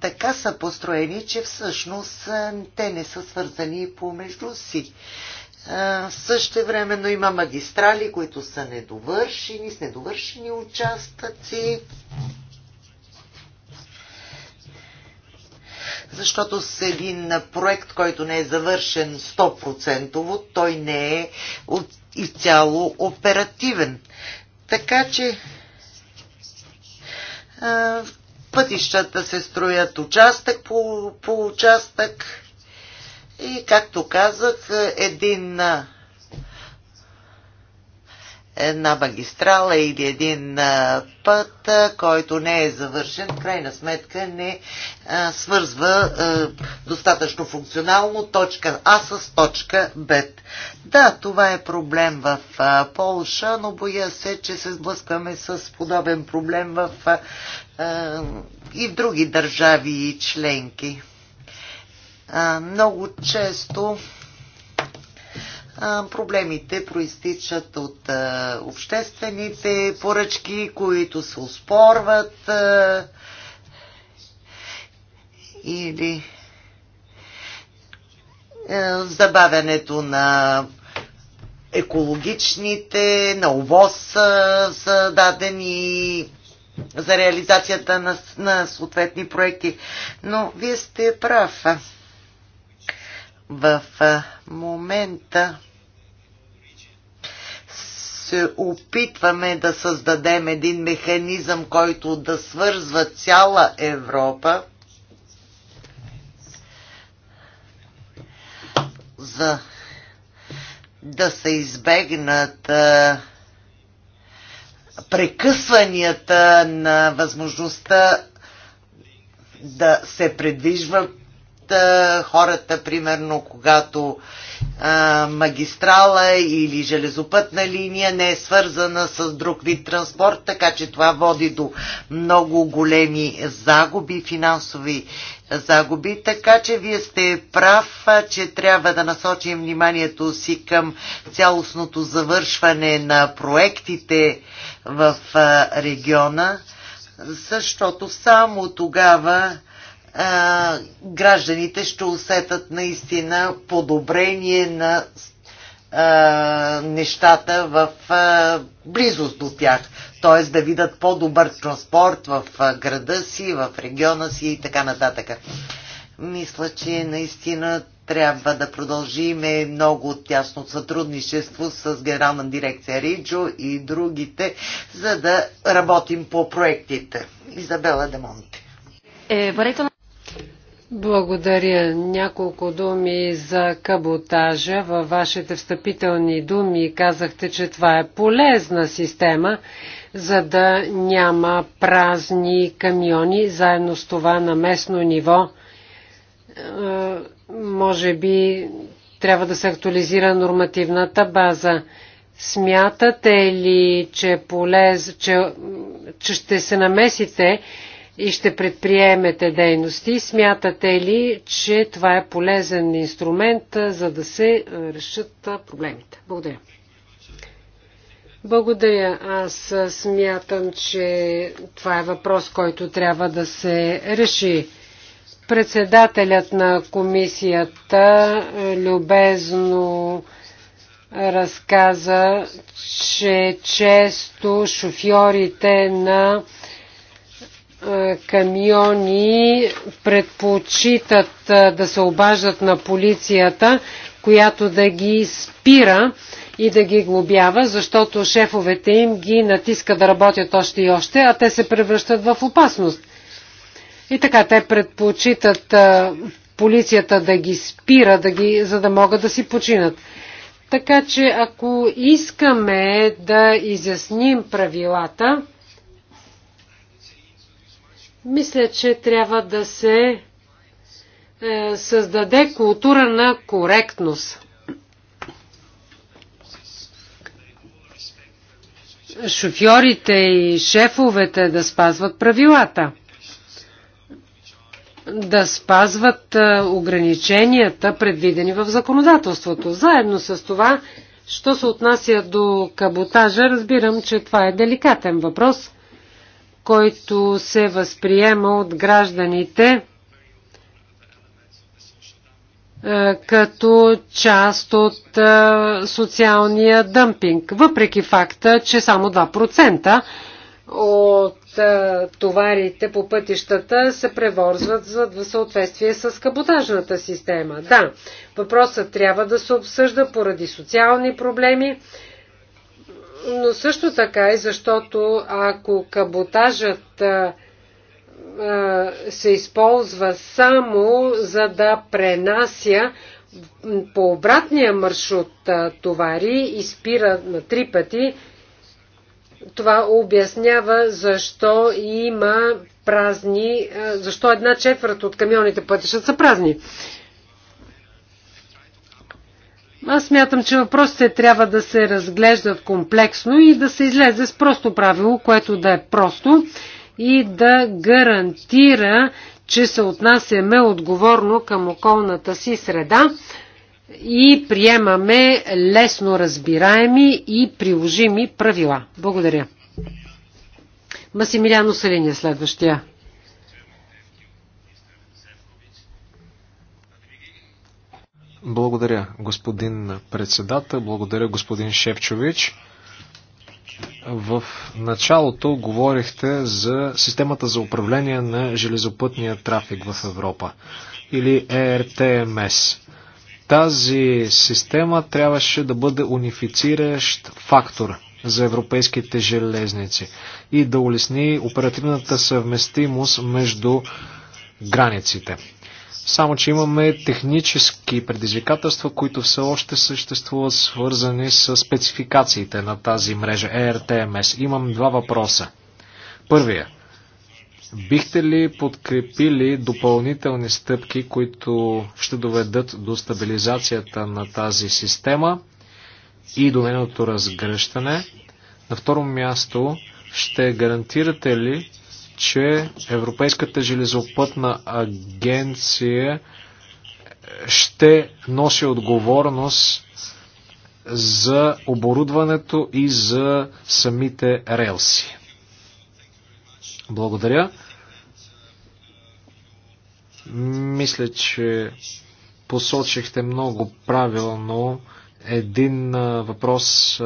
така са построени, че всъщност те не са свързани помежду си. Също времено има магистрали, които са недовършени, с недовършени участъци. защото с един проект, който не е завършен 100%, той не е изцяло оперативен. Така че пътищата се строят участък по, по участък и, както казах, един а, една магистрала или един път, който не е завършен, крайна сметка не свързва достатъчно функционално точка А с точка Б. Да, това е проблем в Полша, но боя се, че се сблъскваме с подобен проблем в, и в други държави и членки. Много често Проблемите проистичат от обществените поръчки, които се успорват или забавянето на екологичните, на увоз са дадени за реализацията на, на съответни проекти. Но вие сте прав. В момента се опитваме да създадем един механизъм, който да свързва цяла Европа за да се избегнат а, прекъсванията на възможността да се предвижва а, хората, примерно, когато а, магистрала или железопътна линия не е свързана с друг вид транспорт, така че това води до много големи загуби, финансови загуби. Така че вие сте прав, че трябва да насочим вниманието си към цялостното завършване на проектите в региона, защото само тогава а, гражданите ще усетат наистина подобрение на а, нещата в а, близост до тях. Т.е. да видят по-добър транспорт в града си, в региона си и така нататък. Мисля, че наистина трябва да продължим много тясно сътрудничество с Генерална дирекция Риджо и другите, за да работим по проектите. Изабела Демонте. Е, благодаря. Няколко думи за каботажа. Във вашите встъпителни думи казахте, че това е полезна система, за да няма празни камиони. Заедно с това на местно ниво може би трябва да се актуализира нормативната база. Смятате ли, че, полез, че, че ще се намесите и ще предприемете дейности. Смятате ли, че това е полезен инструмент, за да се решат проблемите? Благодаря. Благодаря. Аз смятам, че това е въпрос, който трябва да се реши. Председателят на комисията любезно разказа, че често шофьорите на е, камиони предпочитат е, да се обаждат на полицията, която да ги спира и да ги глобява, защото шефовете им ги натиска да работят още и още, а те се превръщат в опасност. И така, те предпочитат е, полицията да ги спира, да ги, за да могат да си починат. Така че, ако искаме да изясним правилата, мисля, че трябва да се е, създаде култура на коректност. Шофьорите и шефовете да спазват правилата, да спазват е, ограниченията, предвидени в законодателството. Заедно с това, що се отнася до каботажа, разбирам, че това е деликатен въпрос – който се възприема от гражданите е, като част от е, социалния дъмпинг, въпреки факта, че само 2% от е, товарите по пътищата се превозват в съответствие с каботажната система. Да, въпросът трябва да се обсъжда поради социални проблеми, но също така и защото ако каботажът се използва само за да пренася по обратния маршрут товари и спира на три пъти, това обяснява защо има празни, защо една четвърт от камионите пътища са празни. Аз смятам, че въпросите трябва да се разглеждат комплексно и да се излезе с просто правило, което да е просто и да гарантира, че се отнасяме отговорно към околната си среда и приемаме лесно разбираеми и приложими правила. Благодаря. Масимилиано Селин е следващия. Благодаря, господин председател. Благодаря, господин Шепчович. В началото говорихте за системата за управление на железопътния трафик в Европа или ERTMS. Тази система трябваше да бъде унифициращ фактор за европейските железници и да улесни оперативната съвместимост между границите. Само, че имаме технически предизвикателства, които все още съществуват свързани с спецификациите на тази мрежа ERTMS. Имам два въпроса. Първия. Бихте ли подкрепили допълнителни стъпки, които ще доведат до стабилизацията на тази система и до нейното разгръщане? На второ място, ще гарантирате ли, че Европейската железопътна агенция ще носи отговорност за оборудването и за самите релси. Благодаря. Мисля, че посочихте много правилно един въпрос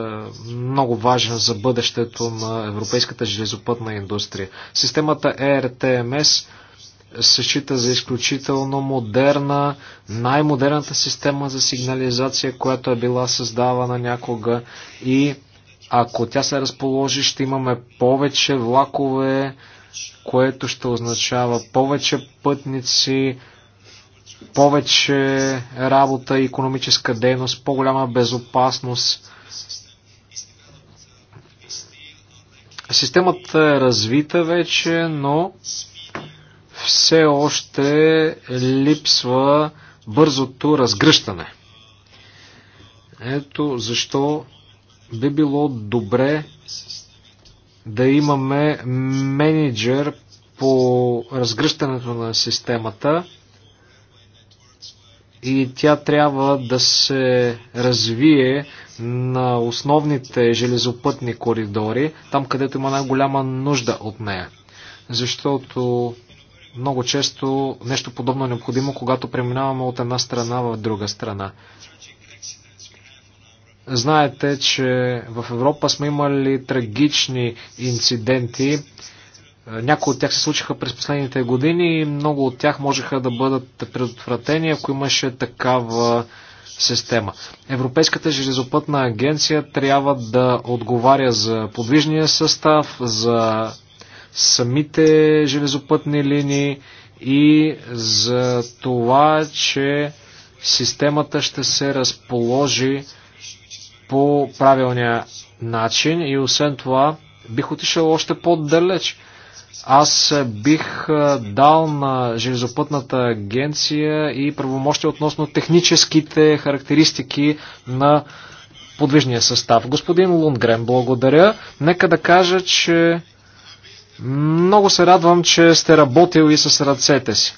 много важен за бъдещето на европейската железопътна индустрия. Системата ERTMS се счита за изключително модерна, най-модерната система за сигнализация, която е била създавана някога и ако тя се разположи, ще имаме повече влакове, което ще означава повече пътници, повече работа, економическа дейност, по-голяма безопасност. Системата е развита вече, но все още липсва бързото разгръщане. Ето защо би било добре да имаме менеджер по разгръщането на системата и тя трябва да се развие на основните железопътни коридори, там където има най-голяма нужда от нея. Защото много често нещо подобно е необходимо, когато преминаваме от една страна в друга страна. Знаете, че в Европа сме имали трагични инциденти, някои от тях се случиха през последните години и много от тях можеха да бъдат предотвратени, ако имаше такава система. Европейската железопътна агенция трябва да отговаря за подвижния състав, за самите железопътни линии и за това, че системата ще се разположи по правилния начин и освен това бих отишъл още по-далеч. Аз бих дал на Железопътната агенция и правомощия относно техническите характеристики на подвижния състав. Господин Лундгрен, благодаря. Нека да кажа, че много се радвам, че сте работил и с ръцете си.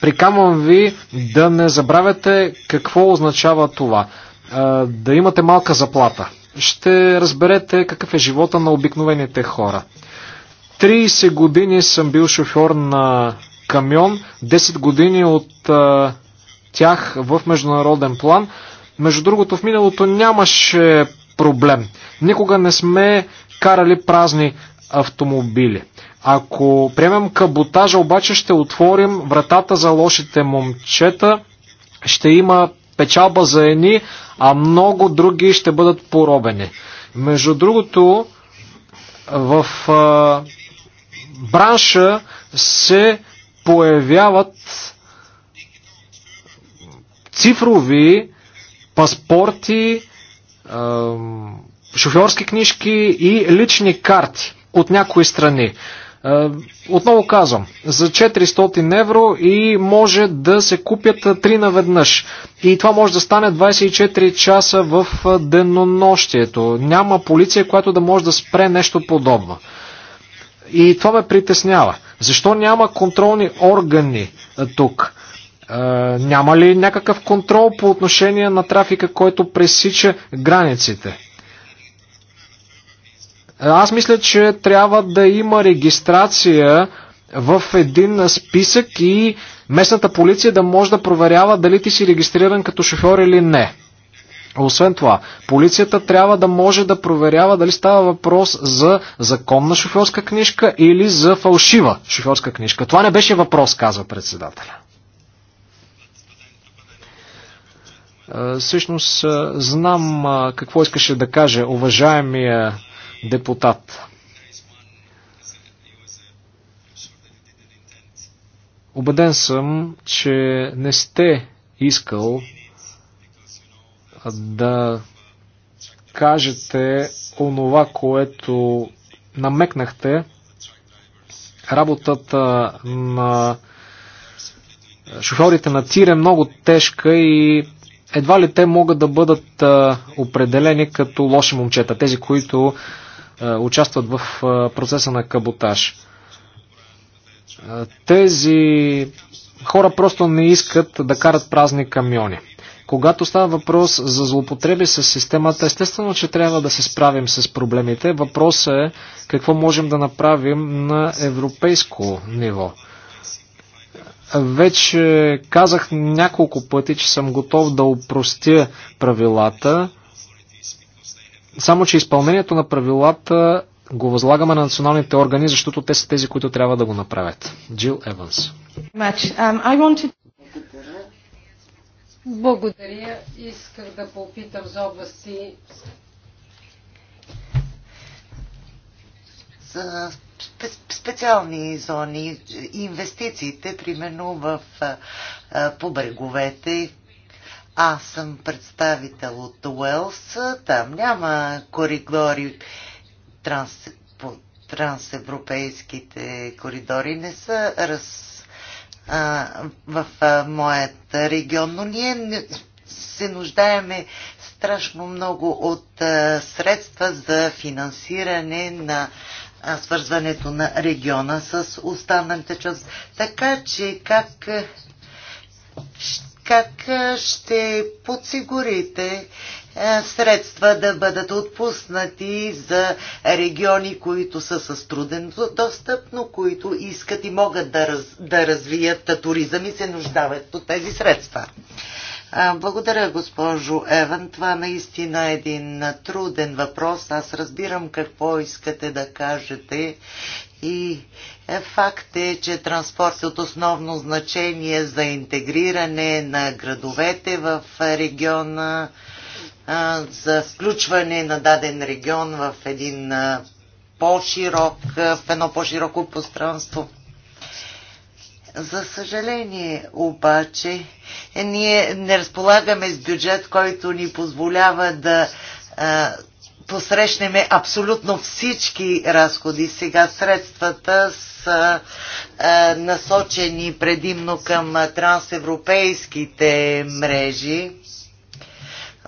Прикамвам ви да не забравяте какво означава това. Да имате малка заплата. Ще разберете какъв е живота на обикновените хора. 30 години съм бил шофьор на камион, 10 години от а, тях в международен план. Между другото, в миналото нямаше проблем. Никога не сме карали празни автомобили. Ако приемем каботажа, обаче ще отворим вратата за лошите момчета, ще има печалба за едни, а много други ще бъдат поробени. Между другото, в а, бранша се появяват цифрови паспорти, шофьорски книжки и лични карти от някои страни. Отново казвам, за 400 евро и може да се купят 3 наведнъж. И това може да стане 24 часа в денонощието. Няма полиция, която да може да спре нещо подобно. И това ме притеснява. Защо няма контролни органи е, тук? Е, няма ли някакъв контрол по отношение на трафика, който пресича границите? Е, аз мисля, че трябва да има регистрация в един списък и местната полиция да може да проверява дали ти си регистриран като шофьор или не. Освен това, полицията трябва да може да проверява дали става въпрос за законна шофьорска книжка или за фалшива шофьорска книжка. Това не беше въпрос, казва председателя. Е, всъщност е, знам е, какво искаше да каже уважаемия депутат. Обеден съм, че не сте искал да кажете онова, което намекнахте. Работата на шофьорите на ЦИР е много тежка и едва ли те могат да бъдат определени като лоши момчета, тези, които участват в процеса на каботаж. Тези хора просто не искат да карат празни камиони. Когато става въпрос за злоупотреби с системата, естествено, че трябва да се справим с проблемите. Въпросът е какво можем да направим на европейско ниво. Вече казах няколко пъти, че съм готов да упростя правилата, само че изпълнението на правилата го възлагаме на националните органи, защото те са тези, които трябва да го направят. Джил Еванс. Благодаря. Исках да попитам за области за специални зони, инвестициите, примерно в, по бреговете. Аз съм представител от Уелс, там няма коридори, транс, трансевропейските коридори не са раз, а, в а, моят регион, но ние се нуждаеме страшно много от а, средства за финансиране на а, свързването на региона с останалите част. Така че как, как ще подсигурите е, средства да бъдат отпуснати за региони, които са с труден достъп, но които искат и могат да, раз, да развият туризъм и се нуждават от тези средства. Благодаря, госпожо Еван. Това наистина е един труден въпрос. Аз разбирам какво искате да кажете и е, факт е, че транспорт е от основно значение за интегриране на градовете в региона за включване на даден регион в един по-широк, в едно по-широко пространство. За съжаление обаче, ние не разполагаме с бюджет, който ни позволява да а, посрещнеме абсолютно всички разходи. Сега средствата са а, насочени предимно към трансевропейските мрежи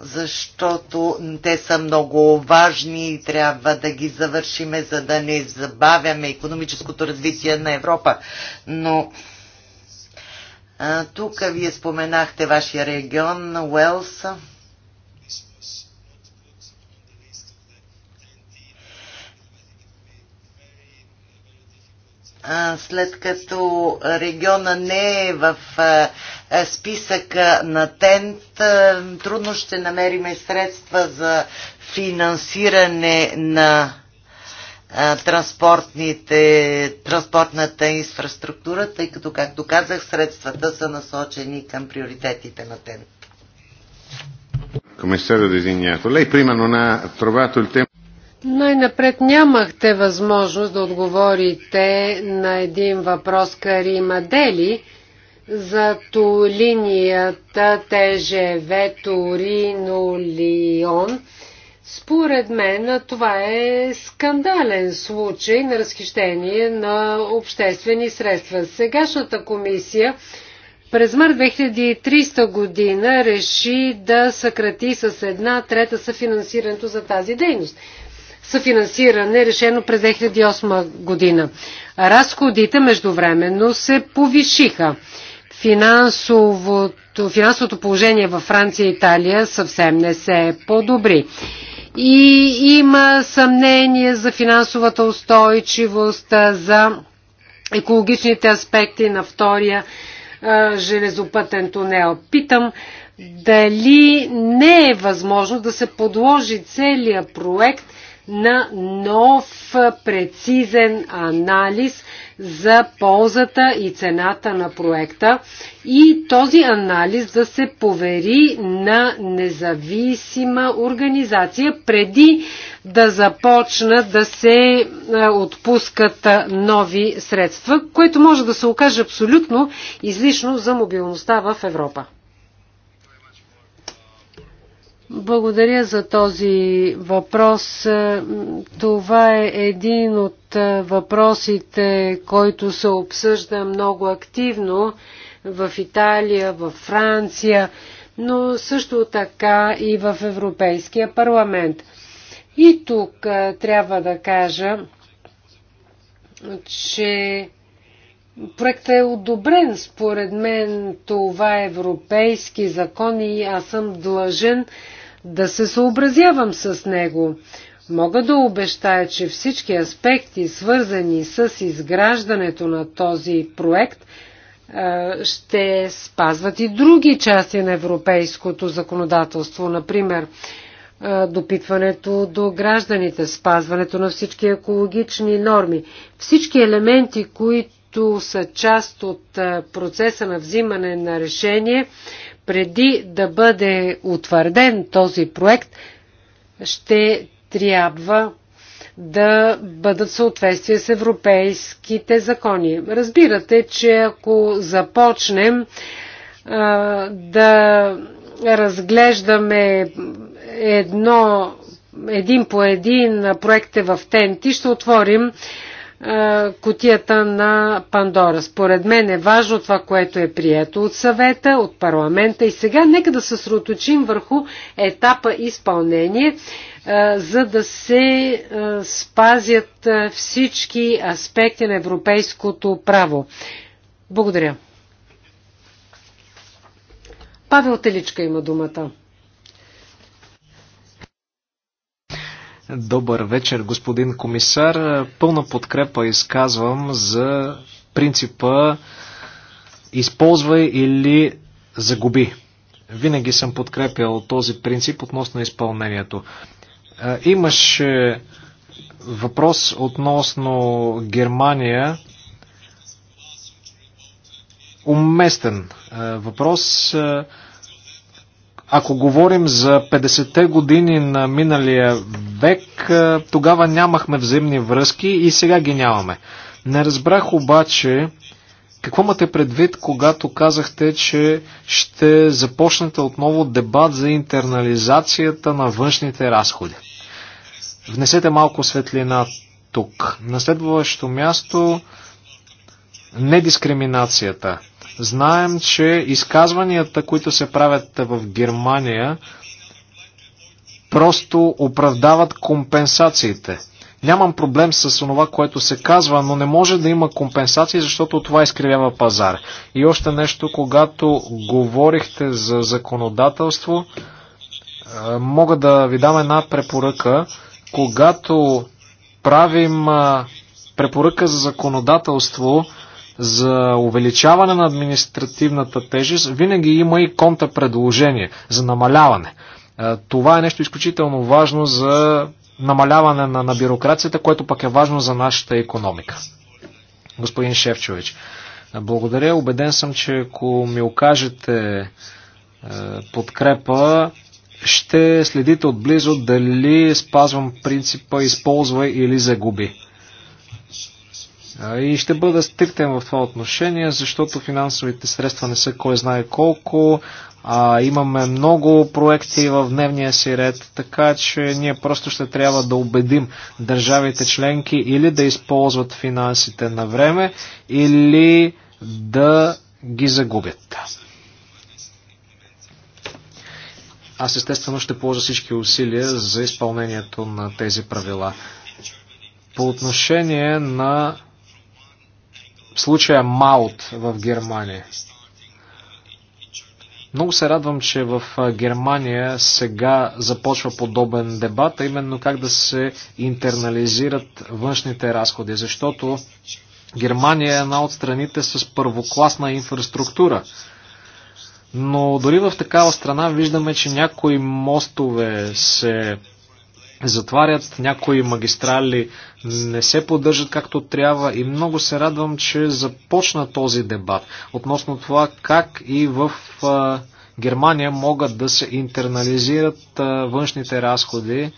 защото те са много важни и трябва да ги завършиме, за да не забавяме економическото развитие на Европа. Но тук вие споменахте вашия регион, Уелс. След като региона не е в е, списъка на ТЕНТ. Е, трудно ще намериме средства за финансиране на е, транспортните, транспортната инфраструктура, тъй като, както казах, средствата са насочени към приоритетите на ТЕНТ. Комисарио Дезиньято, лей прима non ha trovato най-напред нямахте възможност да отговорите на един въпрос Карима Дели, за линията ТЖВ Торино Лион. Според мен това е скандален случай на разхищение на обществени средства. Сегашната комисия през март 2300 година реши да съкрати с една трета съфинансирането за тази дейност. Съфинансиране решено през 2008 година. Разходите междувременно се повишиха финансовото, финансовото положение във Франция и Италия съвсем не се подобри. И има съмнение за финансовата устойчивост, за екологичните аспекти на втория а, железопътен тунел. Питам дали не е възможно да се подложи целият проект на нов прецизен анализ за ползата и цената на проекта и този анализ да се повери на независима организация преди да започнат да се отпускат нови средства, което може да се окаже абсолютно излишно за мобилността в Европа. Благодаря за този въпрос. Това е един от въпросите, който се обсъжда много активно в Италия, в Франция, но също така и в Европейския парламент. И тук трябва да кажа, че проектът е одобрен. Според мен това е европейски закон и аз съм длъжен да се съобразявам с него. Мога да обещая, че всички аспекти, свързани с изграждането на този проект, ще спазват и други части на европейското законодателство, например допитването до гражданите, спазването на всички екологични норми. Всички елементи, които които са част от процеса на взимане на решение, преди да бъде утвърден този проект, ще трябва да бъдат в съответствие с европейските закони. Разбирате, че ако започнем а, да разглеждаме едно, един по един проекте в ТЕНТИ, ще отворим е, котията на Пандора. Според мен е важно това, което е прието от съвета, от парламента и сега нека да се сроточим върху етапа изпълнение, е, за да се е, спазят всички аспекти на европейското право. Благодаря. Павел Теличка има думата. Добър вечер, господин комисар. Пълна подкрепа изказвам за принципа използвай или загуби. Винаги съм подкрепял този принцип относно изпълнението. Имаше въпрос относно Германия. Уместен въпрос. Въпрос ако говорим за 50-те години на миналия век, тогава нямахме взаимни връзки и сега ги нямаме. Не разбрах обаче какво имате предвид, когато казахте, че ще започнете отново дебат за интернализацията на външните разходи? Внесете малко светлина тук. На следващото място недискриминацията. Знаем, че изказванията, които се правят в Германия, просто оправдават компенсациите. Нямам проблем с това, което се казва, но не може да има компенсации, защото това изкривява пазар. И още нещо, когато говорихте за законодателство, мога да ви дам една препоръка. Когато правим препоръка за законодателство, за увеличаване на административната тежест, винаги има и контрапредложение за намаляване. Е, това е нещо изключително важно за намаляване на, на бюрокрацията, което пък е важно за нашата економика. Господин Шевчович, е, благодаря. Обеден съм, че ако ми окажете е, подкрепа, ще следите отблизо дали спазвам принципа използвай или загуби. И ще бъда стриктен в това отношение, защото финансовите средства не са кой знае колко, а имаме много проекти в дневния си ред, така че ние просто ще трябва да убедим държавите членки или да използват финансите на време, или да ги загубят. Аз естествено ще положа всички усилия за изпълнението на тези правила. По отношение на в случая Маут в Германия. Много се радвам, че в Германия сега започва подобен дебат, а именно как да се интернализират външните разходи, защото Германия е една от страните с първокласна инфраструктура. Но дори в такава страна виждаме, че някои мостове се затварят, някои магистрали не се поддържат както трябва и много се радвам, че започна този дебат относно това как и в Германия могат да се интернализират външните разходи,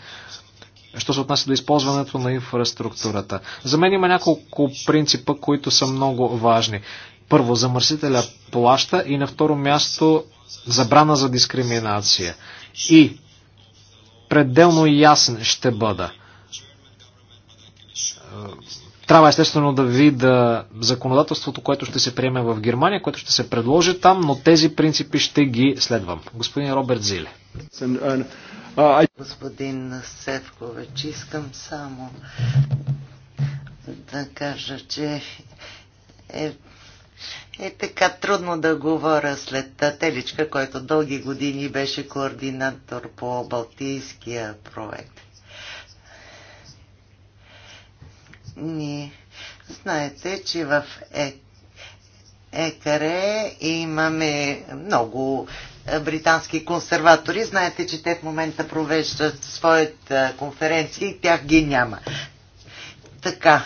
що се отнася до използването на инфраструктурата. За мен има няколко принципа, които са много важни. Първо, замърсителя плаща и на второ място забрана за дискриминация. И пределно ясен ще бъда. Трябва естествено да вида законодателството, което ще се приеме в Германия, което ще се предложи там, но тези принципи ще ги следвам. Господин Роберт Зиле. Господин Севкович, искам само да кажа, че е е така трудно да говоря след Теличка, който дълги години беше координатор по Балтийския проект. Ние знаете, че в е, ЕКАРЕ имаме много британски консерватори. Знаете, че те в момента провеждат своята конференция и тях ги няма. Така.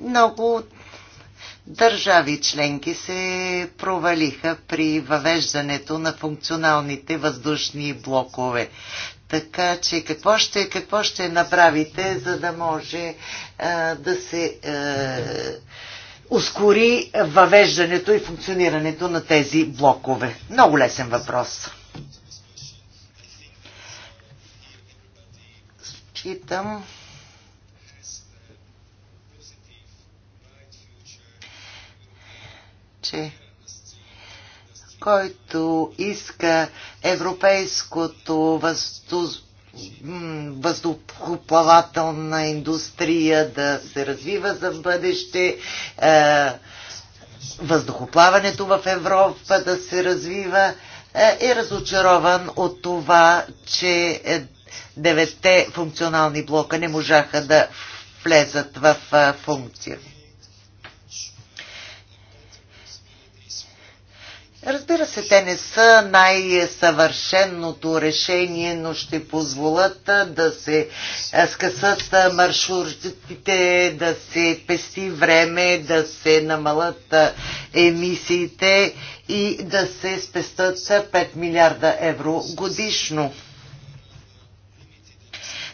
Много държави членки се провалиха при въвеждането на функционалните въздушни блокове. Така че какво ще, какво ще направите, за да може а, да се а, ускори въвеждането и функционирането на тези блокове? Много лесен въпрос. Читам. обаче, който иска европейското въздухоплавателна индустрия да се развива за бъдеще, е, въздухоплаването в Европа да се развива, е, е разочарован от това, че девете функционални блока не можаха да влезат в е, функция. Разбира се, те не са най-съвършеното решение, но ще позволят да се скъсат маршрутите, да се пести време, да се намалят емисиите и да се спестат 5 милиарда евро годишно.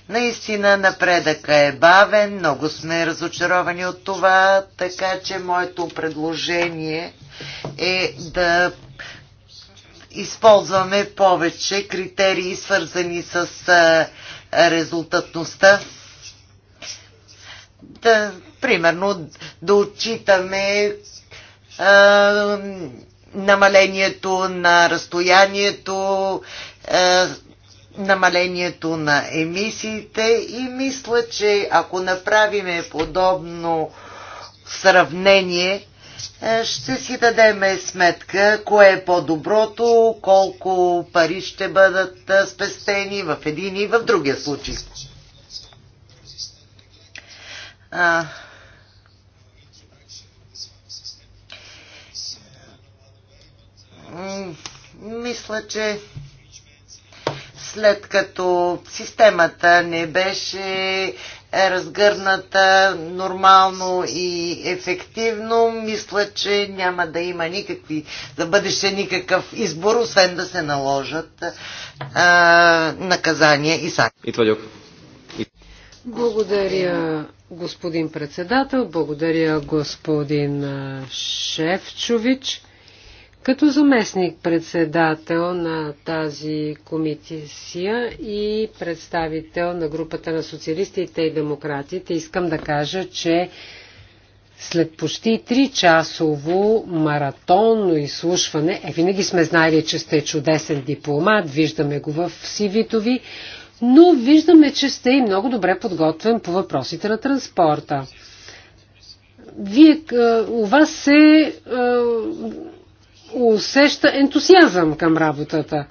Наистина напредъка е бавен, много сме разочаровани от това, така че моето предложение е да използваме повече критерии, свързани с резултатността. Да, примерно да отчитаме а, намалението на разстоянието, а, намалението на емисиите и мисля, че ако направиме подобно сравнение, е, ще си дадем сметка кое е по-доброто, колко пари ще бъдат е, спестени в един и в другия случай. мисля, че след като системата не беше е разгърната нормално и ефективно. Мисля, че няма да има никакви, за бъдеще никакъв избор, освен да се наложат а, наказания и И санкции. Благодаря, господин председател. Благодаря, господин Шефчович. Като заместник председател на тази комисия и представител на групата на социалистите и демократите, искам да кажа, че след почти 3-часово маратонно изслушване, е, винаги сме знали, че сте чудесен дипломат, виждаме го в CV-то ви, но виждаме, че сте и много добре подготвен по въпросите на транспорта. Вие, е, у вас се е, усеща ентусиазъм към работата.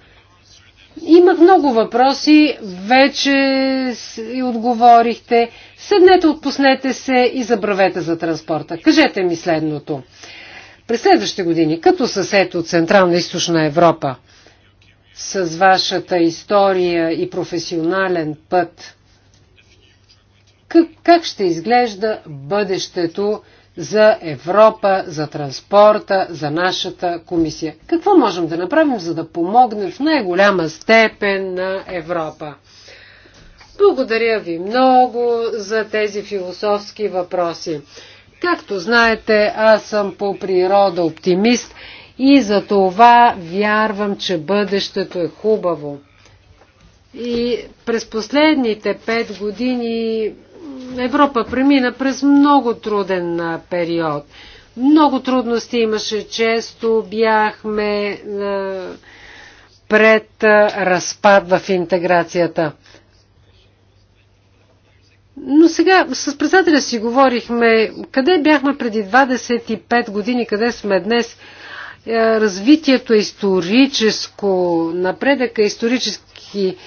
Имах много въпроси, вече и отговорихте. Седнете, отпуснете се и забравете за транспорта. Кажете ми следното. През следващите години, като съсед от Централна и Източна Европа, с вашата история и професионален път, как, как ще изглежда бъдещето за Европа, за транспорта, за нашата комисия. Какво можем да направим, за да помогнем в най-голяма степен на Европа? Благодаря ви много за тези философски въпроси. Както знаете, аз съм по природа оптимист и за това вярвам, че бъдещето е хубаво. И през последните пет години Европа премина през много труден период. Много трудности имаше. Често бяхме пред разпад в интеграцията. Но сега с председателя си говорихме къде бяхме преди 25 години, къде сме днес. Е, развитието е историческо, напредъка е исторически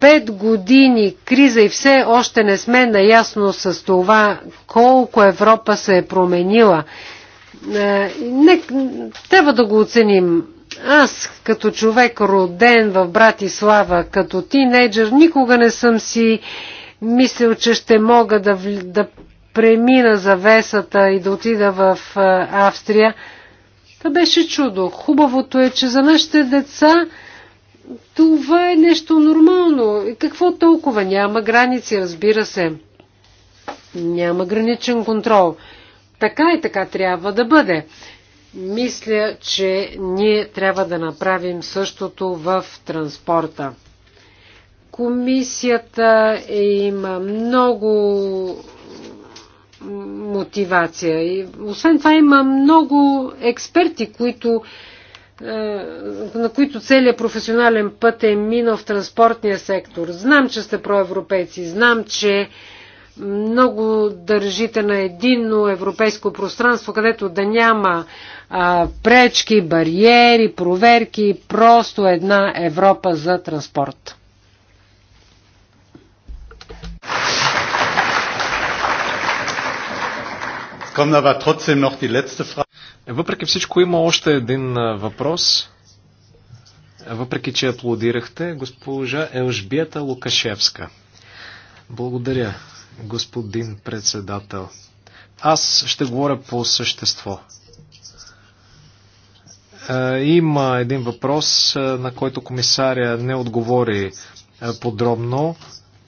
пет години криза и все още не сме наясно с това колко Европа се е променила. Е, не, трябва да го оценим. Аз, като човек роден в Братислава, като тинейджър, никога не съм си мислил, че ще мога да, да премина завесата и да отида в е, Австрия. Това беше чудо. Хубавото е, че за нашите деца това е нещо нормално. Какво толкова? Няма граници, разбира се. Няма граничен контрол. Така и така трябва да бъде. Мисля, че ние трябва да направим същото в транспорта. Комисията е, има много мотивация. И освен това има много експерти, които на които целият професионален път е минал в транспортния сектор. Знам, че сте проевропейци, знам, че много държите на единно европейско пространство, където да няма а, пречки, бариери, проверки, просто една Европа за транспорт. Въпреки всичко има още един въпрос. Въпреки, че аплодирахте, госпожа Елжбиета Лукашевска. Благодаря, господин председател. Аз ще говоря по същество. Има един въпрос, на който комисаря не отговори подробно.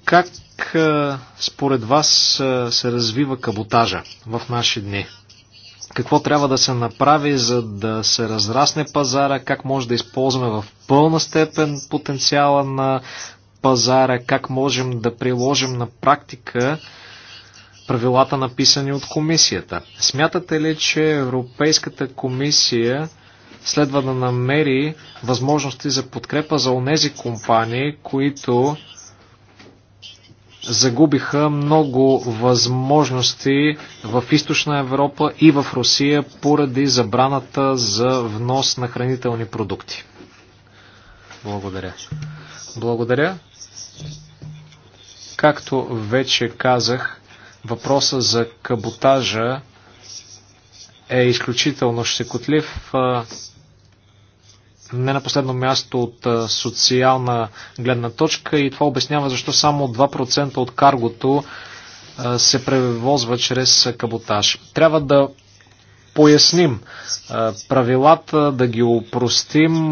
Как как е, според вас е, се развива каботажа в наши дни? Какво трябва да се направи, за да се разрасне пазара? Как може да използваме в пълна степен потенциала на пазара? Как можем да приложим на практика правилата написани от комисията? Смятате ли, че Европейската комисия следва да намери възможности за подкрепа за онези компании, които загубиха много възможности в източна Европа и в Русия поради забраната за внос на хранителни продукти. Благодаря. Благодаря. Както вече казах, въпроса за каботажа е изключително щекотлив не на последно място от социална гледна точка и това обяснява защо само 2% от каргото се превозва чрез каботаж. Трябва да поясним правилата, да ги опростим.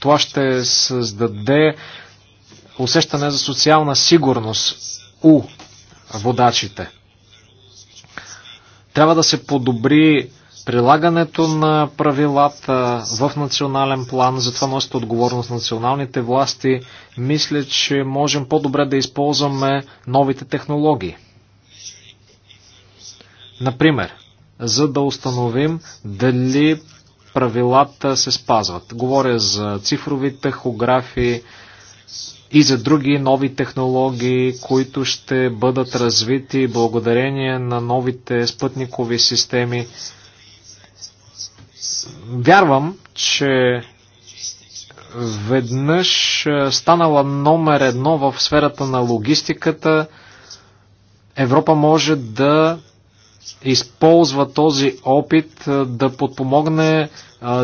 Това ще създаде усещане за социална сигурност у водачите. Трябва да се подобри прилагането на правилата в национален план, затова носят отговорност националните власти. Мисля, че можем по-добре да използваме новите технологии. Например, за да установим дали правилата се спазват. Говоря за цифрови тахографии и за други нови технологии, които ще бъдат развити благодарение на новите спътникови системи вярвам, че веднъж е, станала номер едно в сферата на логистиката, Европа може да използва този опит е, да подпомогне е,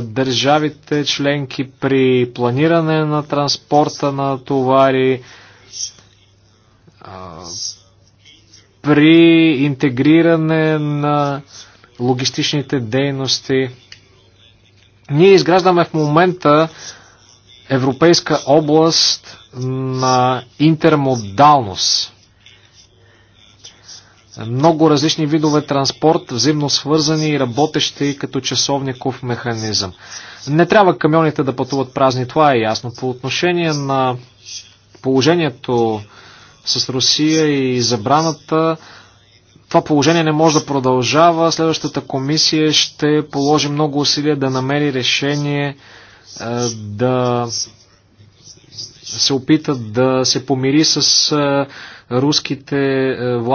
държавите членки при планиране на транспорта на товари, при интегриране на логистичните дейности. Ние изграждаме в момента европейска област на интермодалност. Много различни видове транспорт, взаимно свързани и работещи като часовников механизъм. Не трябва камионите да пътуват празни, това е ясно. По отношение на положението с Русия и забраната, това положение не може да продължава. Следващата комисия ще положи много усилия да намери решение е, да се опита да се помири с е, руските е, власти.